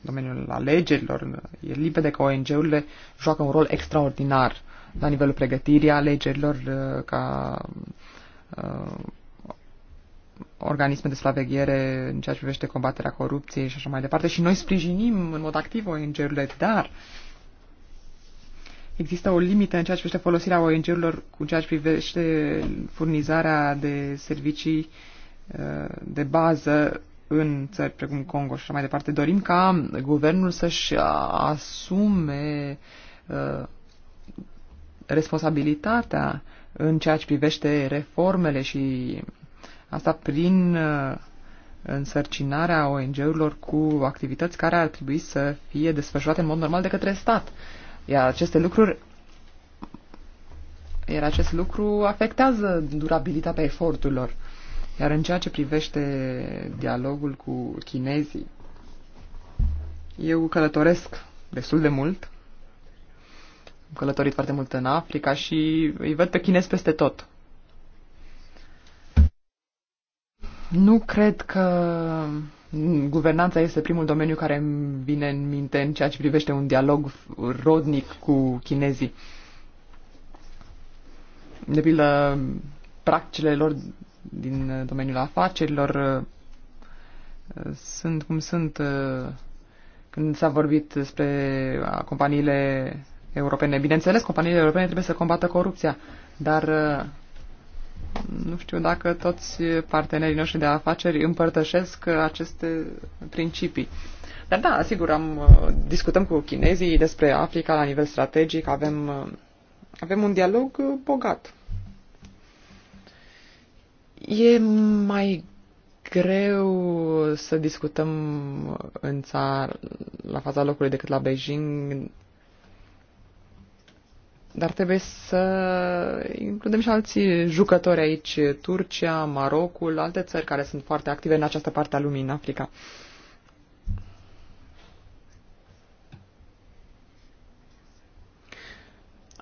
domeniul alegerilor, e limpede că ONG-urile joacă un rol extraordinar la nivelul pregătirii alegerilor uh, ca uh, organisme de supraveghere în ceea ce privește combaterea corupției și așa mai departe. Și noi sprijinim în mod activ ONG-urile, dar există o limită în ceea ce privește folosirea ONG-urilor cu ceea ce privește furnizarea de servicii uh, de bază în țări precum Congo și așa mai departe. Dorim ca guvernul să-și asume uh, responsabilitatea în ceea ce privește reformele și Asta prin uh, însărcinarea ONG-urilor cu activități care ar trebui să fie desfășurate în mod normal de către stat. Iar aceste lucruri iar acest lucru afectează durabilitatea eforturilor. Iar în ceea ce privește dialogul cu chinezii, eu călătoresc destul de mult. Am călătorit foarte mult în Africa și îi văd pe chinezi peste tot. Nu cred că guvernanța este primul domeniu care îmi vine în minte în ceea ce privește un dialog rodnic cu chinezii. De pildă, practicile lor din domeniul afacerilor sunt cum sunt când s-a vorbit despre companiile europene. Bineînțeles, companiile europene trebuie să combată corupția, dar nu știu dacă toți partenerii noștri de afaceri împărtășesc aceste principii. Dar da, sigur, am, uh, discutăm cu chinezii despre Africa la nivel strategic, avem, uh, avem un dialog uh, bogat. E mai greu să discutăm în țară, la fața locului decât la Beijing dar trebuie să includem și alții jucători aici, Turcia, Marocul, alte țări care sunt foarte active în această parte a lumii, în Africa.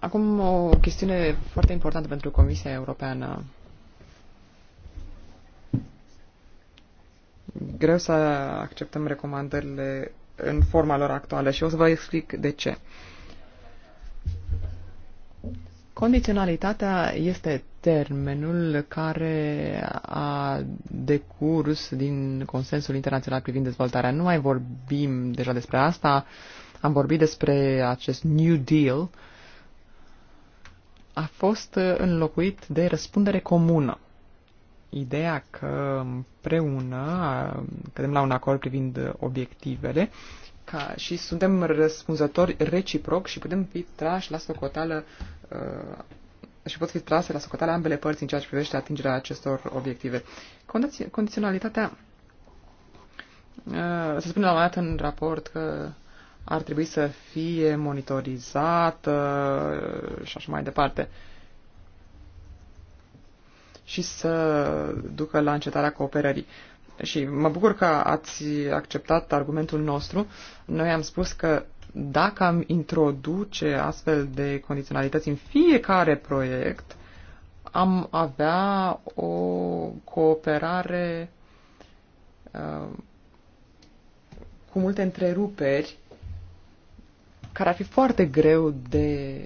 Acum o chestiune foarte importantă pentru Comisia Europeană. Greu să acceptăm recomandările în forma lor actuală și o să vă explic de ce. Uh, Condiționalitatea este termenul care a decurs din consensul internațional privind dezvoltarea. Nu mai vorbim deja despre asta, am vorbit despre acest New Deal, a fost înlocuit de răspundere comună. Ideea că împreună cădem la un acord privind obiectivele ca, și suntem răspunzători reciproc și putem fi trași la socoteală Uh, și pot fi trase la socoteală ambele părți în ceea ce privește atingerea acestor obiective. condiționalitatea uh, se spune la un moment dat în raport că ar trebui să fie monitorizată și așa mai departe și să ducă la încetarea cooperării. Și mă bucur că ați acceptat argumentul nostru. Noi am spus că dacă am introduce astfel de condiționalități în fiecare proiect, am avea o cooperare uh, cu multe întreruperi care ar fi foarte greu de.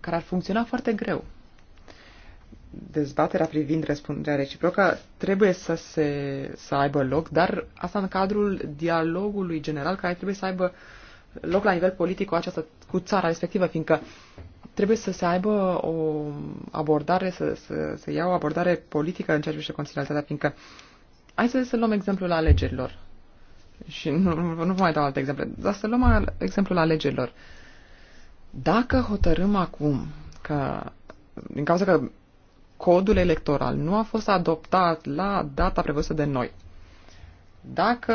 care ar funcționa foarte greu. Dezbaterea privind răspunderea reciprocă trebuie să, se, să aibă loc, dar asta în cadrul dialogului general care trebuie să aibă uh, loc la nivel politic cu această, cu țara respectivă, fiindcă trebuie să se aibă o abordare, să, să, să ia o abordare politică în ceea ce privește conținutatea, fiindcă hai să, să luăm exemplul alegerilor. Și nu, nu, vă mai dau alte exemple, dar să luăm exemplul alegerilor. Dacă hotărâm acum că, din cauza că codul electoral nu a fost adoptat la data prevăzută de noi, dacă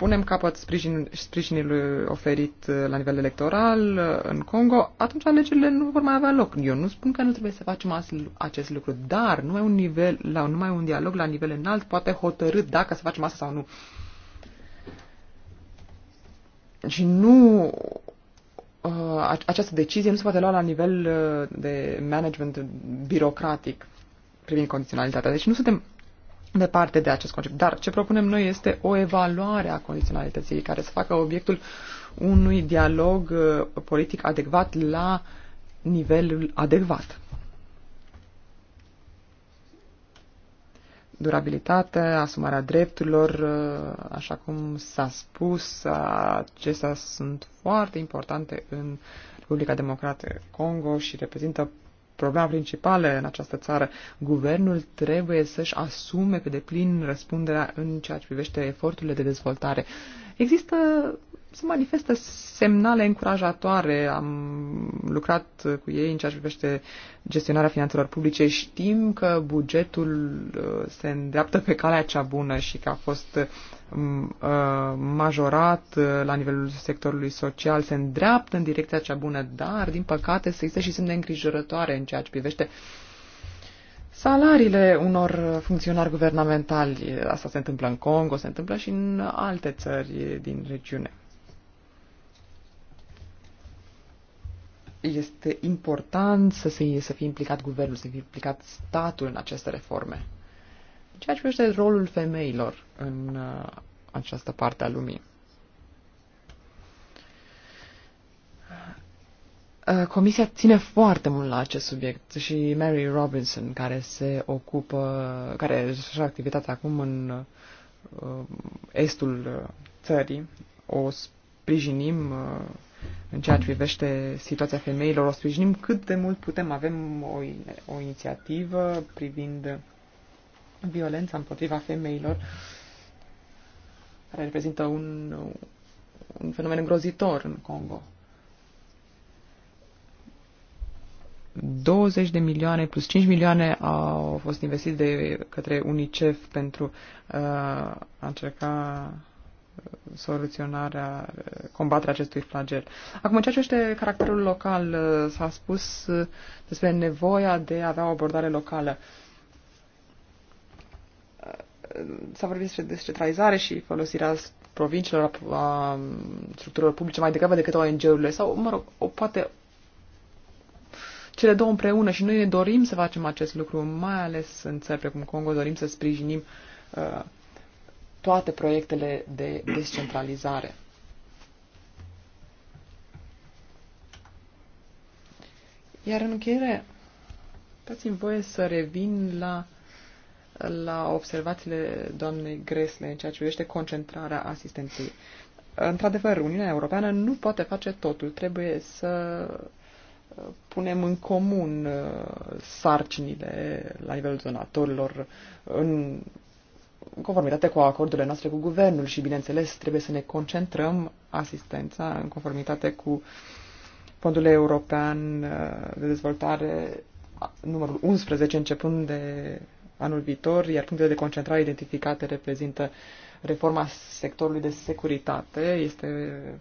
punem capăt sprijin, sprijinului oferit uh, la nivel electoral uh, în Congo, atunci alegerile nu vor mai avea loc. Eu nu spun că nu trebuie să facem acest lucru, dar numai un, nivel, la, numai un dialog la nivel înalt poate hotărât dacă să facem asta sau nu. Și nu uh, această decizie nu se poate lua la nivel de management birocratic privind condiționalitatea. Deci nu suntem departe de acest concept. Dar ce propunem noi este o evaluare a condiționalității care să facă obiectul unui dialog uh, politic adecvat la nivelul adecvat. durabilitatea, asumarea drepturilor, uh, așa cum s-a spus, acestea sunt foarte importante în Republica Democrată Congo și reprezintă problema principală în această țară. Guvernul trebuie să-și asume pe deplin răspunderea în ceea ce privește eforturile de dezvoltare. Există se manifestă semnale încurajatoare. Am lucrat cu ei în ceea ce privește gestionarea finanțelor publice. Știm că bugetul uh, se îndreaptă pe calea cea bună și că a fost mm, uh, majorat uh, la nivelul sectorului social, se îndreaptă în direcția cea bună, dar, din păcate, se există și semne îngrijorătoare în ceea ce privește salariile unor funcționari guvernamentali. Asta se întâmplă în Congo, se întâmplă și în alte țări din regiune. este important să, se, să fie implicat guvernul, să fie implicat statul în aceste reforme. Ceea ce privește rolul femeilor în uh, această parte a lumii. Uh, comisia ține foarte mult la acest subiect și Mary Robinson, care se ocupă, care își activitatea acum în uh, estul uh, țării, o sprijinim în ceea ce privește situația femeilor, o sprijinim cât de mult putem. Avem o, o inițiativă privind violența împotriva femeilor, care reprezintă un, un fenomen îngrozitor în Congo. 20 de milioane plus 5 milioane au fost investiți de către UNICEF pentru uh, a încerca soluționarea, combaterea acestui flagel. Acum, ceea ce este caracterul local, s-a spus uh, despre nevoia de a avea o abordare locală. Uh, s-a vorbit despre descentralizare și folosirea provinciilor, a structurilor publice mai degrabă decât ONG-urile sau, mă rog, o, poate cele două împreună și noi ne dorim să facem acest lucru, mai ales în țări precum Congo, dorim să sprijinim uh, toate proiectele de descentralizare. Iar în încheiere, dați-mi voie să revin la, la observațiile doamnei Gresle în ceea ce privește concentrarea asistenței. Într-adevăr, Uniunea Europeană nu poate face totul. Trebuie să uh, punem în comun uh, sarcinile la nivelul donatorilor în în conformitate cu acordurile noastre cu guvernul și, bineînțeles, trebuie să ne concentrăm asistența în conformitate cu Fondul European uh, de Dezvoltare numărul 11 începând de anul viitor, iar punctele de concentrare identificate reprezintă reforma sectorului de securitate. Este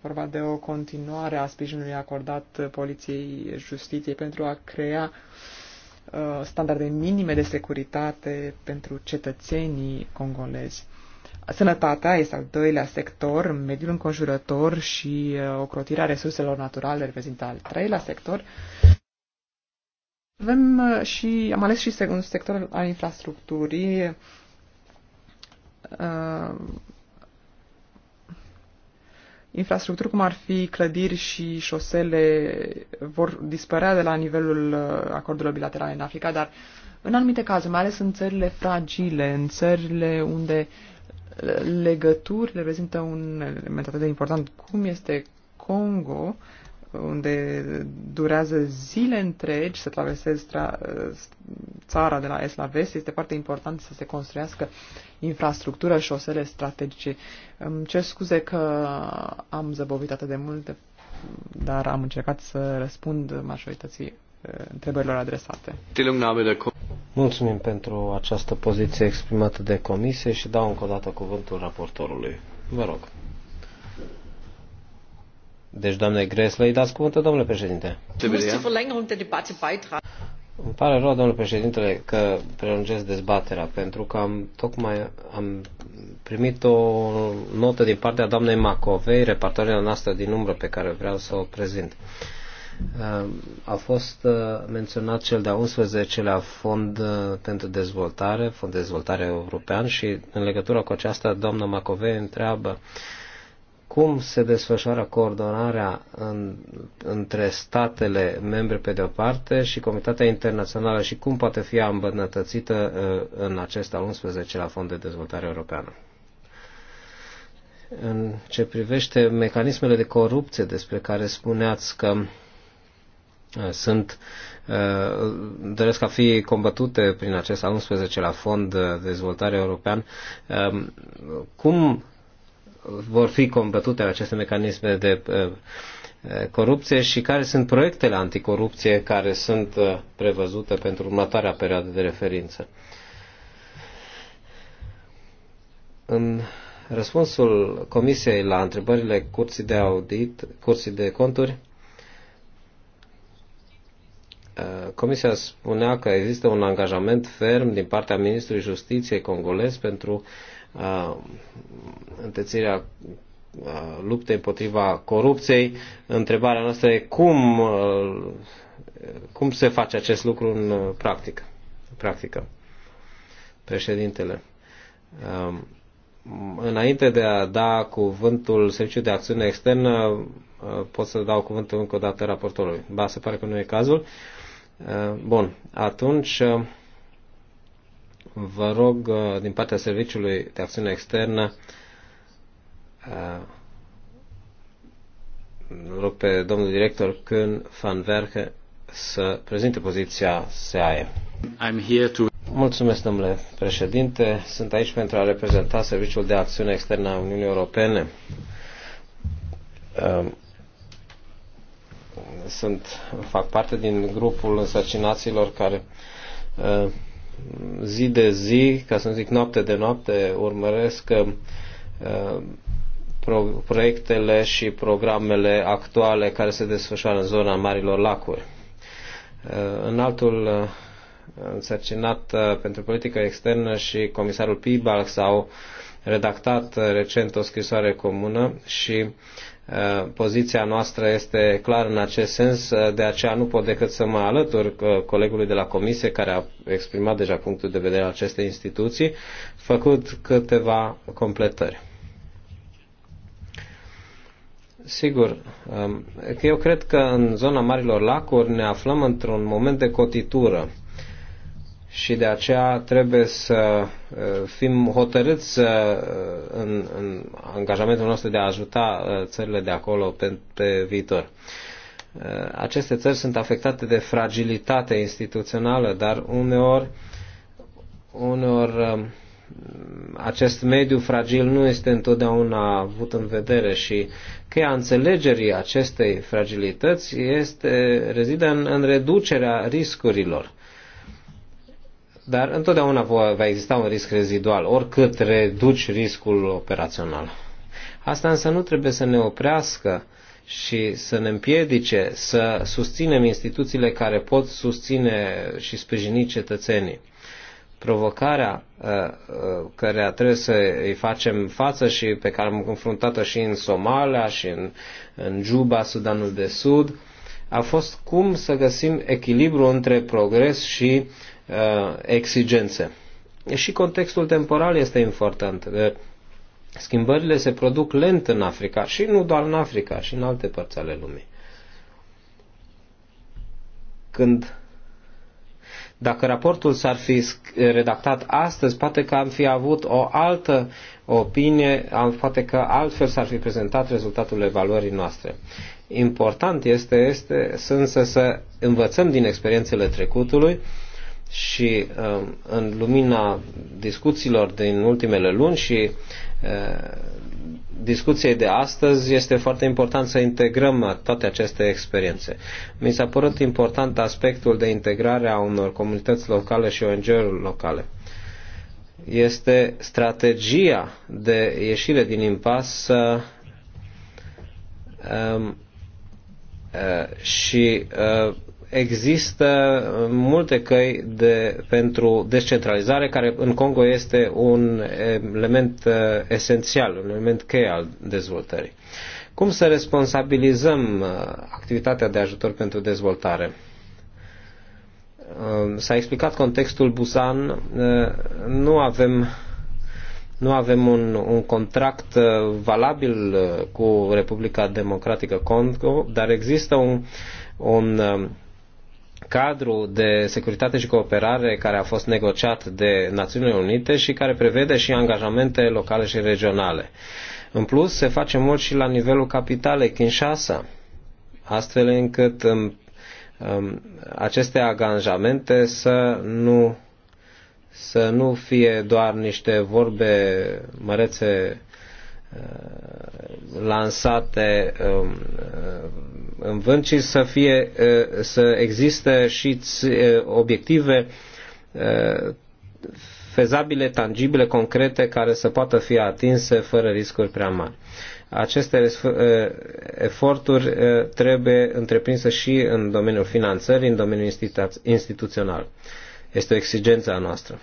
vorba de o continuare a sprijinului acordat Poliției Justiției pentru a crea uh, Uh, standarde minime de securitate pentru cetățenii congolezi. Sănătatea este al doilea sector, mediul înconjurător și uh, ocrotirea resurselor naturale reprezintă al treilea sector. Avem uh, și, am ales și un sector al infrastructurii infrastructuri cum ar fi clădiri și șosele vor dispărea de la nivelul uh, acordurilor bilaterale în Africa, dar în anumite cazuri, mai ales în țările fragile, în țările unde uh, legăturile reprezintă un element atât de important cum este Congo, unde durează zile întregi să traversezi țara de la est la vest, este foarte important să se construiască infrastructură, șosele strategice. Îmi cer scuze că am zăbovit atât de mult, dar am încercat să răspund majorității uh, întrebărilor adresate. Mulțumim pentru această poziție exprimată de comisie și dau încă o dată cuvântul raportorului. Vă rog. Deci, doamne Gresle, îi dați cuvântul, domnule președinte. Îmi pare rău, domnule președinte, că prelungesc dezbaterea, pentru că am, tocmai am primit o notă din partea doamnei Macovei, repartoarea noastră din umbră pe care vreau să o prezint. A fost uh, menționat cel de-a 11-lea fond uh, pentru dezvoltare, fond de dezvoltare european și în legătură cu aceasta doamna Macovei întreabă cum se desfășoară coordonarea în, între statele membre pe de-o parte și Comitatea Internațională și cum poate fi îmbunătățită uh, în acest al 11-lea Fond de Dezvoltare Europeană. În ce privește mecanismele de corupție despre care spuneați că uh, sunt, uh, doresc a fi combătute prin acest al 11-lea Fond de Dezvoltare European, cum vor fi combătute aceste mecanisme de uh, uh, corupție și care sunt proiectele anticorupție care sunt uh, prevăzute pentru următoarea perioadă de referință. În răspunsul Comisiei la întrebările curții de audit, curții de conturi, Comisia spunea că există un angajament ferm din partea Ministrului Justiției congolez pentru Uh, întețirea uh, luptei împotriva corupției. Întrebarea noastră e cum, uh, cum se face acest lucru în practică. practică. Președintele, um, înainte de a da cuvântul Serviciul de Acțiune Externă, pot să dau cuvântul încă o dată raportorului. Ba, se pare că nu e cazul. Bun, atunci vă rog uh, din partea Serviciului de Acțiune Externă, uh, rog pe domnul director Kuhn van Verke să prezinte poziția SEAE. I'm here to... Mulțumesc, domnule președinte. Sunt aici pentru a reprezenta Serviciul de Acțiune Externă a Uniunii Europene. Um, sunt, fac parte din grupul însărcinaților care uh, zi de zi, ca să zic noapte de noapte, urmăresc uh, proiectele și programele actuale care se desfășoară în zona Marilor Lacuri. Uh, în altul uh, însărcinat pentru politică externă și comisarul Pibalx au redactat recent o scrisoare comună și Eh, poziția noastră este clar în acest sens, eh, de aceea nu pot decât să mă alătur eh, colegului de la comisie care a exprimat deja punctul de vedere al acestei instituții, făcut câteva completări. Sigur, eu cred că în zona Marilor Lacuri ne aflăm într-un moment de cotitură și de aceea trebuie să uh, fim hotărâți uh, în, în angajamentul nostru de a ajuta uh, țările de acolo pe, pe viitor. Aceste țări sunt afectate de fragilitate instituțională, dar uneori, uneori acest mediu fragil nu este întotdeauna avut în vedere și cheia înțelegerii acestei fragilități este, rezidă în, în reducerea riscurilor dar întotdeauna va exista un risc rezidual, oricât reduci riscul operațional. Asta însă nu trebuie să ne oprească și să ne împiedice să susținem instituțiile care pot susține și sprijini cetățenii. Provocarea uh, uh care trebuie să îi facem față și pe care am confruntat-o și în Somalia și în, în Juba, Sudanul de Sud, a fost cum să găsim echilibru între progres și uh, Uh, exigențe. Și contextul temporal este important. Uh, schimbările se produc lent în Africa și nu doar în Africa, și în alte părți ale lumii. Când dacă raportul s-ar fi redactat astăzi, poate că am fi avut o altă opinie, poate că altfel s-ar fi prezentat rezultatul evaluării noastre. Important este, este însă să învățăm din experiențele trecutului și um, în lumina discuțiilor din ultimele luni și uh, discuției de astăzi este foarte important să integrăm toate aceste experiențe. Mi s-a părut important aspectul de integrare a unor comunități locale și ONG-uri locale. Este strategia de ieșire din impas um, uh, și uh, există multe căi de, pentru descentralizare, care în Congo este un element eh, esențial, un element cheie al dezvoltării. Cum să responsabilizăm eh, activitatea de ajutor pentru dezvoltare? Eh, s-a explicat contextul Busan. Nu avem nu avem un, un contract valabil cu Republica Democratică Congo, dar există un, un cadru de securitate și cooperare care a fost negociat de Națiunile Unite și care prevede și angajamente locale și regionale. În plus, se face mult și la nivelul capitalei, Kinshasa, astfel încât um, um aceste angajamente să nu, să nu fie doar niște vorbe mărețe uh, lansate um, în vânt, ci să, fie, să existe și obiective fezabile, tangibile, concrete, care să poată fi atinse fără riscuri prea mari. Aceste eforturi trebuie întreprinse și în domeniul finanțării, în domeniul instituțional. Este o exigență a noastră.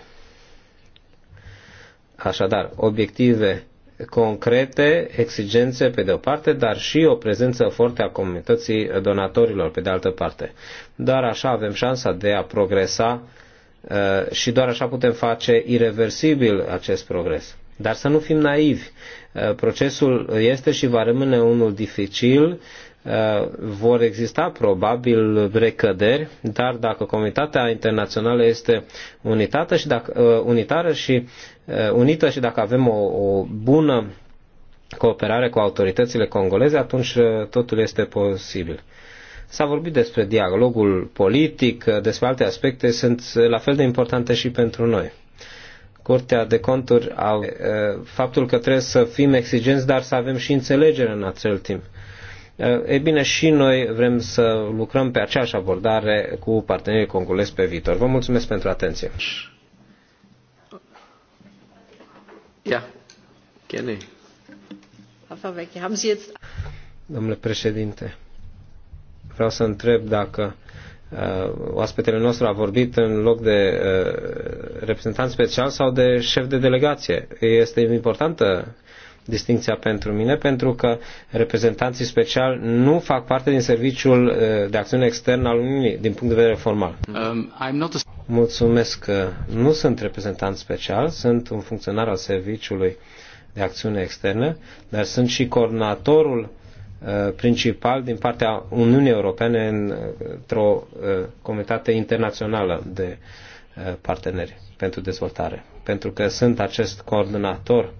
Așadar, obiective concrete exigențe pe de o parte, dar și o prezență forte a comunității donatorilor pe de altă parte. Doar așa avem șansa de a progresa uh, și doar așa putem face irreversibil acest progres. Dar să nu fim naivi. Uh, procesul este și va rămâne unul dificil Uh, vor exista probabil recăderi, dar dacă comunitatea internațională este unitată și dacă, uh, unitară și uh, unită și dacă avem o, o bună cooperare cu autoritățile congoleze, atunci totul este posibil. S-a vorbit despre dialogul politic, despre alte aspecte, sunt la fel de importante și pentru noi. Curtea de conturi, au, faptul că trebuie să fim exigenți, dar să avem și înțelegere în acel timp. Eh, e bine, și noi vrem să lucrăm pe aceeași abordare cu partenerii congolezi pe viitor. Vă mulțumesc pentru atenție. Ja, gerne. Domnule președinte, vreau să întreb dacă uh, oaspetele nostru a vorbit în loc de uh, reprezentant special sau de șef de delegație. Este importantă distinția pentru mine, pentru că reprezentanții speciali nu fac parte din serviciul uh, de acțiune externă al Uniunii din punct de vedere formal. Um, a... Mulțumesc că nu sunt reprezentant special, sunt un funcționar al serviciului de acțiune externă, dar sunt și coordonatorul uh, principal din partea Uniunii Europene uh, într-o comunitate internațională de parteneri pentru dezvoltare. Pentru că sunt acest coordonator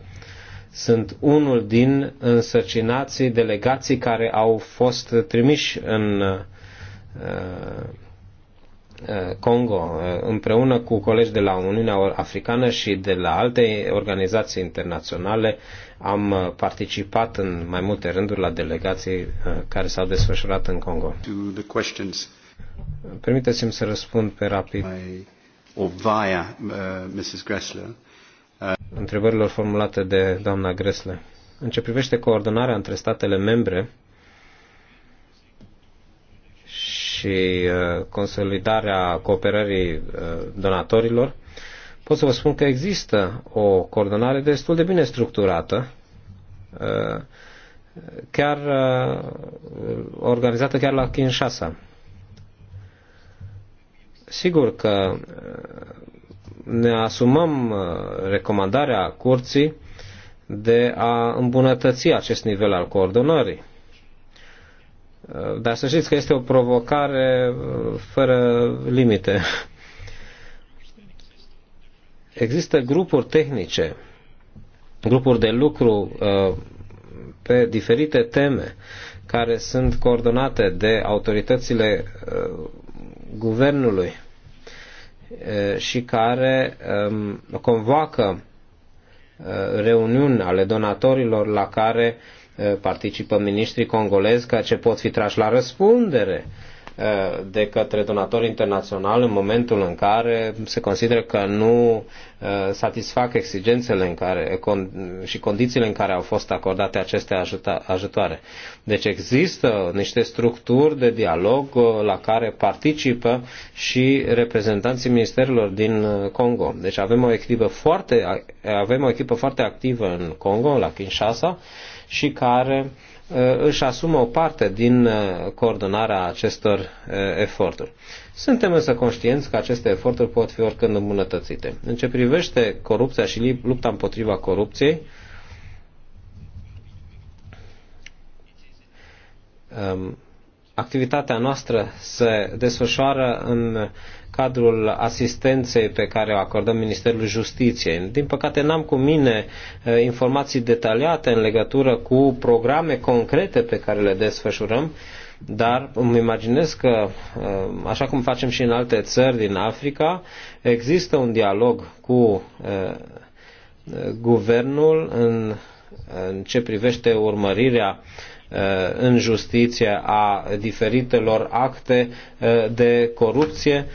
sunt unul din însărcinații delegații care au fost trimiși în uh, uh, Congo uh, împreună cu colegi de la Uniunea Africană și de la alte organizații internaționale am participat în mai multe rânduri la delegații care s-au desfășurat în Congo. Permiteți-mi să răspund pe rapid. or via uh, Mrs întrebărilor formulate de doamna Gresle. În ce privește coordonarea între statele membre și uh, consolidarea cooperării uh, donatorilor, pot să vă spun că există o coordonare destul de bine structurată, uh, chiar organizată chiar la Kinshasa. Sigur că ne asumăm uh, recomandarea curții de a îmbunătăți acest nivel al coordonării. Uh, dar să știți că este o provocare uh, fără limite. Există grupuri tehnice, grupuri de lucru pe diferite teme care sunt coordonate de autoritățile guvernului Uh, și care um, convoacă uh, reuniuni ale donatorilor la care uh, participă miniștrii congolezi ca ce pot fi trași la răspundere Uh, de către donatori internaționali în momentul în care se consideră că nu uh, satisfac exigențele în care, și condițiile în care au fost acordate aceste ajutoare. Deci există niște structuri de dialog uh, la care participă și reprezentanții ministerilor din Congo. Deci avem o echipă foarte, avem o echipă foarte activă în Congo, la Kinshasa, și care uh, Uh, își asumă o parte din uh, coordonarea acestor uh, eforturi. Suntem însă conștienți că aceste eforturi pot fi oricând îmbunătățite. În ce privește corupția și lupta împotriva corupției, um, activitatea noastră se desfășoară în cadrul asistenței pe care o acordăm Ministerul Justiției. Din păcate n-am cu mine informații detaliate în legătură cu programe concrete pe care le desfășurăm, dar îmi imaginez că, așa cum facem și în alte țări din Africa, există un dialog cu guvernul în, în ce privește urmărirea în justiție a diferitelor acte de corupție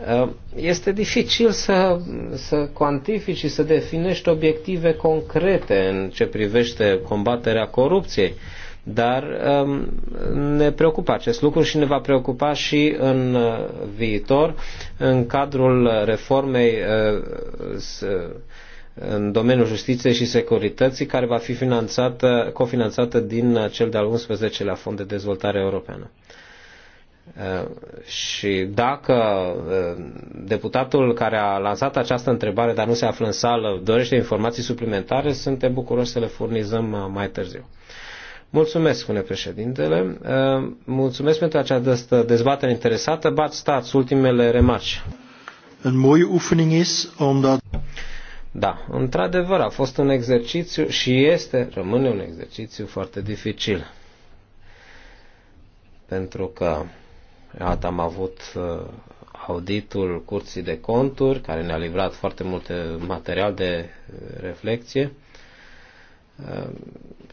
Uh, este dificil să, să cuantifici și să definești obiective concrete în ce privește combaterea corupției, dar um, ne preocupă acest lucru și ne va preocupa și în uh, viitor, în cadrul reformei uh, în domeniul justiției și securității, care va fi finanțată, cofinanțată din cel de-al 11-lea Fond de Dezvoltare Europeană. Și dacă uh, deputatul care a lansat această întrebare, dar nu se află în sală, dorește informații suplimentare, suntem bucuroși să le furnizăm uh, mai târziu. Mulțumesc, spune președintele. Uh, mulțumesc pentru această dezbatere interesată. Bați stați ultimele remarci. Een mooie oefening is Da, într-adevăr a fost un exercițiu și este, rămâne un exercițiu foarte dificil. Pentru că Iată, am avut uh, auditul Curții de Conturi, care ne-a livrat foarte mult material de uh, reflexie. Uh,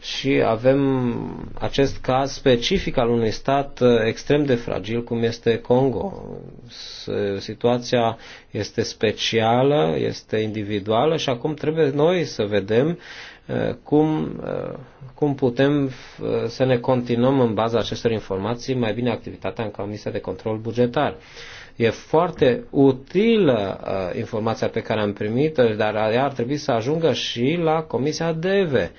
și avem acest caz specific al unui stat extrem de fragil, cum este Congo. Situația este specială, este individuală și acum trebuie noi să vedem cum, cum putem uh, să ne continuăm în baza acestor informații mai bine activitatea în Comisia de Control Bugetar. E foarte utilă uh, informația pe care am primit-o, dar ea ar trebui să ajungă și la Comisia DEVE,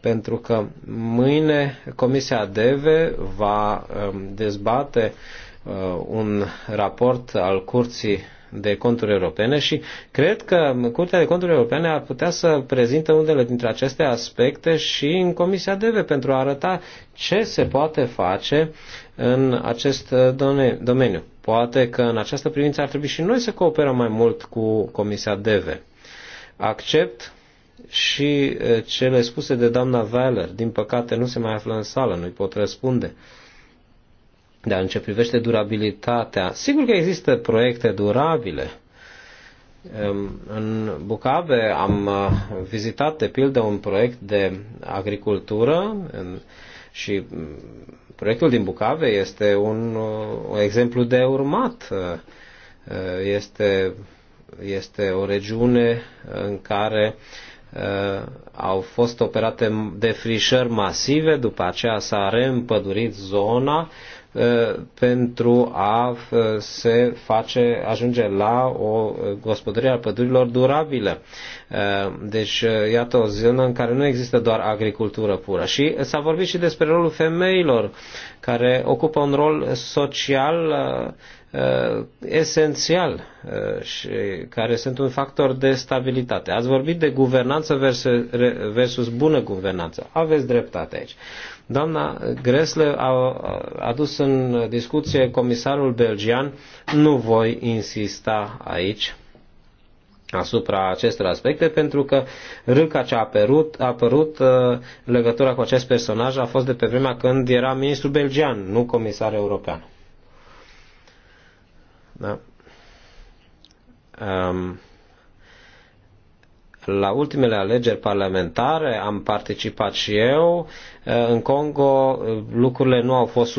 pentru că mâine Comisia DEVE va um, dezbate uh, un raport al Curții de Conturi Europene și cred că Curtea de Conturi Europene ar putea să prezintă unele dintre aceste aspecte și în Comisia DEVE pentru a arăta ce se poate face în acest domeniu. Poate că în această privință ar trebui și noi să cooperăm mai mult cu Comisia DEVE. Accept și eh, cele spuse de doamna Weiler, din păcate nu se mai află în sală, nu-i pot răspunde. Uh, dar în ce privește durabilitatea, sigur că există proiecte durabile. În Bucave am uh, vizitat, de pildă, un proiect de agricultură și mm, proiectul din Bucave este un, uh, un exemplu de urmat. Uh, este, este o regiune în care au fost operate defrișări masive, după aceea s-a reîmpădurit zona Uh, pentru a uh, se face, ajunge la o uh, gospodărie a pădurilor durabile. Deci, iată o zonă în care nu există doar agricultură pură. Și s-a vorbit și despre rolul femeilor, care ocupă un rol social esențial și care sunt un factor de stabilitate. Ați vorbit de guvernanță versus, versus bună guvernanță. Aveți dreptate aici. Doamna Gresle a adus în discuție comisarul belgian. Nu voi insista aici asupra acestor aspecte, pentru că râca ce a apărut, a apărut uh, legătura cu acest personaj a fost de pe vremea când era ministru belgian, nu comisar european. Da. Um, la ultimele alegeri parlamentare am participat și eu. Eh, în Congo eh, lucrurile nu au fost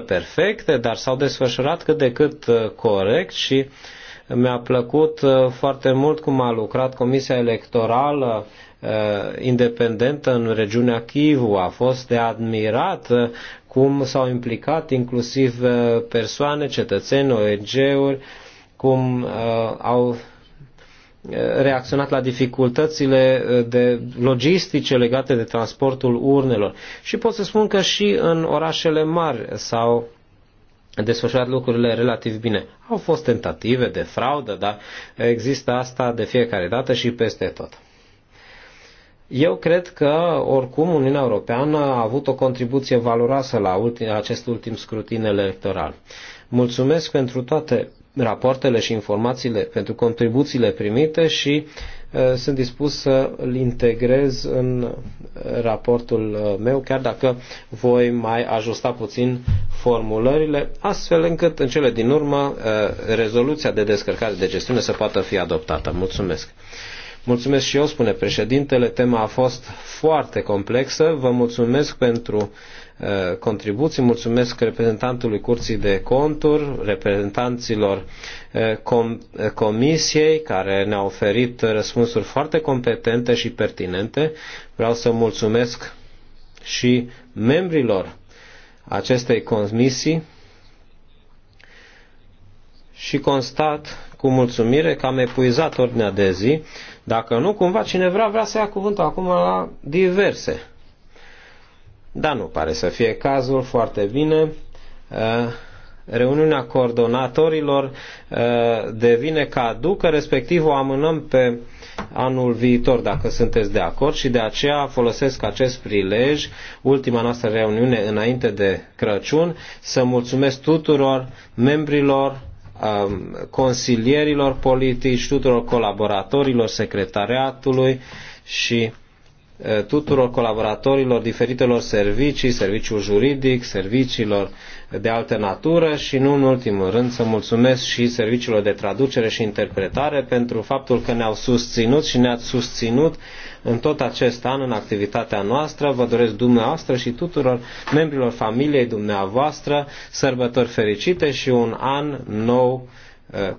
100% perfecte, dar s-au desfășurat cât de cât eh, corect și mi-a plăcut foarte mult cum a lucrat Comisia Electorală independentă în regiunea Kivu. A fost de admirat cum s-au implicat inclusiv persoane, cetățeni, ONG-uri, cum uh, au reacționat la dificultățile uh, de logistice legate de transportul urnelor. Și pot să spun că și în orașele mari s-au desfășurat lucrurile relativ bine. Au fost tentative de fraudă, dar există asta de fiecare dată și peste tot. Eu cred că, oricum, Uniunea Europeană a avut o contribuție valoroasă la ultim, acest ultim scrutin electoral. Mulțumesc pentru toate rapoartele și informațiile, pentru contribuțiile primite și uh, sunt dispus să îl integrez în uh, raportul uh, meu, chiar dacă voi mai ajusta puțin formulările, astfel încât în cele din urmă rezoluția de descărcare de gestiune să poată fi adoptată. Mulțumesc! Mulțumesc și eu, spune președintele, tema a fost foarte complexă. Vă mulțumesc pentru Uh, contribuții. Mulțumesc reprezentantului Curții de Conturi, reprezentanților uh, uh, Comisiei care ne-au oferit răspunsuri foarte competente și pertinente. Vreau să mulțumesc și membrilor acestei comisii și constat cu mulțumire că am epuizat ordinea de zi. Dacă nu, cumva cine vrea, vrea să ia cuvântul acum la diverse. Da, nu pare să fie cazul, foarte bine. Uh, reuniunea coordonatorilor uh, devine caducă, respectiv o amânăm pe anul viitor, dacă sunteți de acord, și de aceea folosesc acest prilej, ultima noastră reuniune înainte de Crăciun, să mulțumesc tuturor membrilor, um, consilierilor politici, tuturor colaboratorilor secretariatului și tuturor colaboratorilor diferitelor servicii, serviciul juridic, serviciilor de altă natură și nu în ultimul rând să mulțumesc și serviciilor de traducere și interpretare pentru faptul că ne-au susținut și ne-ați susținut în tot acest an în activitatea noastră. Vă doresc dumneavoastră și tuturor membrilor familiei dumneavoastră sărbători fericite și un an nou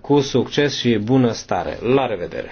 cu succes și bună stare. La revedere!